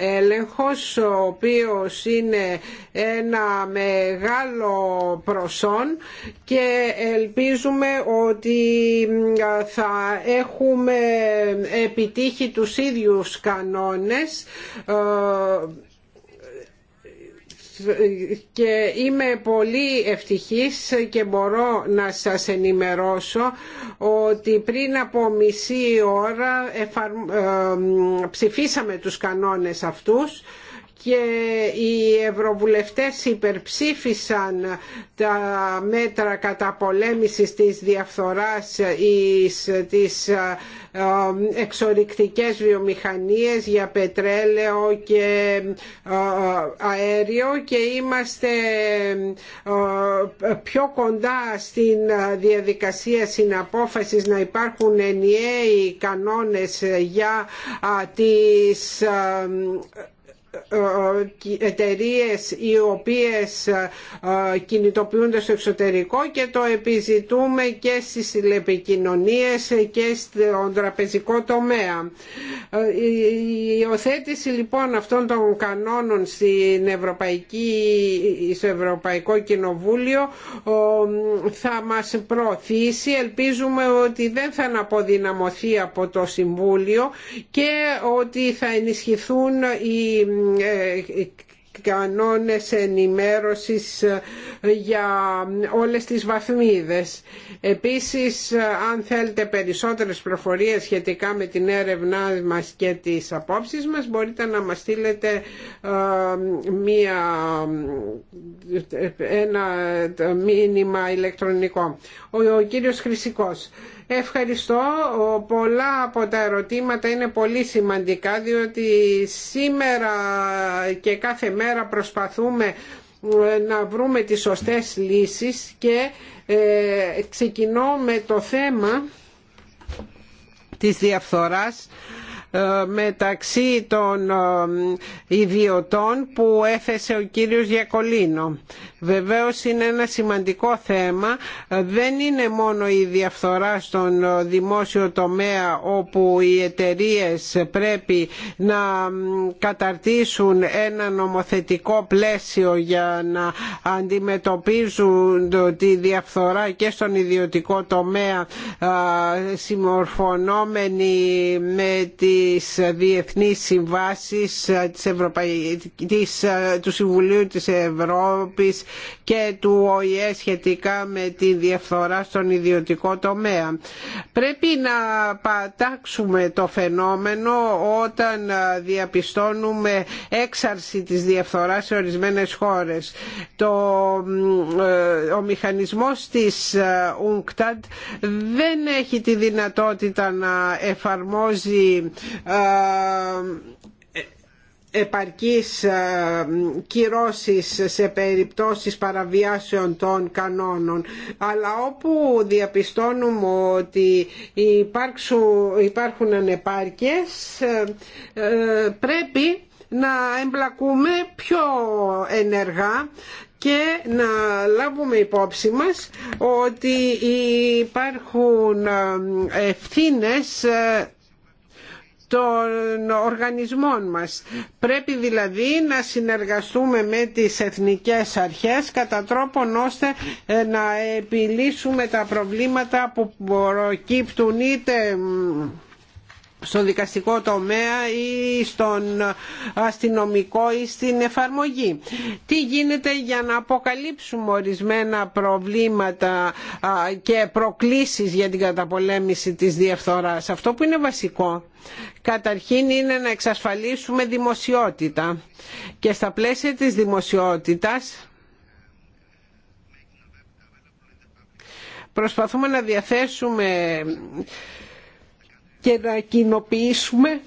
έλεγχος ο οποίος είναι ένα μεγάλο προσόν και ελπίζουμε ότι θα έχουμε επιτύχει τους ίδιους κανόνες και είμαι πολύ ευτυχής και μπορώ να σας ενημερώσω ότι πριν από μισή ώρα ε, ψηφίσαμε τους κανόνες αυτούς και οι ευρωβουλευτές υπερψήφισαν τα μέτρα καταπολέμησης της διαφθοράς της ε, εξορυκτικές βιομηχανίες για πετρέλαιο και ε, αέριο και είμαστε ε, πιο κοντά στην διαδικασία συναπόφασης να υπάρχουν ενιαίοι κανόνες για τις ε, ε, ε, εταιρείε οι οποίες κινητοποιούνται στο εξωτερικό και το επιζητούμε και στις τηλεπικοινωνίες και στον τραπεζικό τομέα. Η υιοθέτηση λοιπόν αυτών των κανόνων στην Ευρωπαϊκή, στο Ευρωπαϊκό Κοινοβούλιο θα μας προωθήσει. Ελπίζουμε ότι δεν θα αναποδυναμωθεί από το Συμβούλιο και ότι θα ενισχυθούν οι ε, κανόνες ενημέρωσης ε, για όλες τις βαθμίδες. Επίσης, ε, αν θέλετε περισσότερες προφορίες σχετικά με την έρευνά μας και τις απόψεις μας, μπορείτε να μας στείλετε μία, ένα μήνυμα ηλεκτρονικό. Ο, ο κύριος Χρυσικός. Ευχαριστώ. Πολλά από τα ερωτήματα είναι πολύ σημαντικά διότι σήμερα και κάθε μέρα προσπαθούμε ε, να βρούμε τις σωστές λύσεις και ε, ξεκινώ με το θέμα της διαφθοράς ε, μεταξύ των ε, ιδιωτών που έθεσε ο κύριος Γιακολίνο. Βεβαίως είναι ένα σημαντικό θέμα. Ε, δεν είναι μόνο η διαφθορά στον δημόσιο τομέα όπου οι εταιρείε πρέπει να καταρτήσουν ένα νομοθετικό πλαίσιο για να αντιμετωπίζουν τη διαφθορά και στον ιδιωτικό τομέα συμμορφωνόμενοι με τη της διεθνής συμβάσεις ε, της ε, του Συμβουλίου της Ευρώπης και του ΟΗΕ σχετικά με τη διαφθορά στον ιδιωτικό τομέα. Πρέπει να πατάξουμε το φαινόμενο όταν ε, διαπιστώνουμε έξαρση της διαφθοράς σε ορισμένες χώρες. Το... Ο μηχανισμός της UNCTAD δεν έχει τη δυνατότητα να εφαρμόζει ε, ε, επαρκής ε, κυρώσεις σε περιπτώσεις παραβιάσεων των κανόνων αλλά όπου διαπιστώνουμε ότι υπάρχουν ανεπάρκειες πρέπει να εμπλακούμε πιο ενεργά και να λάβουμε υπόψη μας ότι υπάρχουν ευθύνες των οργανισμών μας. Πρέπει δηλαδή να συνεργαστούμε με τις εθνικές αρχές κατά τρόπον ώστε ε, να επιλύσουμε τα προβλήματα που προκύπτουν είτε στον δικαστικό τομέα ή στον αστυνομικό ή στην εφαρμογή. Τι γίνεται για να αποκαλύψουμε ορισμένα προβλήματα και προκλήσεις για την καταπολέμηση της διαφθοράς. Αυτό που είναι βασικό καταρχήν είναι να εξασφαλίσουμε δημοσιότητα και στα πλαίσια της δημοσιότητας προσπαθούμε να διαθέσουμε και να κοινοποιήσουμε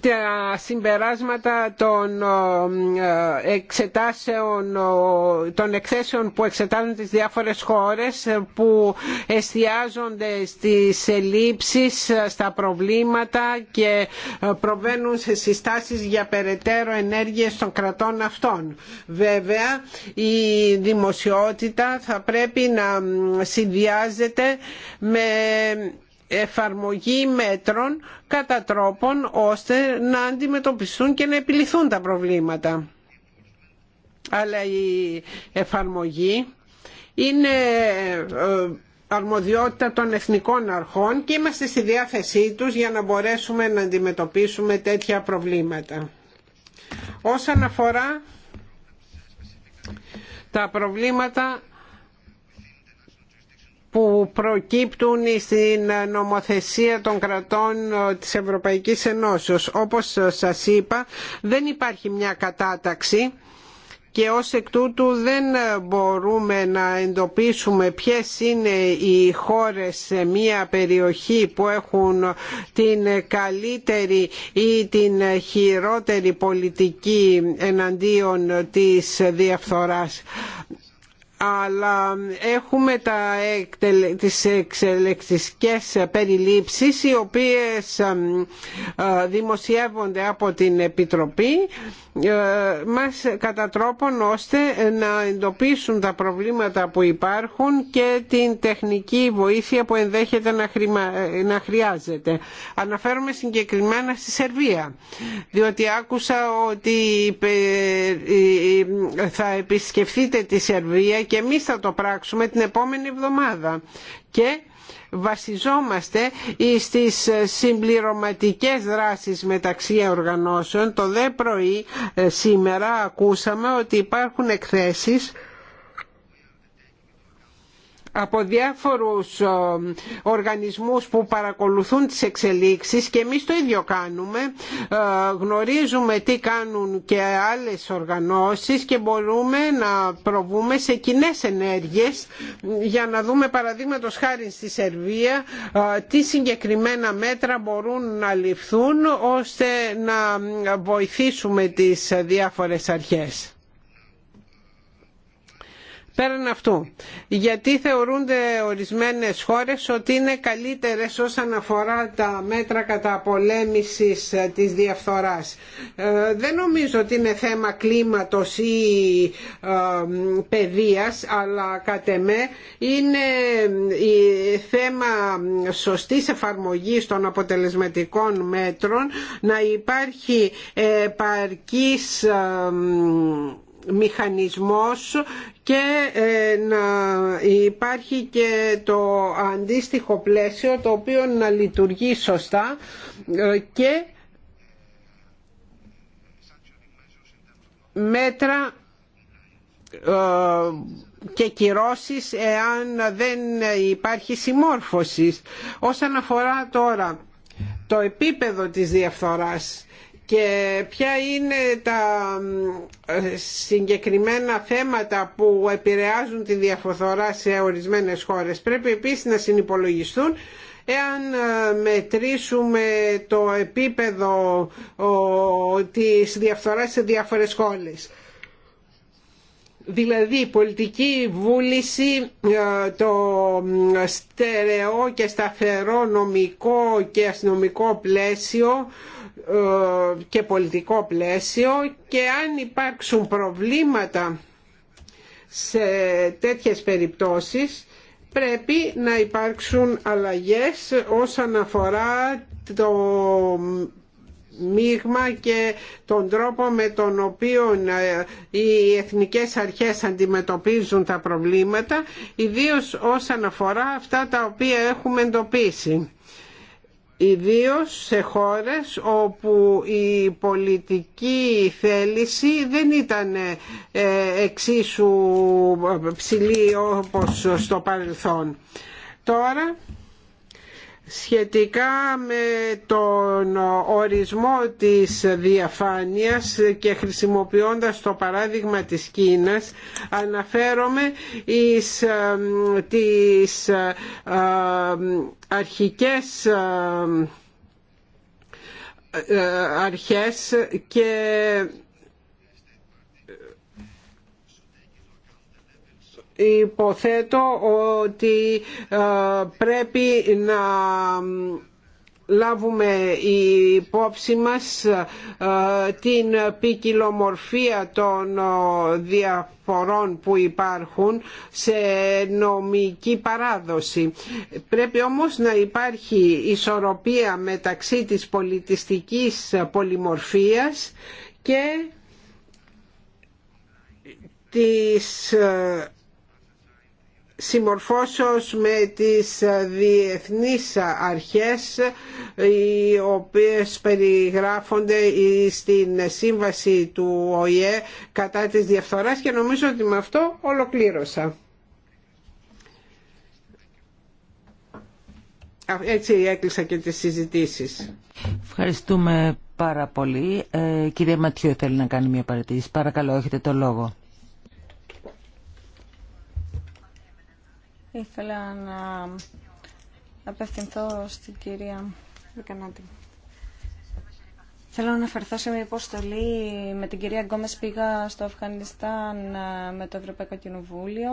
τα συμπεράσματα των ε, εξετάσεων ε, των εκθέσεων που εξετάζουν τις διάφορες χώρες ε, που εστιάζονται στις ελλείψεις, στα προβλήματα και προβαίνουν σε συστάσεις για περαιτέρω ενέργειες των κρατών αυτών. Βέβαια η δημοσιότητα θα πρέπει να συνδυάζεται με εφαρμογή μέτρων κατά τρόπον ώστε να αντιμετωπιστούν και να επιληθούν τα προβλήματα. Αλλά η εφαρμογή είναι ε, αρμοδιότητα των εθνικών αρχών και είμαστε στη διάθεσή τους για να μπορέσουμε να αντιμετωπίσουμε τέτοια προβλήματα. Όσον αφορά τα προβλήματα που προκύπτουν στην νομοθεσία των κρατών ε, της Ευρωπαϊκής Ενώσεως. Όπως σας είπα, δεν υπάρχει μια κατάταξη και ως εκ τούτου δεν μπορούμε να εντοπίσουμε ποιες είναι οι χώρες σε μια περιοχή που έχουν την καλύτερη ή την χειρότερη πολιτική εναντίον της διαφθοράς αλλά έχουμε τα, τις εξελεκτικές περιλήψεις οι οποίες ε, δημοσιεύονται από την Επιτροπή ε, μας κατά τρόπον ώστε να εντοπίσουν τα προβλήματα που υπάρχουν και την τεχνική βοήθεια που ενδέχεται να, ε, να χρειάζεται. Αναφέρομαι συγκεκριμένα στη Σερβία, διότι άκουσα ότι ε, θα επισκεφθείτε τη Σερβία και εμείς θα το πράξουμε την επόμενη εβδομάδα. Και βασιζόμαστε στις συμπληρωματικές δράσεις μεταξύ οργανώσεων. Το δε πρωί ε, σήμερα ακούσαμε ότι υπάρχουν εκθέσεις από διάφορους ε, οργανισμούς που παρακολουθούν τις εξελίξεις και εμείς το ίδιο κάνουμε ε, γνωρίζουμε τι κάνουν και άλλες οργανώσεις και μπορούμε να προβούμε σε κοινέ ενέργειες για να δούμε παραδείγματο χάρη στη Σερβία ε, τι συγκεκριμένα μέτρα μπορούν να ληφθούν ώστε να βοηθήσουμε τις διάφορες αρχές. Πέραν αυτού, γιατί θεωρούνται ορισμένες χώρες ότι είναι καλύτερες όσον αφορά τα μέτρα κατά πολέμησης ε, της διαφθοράς. Ε, δεν νομίζω ότι είναι θέμα κλίματος ή ε, παιδείας, αλλά κατ' εμέ είναι θέμα σωστής εφαρμογής των αποτελεσματικών μέτρων να υπάρχει επαρκής μηχανισμός και ε, να υπάρχει και το αντίστοιχο πλαίσιο το οποίο να λειτουργεί σωστά ε, και μέτρα ε, και κυρώσεις εάν δεν υπάρχει συμμόρφωση. Όσον αφορά τώρα το επίπεδο της διαφθοράς και ποια είναι τα ε, συγκεκριμένα θέματα που επηρεάζουν τη διαφορά σε ορισμένες χώρες. Πρέπει επίσης να συνυπολογιστούν εάν ε, μετρήσουμε το επίπεδο της διαφθοράς σε διάφορες χώρες δηλαδή η πολιτική βούληση, ε, το στερεό και σταθερό νομικό και αστυνομικό πλαίσιο ε, και πολιτικό πλαίσιο και αν υπάρξουν προβλήματα σε τέτοιες περιπτώσεις πρέπει να υπάρξουν αλλαγές όσον αφορά το μείγμα και τον τρόπο με τον οποίο ε, οι εθνικές αρχές αντιμετωπίζουν τα προβλήματα, ιδίως όσον αφορά αυτά τα οποία έχουμε εντοπίσει ιδίως σε χώρες όπου η πολιτική θέληση δεν ήταν ε, εξίσου ψηλή όπως στο παρελθόν. Τώρα σχετικά με τον ορισμό της διαφάνειας και χρησιμοποιώντας το παράδειγμα της Κίνας αναφέρομαι εις ε, τις ε, ε, αρχικές ε, αρχές και υποθέτω ότι ε, πρέπει να λάβουμε υπόψη μας ε, την ποικιλομορφία των ε, διαφορών που υπάρχουν σε νομική παράδοση. Πρέπει όμως να υπάρχει ισορροπία μεταξύ της πολιτιστικής πολυμορφίας και της συμμορφώσεως με τις διεθνείς αρχές οι οποίες περιγράφονται στην σύμβαση του ΟΗΕ κατά της διαφθοράς και νομίζω ότι με αυτό ολοκλήρωσα. Έτσι έκλεισα και τις συζητήσεις. Ευχαριστούμε πάρα πολύ. Ε, κυρία Ματιού θέλει να κάνει μια παρατήρηση. Παρακαλώ, έχετε το λόγο. Ήθελα να απευθυνθώ στην κυρία Βικανάτη. Θέλω να αναφερθώ σε μια υποστολή με την κυρία Γκόμες πήγα στο Αφγανιστάν ε, με το Ευρωπαϊκό Κοινοβούλιο.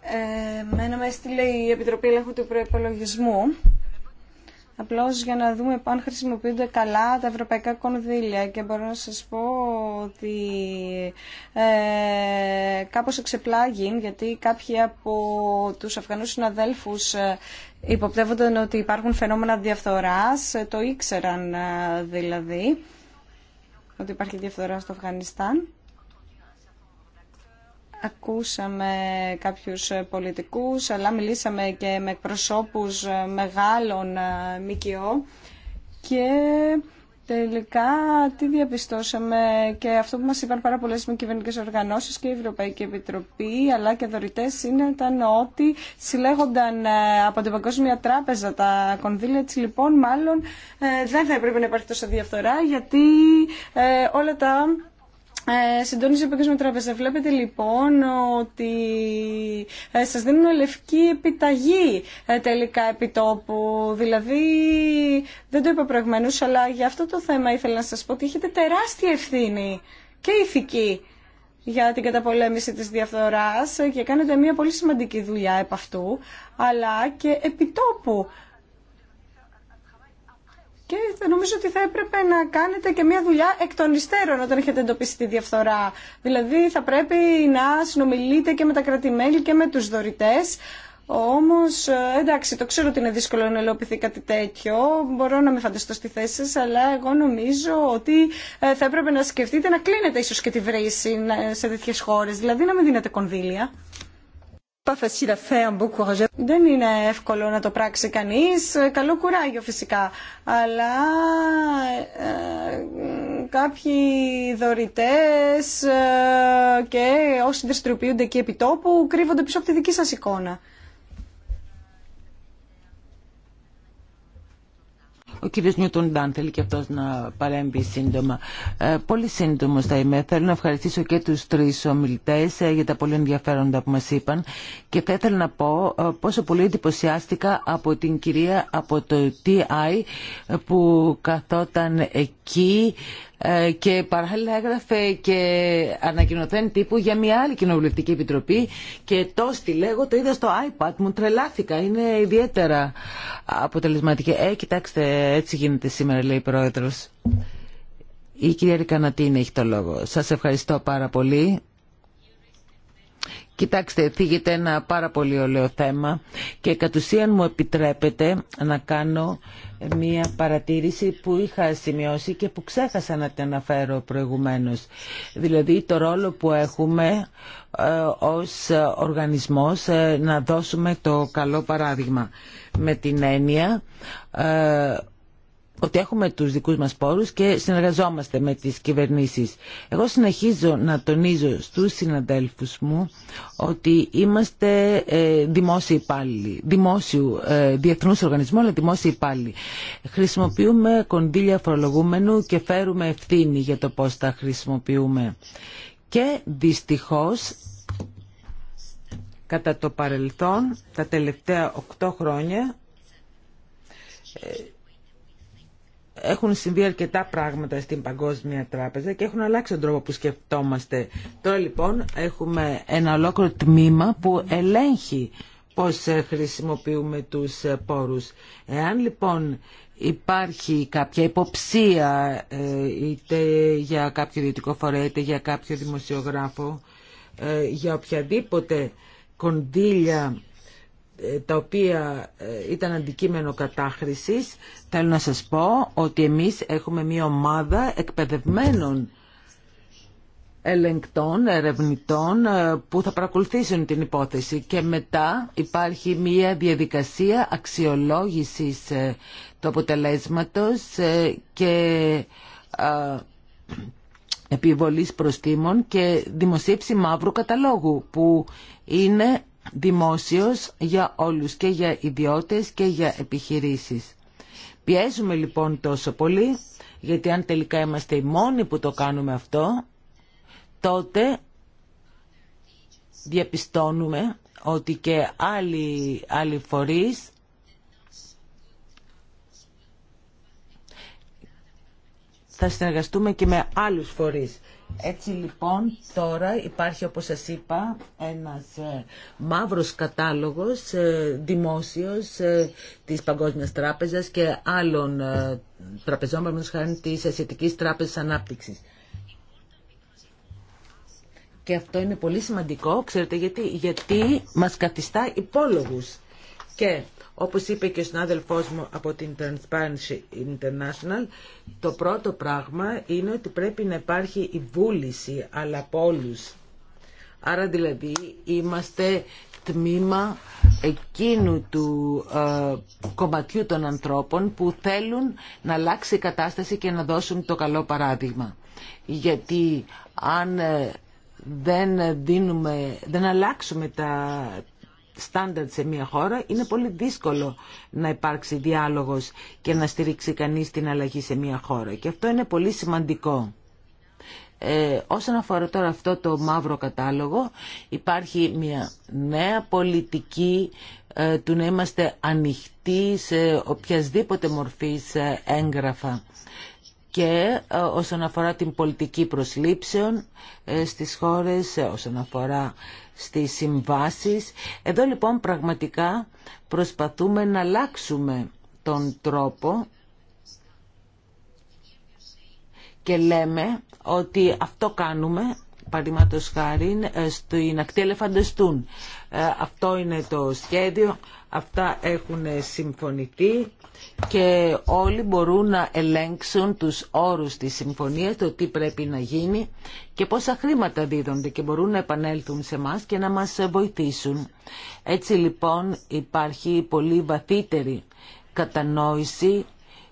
Ε, ε μένα με έστειλε η Επιτροπή Ελέγχου του Προϋπολογισμού Απλώ για να δούμε αν χρησιμοποιούνται καλά τα ευρωπαϊκά κονδύλια και μπορώ να σας πω ότι ε, κάπως εξεπλάγει γιατί κάποιοι από τους Αφγανούς συναδέλφους ε, υποπτεύονταν ότι υπάρχουν φαινόμενα διαφθοράς, ε, το ήξεραν ε, δηλαδή ότι υπάρχει διαφθορά στο Αφγανιστάν. Ακούσαμε κάποιους πολιτικούς, αλλά μιλήσαμε και με εκπροσώπους μεγάλων ε, ΜΚΟ και τελικά τι διαπιστώσαμε και αυτό που μας είπαν πάρα πολλές με κυβερνικές οργανώσεις και η Ευρωπαϊκή Επιτροπή αλλά και δωρητές είναι ήταν ότι συλλέγονταν ε, από την Παγκόσμια Τράπεζα τα κονδύλια της λοιπόν μάλλον ε, δεν θα έπρεπε να υπάρχει τόσο διαφθορά γιατί όλα τα ε, συντόνιζε ο με Τράπεζα. Βλέπετε λοιπόν ότι ε, σας δίνουν λευκή επιταγή ε, τελικά επιτόπου. Δηλαδή, δεν το είπα προηγουμένως, αλλά για αυτό το θέμα ήθελα να σας πω ότι έχετε τεράστια ευθύνη και ηθική για την καταπολέμηση της διαφθοράς και κάνετε μια πολύ σημαντική δουλειά επ' αυτού, αλλά και επιτόπου και νομίζω ότι θα έπρεπε να κάνετε και μια δουλειά εκ των υστέρων όταν έχετε εντοπίσει τη διαφθορά. Δηλαδή θα πρέπει να συνομιλείτε και με τα κρατημέλη και με τους δωρητές. Όμως, ε, εντάξει, το ξέρω ότι είναι δύσκολο να ελοπιθεί κάτι τέτοιο, μπορώ να με φανταστώ στη θέση σα, αλλά εγώ νομίζω ότι ε, θα έπρεπε να σκεφτείτε να κλείνετε ίσω και τη βρύση ε, σε τέτοιε χώρε, δηλαδή να μην δίνετε κονδύλια. Δεν είναι εύκολο να το πράξει κανείς, καλό κουράγιο φυσικά, αλλά ε, κάποιοι δωρητές ε, και όσοι δεν εκεί επί τόπου κρύβονται πίσω από τη δική σας εικόνα. Ο κύριο Νιούτον Ντάν θέλει και αυτός να παρέμβει σύντομα. Ε, πολύ σύντομο θα είμαι. Θέλω να ευχαριστήσω και τους τρεις ομιλητές ε, για τα πολύ ενδιαφέροντα που μας είπαν και θα ήθελα να πω ε, πόσο πολύ εντυπωσιάστηκα από την κυρία από το TI ε, που καθόταν εκεί ε, και παράλληλα έγραφε και ανακοινωθέν τύπου για μια άλλη κοινοβουλευτική επιτροπή και το στη λέγω το είδα στο iPad, μου τρελάθηκα, είναι ιδιαίτερα αποτελεσματική. Ε, κοιτάξτε, έτσι γίνεται σήμερα, λέει η Πρόεδρος. Η κυρία Ρικανατίνη έχει το λόγο. Σας ευχαριστώ πάρα πολύ. Κοιτάξτε, θίγεται ένα πάρα πολύ ωραίο θέμα και κατ' ουσίαν μου επιτρέπετε να κάνω μία παρατήρηση που είχα σημειώσει και που ξέχασα να την αναφέρω προηγουμένως. Δηλαδή το ρόλο που έχουμε ε, ως οργανισμός ε, να δώσουμε το καλό παράδειγμα. Με την έννοια ε, ότι έχουμε τους δικούς μας πόρους και συνεργαζόμαστε με τις κυβερνήσεις. Εγώ συνεχίζω να τονίζω στους συναδέλφους μου ότι είμαστε ε, δημόσιοι υπάλληλοι, δημόσιου, ε, διεθνούς οργανισμού, αλλά δημόσιοι υπάλληλοι. Χρησιμοποιούμε κονδύλια φορολογούμενου και φέρουμε ευθύνη για το πώς τα χρησιμοποιούμε. Και δυστυχώς κατά το παρελθόν, τα τελευταία 8 χρόνια, ε, έχουν συμβεί αρκετά πράγματα στην Παγκόσμια Τράπεζα και έχουν αλλάξει τον τρόπο που σκεφτόμαστε. Τώρα λοιπόν έχουμε ένα ολόκληρο τμήμα που ελέγχει πώς ε, χρησιμοποιούμε τους ε, πόρους. Εάν λοιπόν υπάρχει κάποια υποψία ε, είτε για κάποιο ιδιωτικό φορέα είτε για κάποιο δημοσιογράφο για οποιαδήποτε κονδύλια ε, τα οποία ε, ήταν αντικείμενο κατάχρησης, θέλω να σας πω ότι εμείς έχουμε μία ομάδα εκπαιδευμένων ελεγκτών, ερευνητών ε, που θα παρακολουθήσουν την υπόθεση και μετά υπάρχει μία διαδικασία αξιολόγησης του αποτελέσματος και επιβολής προστήμων και δημοσίευση μαύρου καταλόγου που είναι δημόσιος για όλους και για ιδιώτες και για επιχειρήσεις. Πιέζουμε λοιπόν τόσο πολύ, γιατί αν τελικά είμαστε οι μόνοι που το κάνουμε αυτό, τότε διαπιστώνουμε ότι και άλλοι, άλλοι φορείς θα συνεργαστούμε και με άλλους φορείς έτσι λοιπόν τώρα υπάρχει όπως σας είπα ένας ε, μαύρος κατάλογος ε, δημόσιος ε, της Παγκόσμιας Τράπεζας και άλλων τραπεζών παραδείγματος χάρη της Ασιατικής Τράπεζας Ανάπτυξης. Και αυτό είναι πολύ σημαντικό, ξέρετε γιατί, γιατί μας καθιστά υπόλογους. Και όπως είπε και ο συνάδελφός μου από την Transparency International, το πρώτο πράγμα είναι ότι πρέπει να υπάρχει η βούληση, αλλά από όλους. Άρα δηλαδή είμαστε τμήμα εκείνου του ε, κομματιού των ανθρώπων που θέλουν να αλλάξει η κατάσταση και να δώσουν το καλό παράδειγμα. Γιατί αν ε, δεν, δίνουμε, δεν αλλάξουμε τα, στάνταρτ σε μια χώρα, είναι πολύ δύσκολο να υπάρξει διάλογος και να στηρίξει κανείς την αλλαγή σε μια χώρα. Και αυτό είναι πολύ σημαντικό. Ε, όσον αφορά τώρα αυτό το μαύρο κατάλογο, υπάρχει μια νέα πολιτική ε, του να είμαστε ανοιχτοί σε οποιασδήποτε μορφή σε έγγραφα και ε, όσον αφορά την πολιτική προσλήψεων ε, στις χώρες, όσον αφορά στις συμβάσεις. Εδώ λοιπόν πραγματικά προσπαθούμε να αλλάξουμε τον τρόπο και λέμε ότι αυτό κάνουμε, παραδείγματο χάρη, ε, στην ακτή ελεφαντεστούν. Ε, αυτό είναι το σχέδιο, αυτά έχουν συμφωνηθεί και όλοι μπορούν να ελέγξουν τους όρους της συμφωνίας, το τι πρέπει να γίνει και πόσα χρήματα δίδονται και μπορούν να επανέλθουν σε μας και να μας βοηθήσουν. Έτσι λοιπόν υπάρχει πολύ βαθύτερη κατανόηση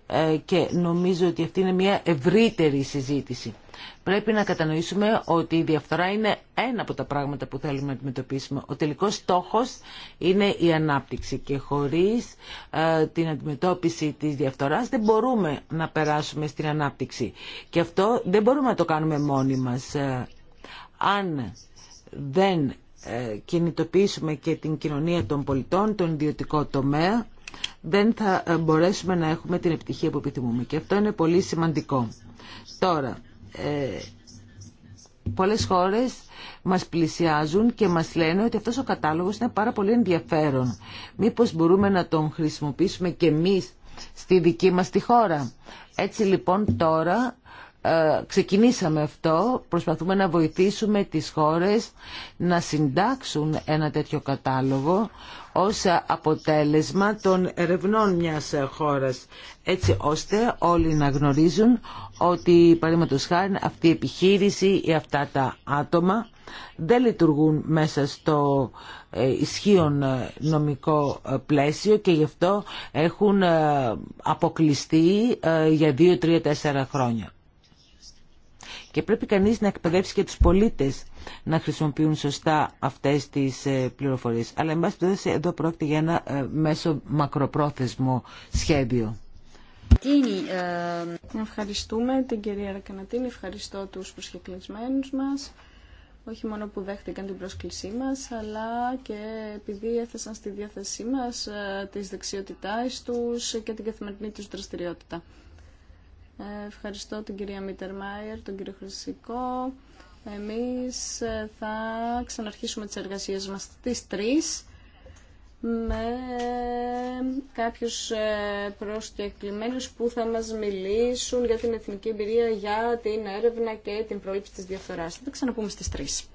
ε, και νομίζω ότι αυτή είναι μια ευρύτερη συζήτηση. Πρέπει να κατανοήσουμε ότι η διαφθορά είναι ένα από τα πράγματα που θέλουμε να αντιμετωπίσουμε. Ο τελικός στόχος είναι η ανάπτυξη και χωρίς ε, την αντιμετώπιση της διαφθοράς δεν μπορούμε να περάσουμε στην ανάπτυξη. Και αυτό δεν μπορούμε να το κάνουμε μόνοι μας. Ε, αν δεν ε, κινητοποιήσουμε και την κοινωνία των πολιτών, τον ιδιωτικό τομέα, δεν θα μπορέσουμε να έχουμε την επιτυχία που επιθυμούμε. Και αυτό είναι πολύ σημαντικό. Τώρα, ε, πολλές χώρες μας πλησιάζουν και μας λένε ότι αυτός ο κατάλογος είναι πάρα πολύ ενδιαφέρον. Μήπως μπορούμε να τον χρησιμοποιήσουμε και εμείς στη δική μας τη χώρα. Έτσι λοιπόν τώρα ε, ξεκινήσαμε αυτό, προσπαθούμε να βοηθήσουμε τις χώρες να συντάξουν ένα τέτοιο κατάλογο ως αποτέλεσμα των ερευνών μιας χώρας έτσι ώστε όλοι να γνωρίζουν ότι παραδείγματος χάρη αυτή η επιχείρηση ή αυτά τα άτομα δεν λειτουργούν μέσα στο ε, ισχύον ε, νομικό πλαίσιο και γι' αυτό έχουν αποκλειστεί για δύο, τρία, τέσσερα χρόνια. Και πρέπει κανείς να εκπαιδεύσει και τους πολίτες να χρησιμοποιούν σωστά αυτές τις ε, πληροφορίες. Αλλά εν πάση περιπτώσει εδώ πρόκειται για ένα ε, μέσο μακροπρόθεσμο σχέδιο. Ε, Ευχαριστούμε την κυρία Ρακανατίνη, ευχαριστώ τους προσκεκλισμένους μας όχι μόνο που δέχτηκαν την πρόσκλησή μας, αλλά και επειδή έθεσαν στη διάθεσή μας τις δεξιότητάς τους και την καθημερινή τους δραστηριότητα. Ευχαριστώ την κυρία Μάιερ, τον κύριο Χρυσικό. Εμείς ε, θα ξαναρχίσουμε τις εργασίες μας τις 3 με κάποιους ε, προσκεκλημένους που θα μας μιλήσουν για την εθνική εμπειρία, για την έρευνα και την πρόληψη της διαφθοράς. Θα τα ξαναπούμε στις 3.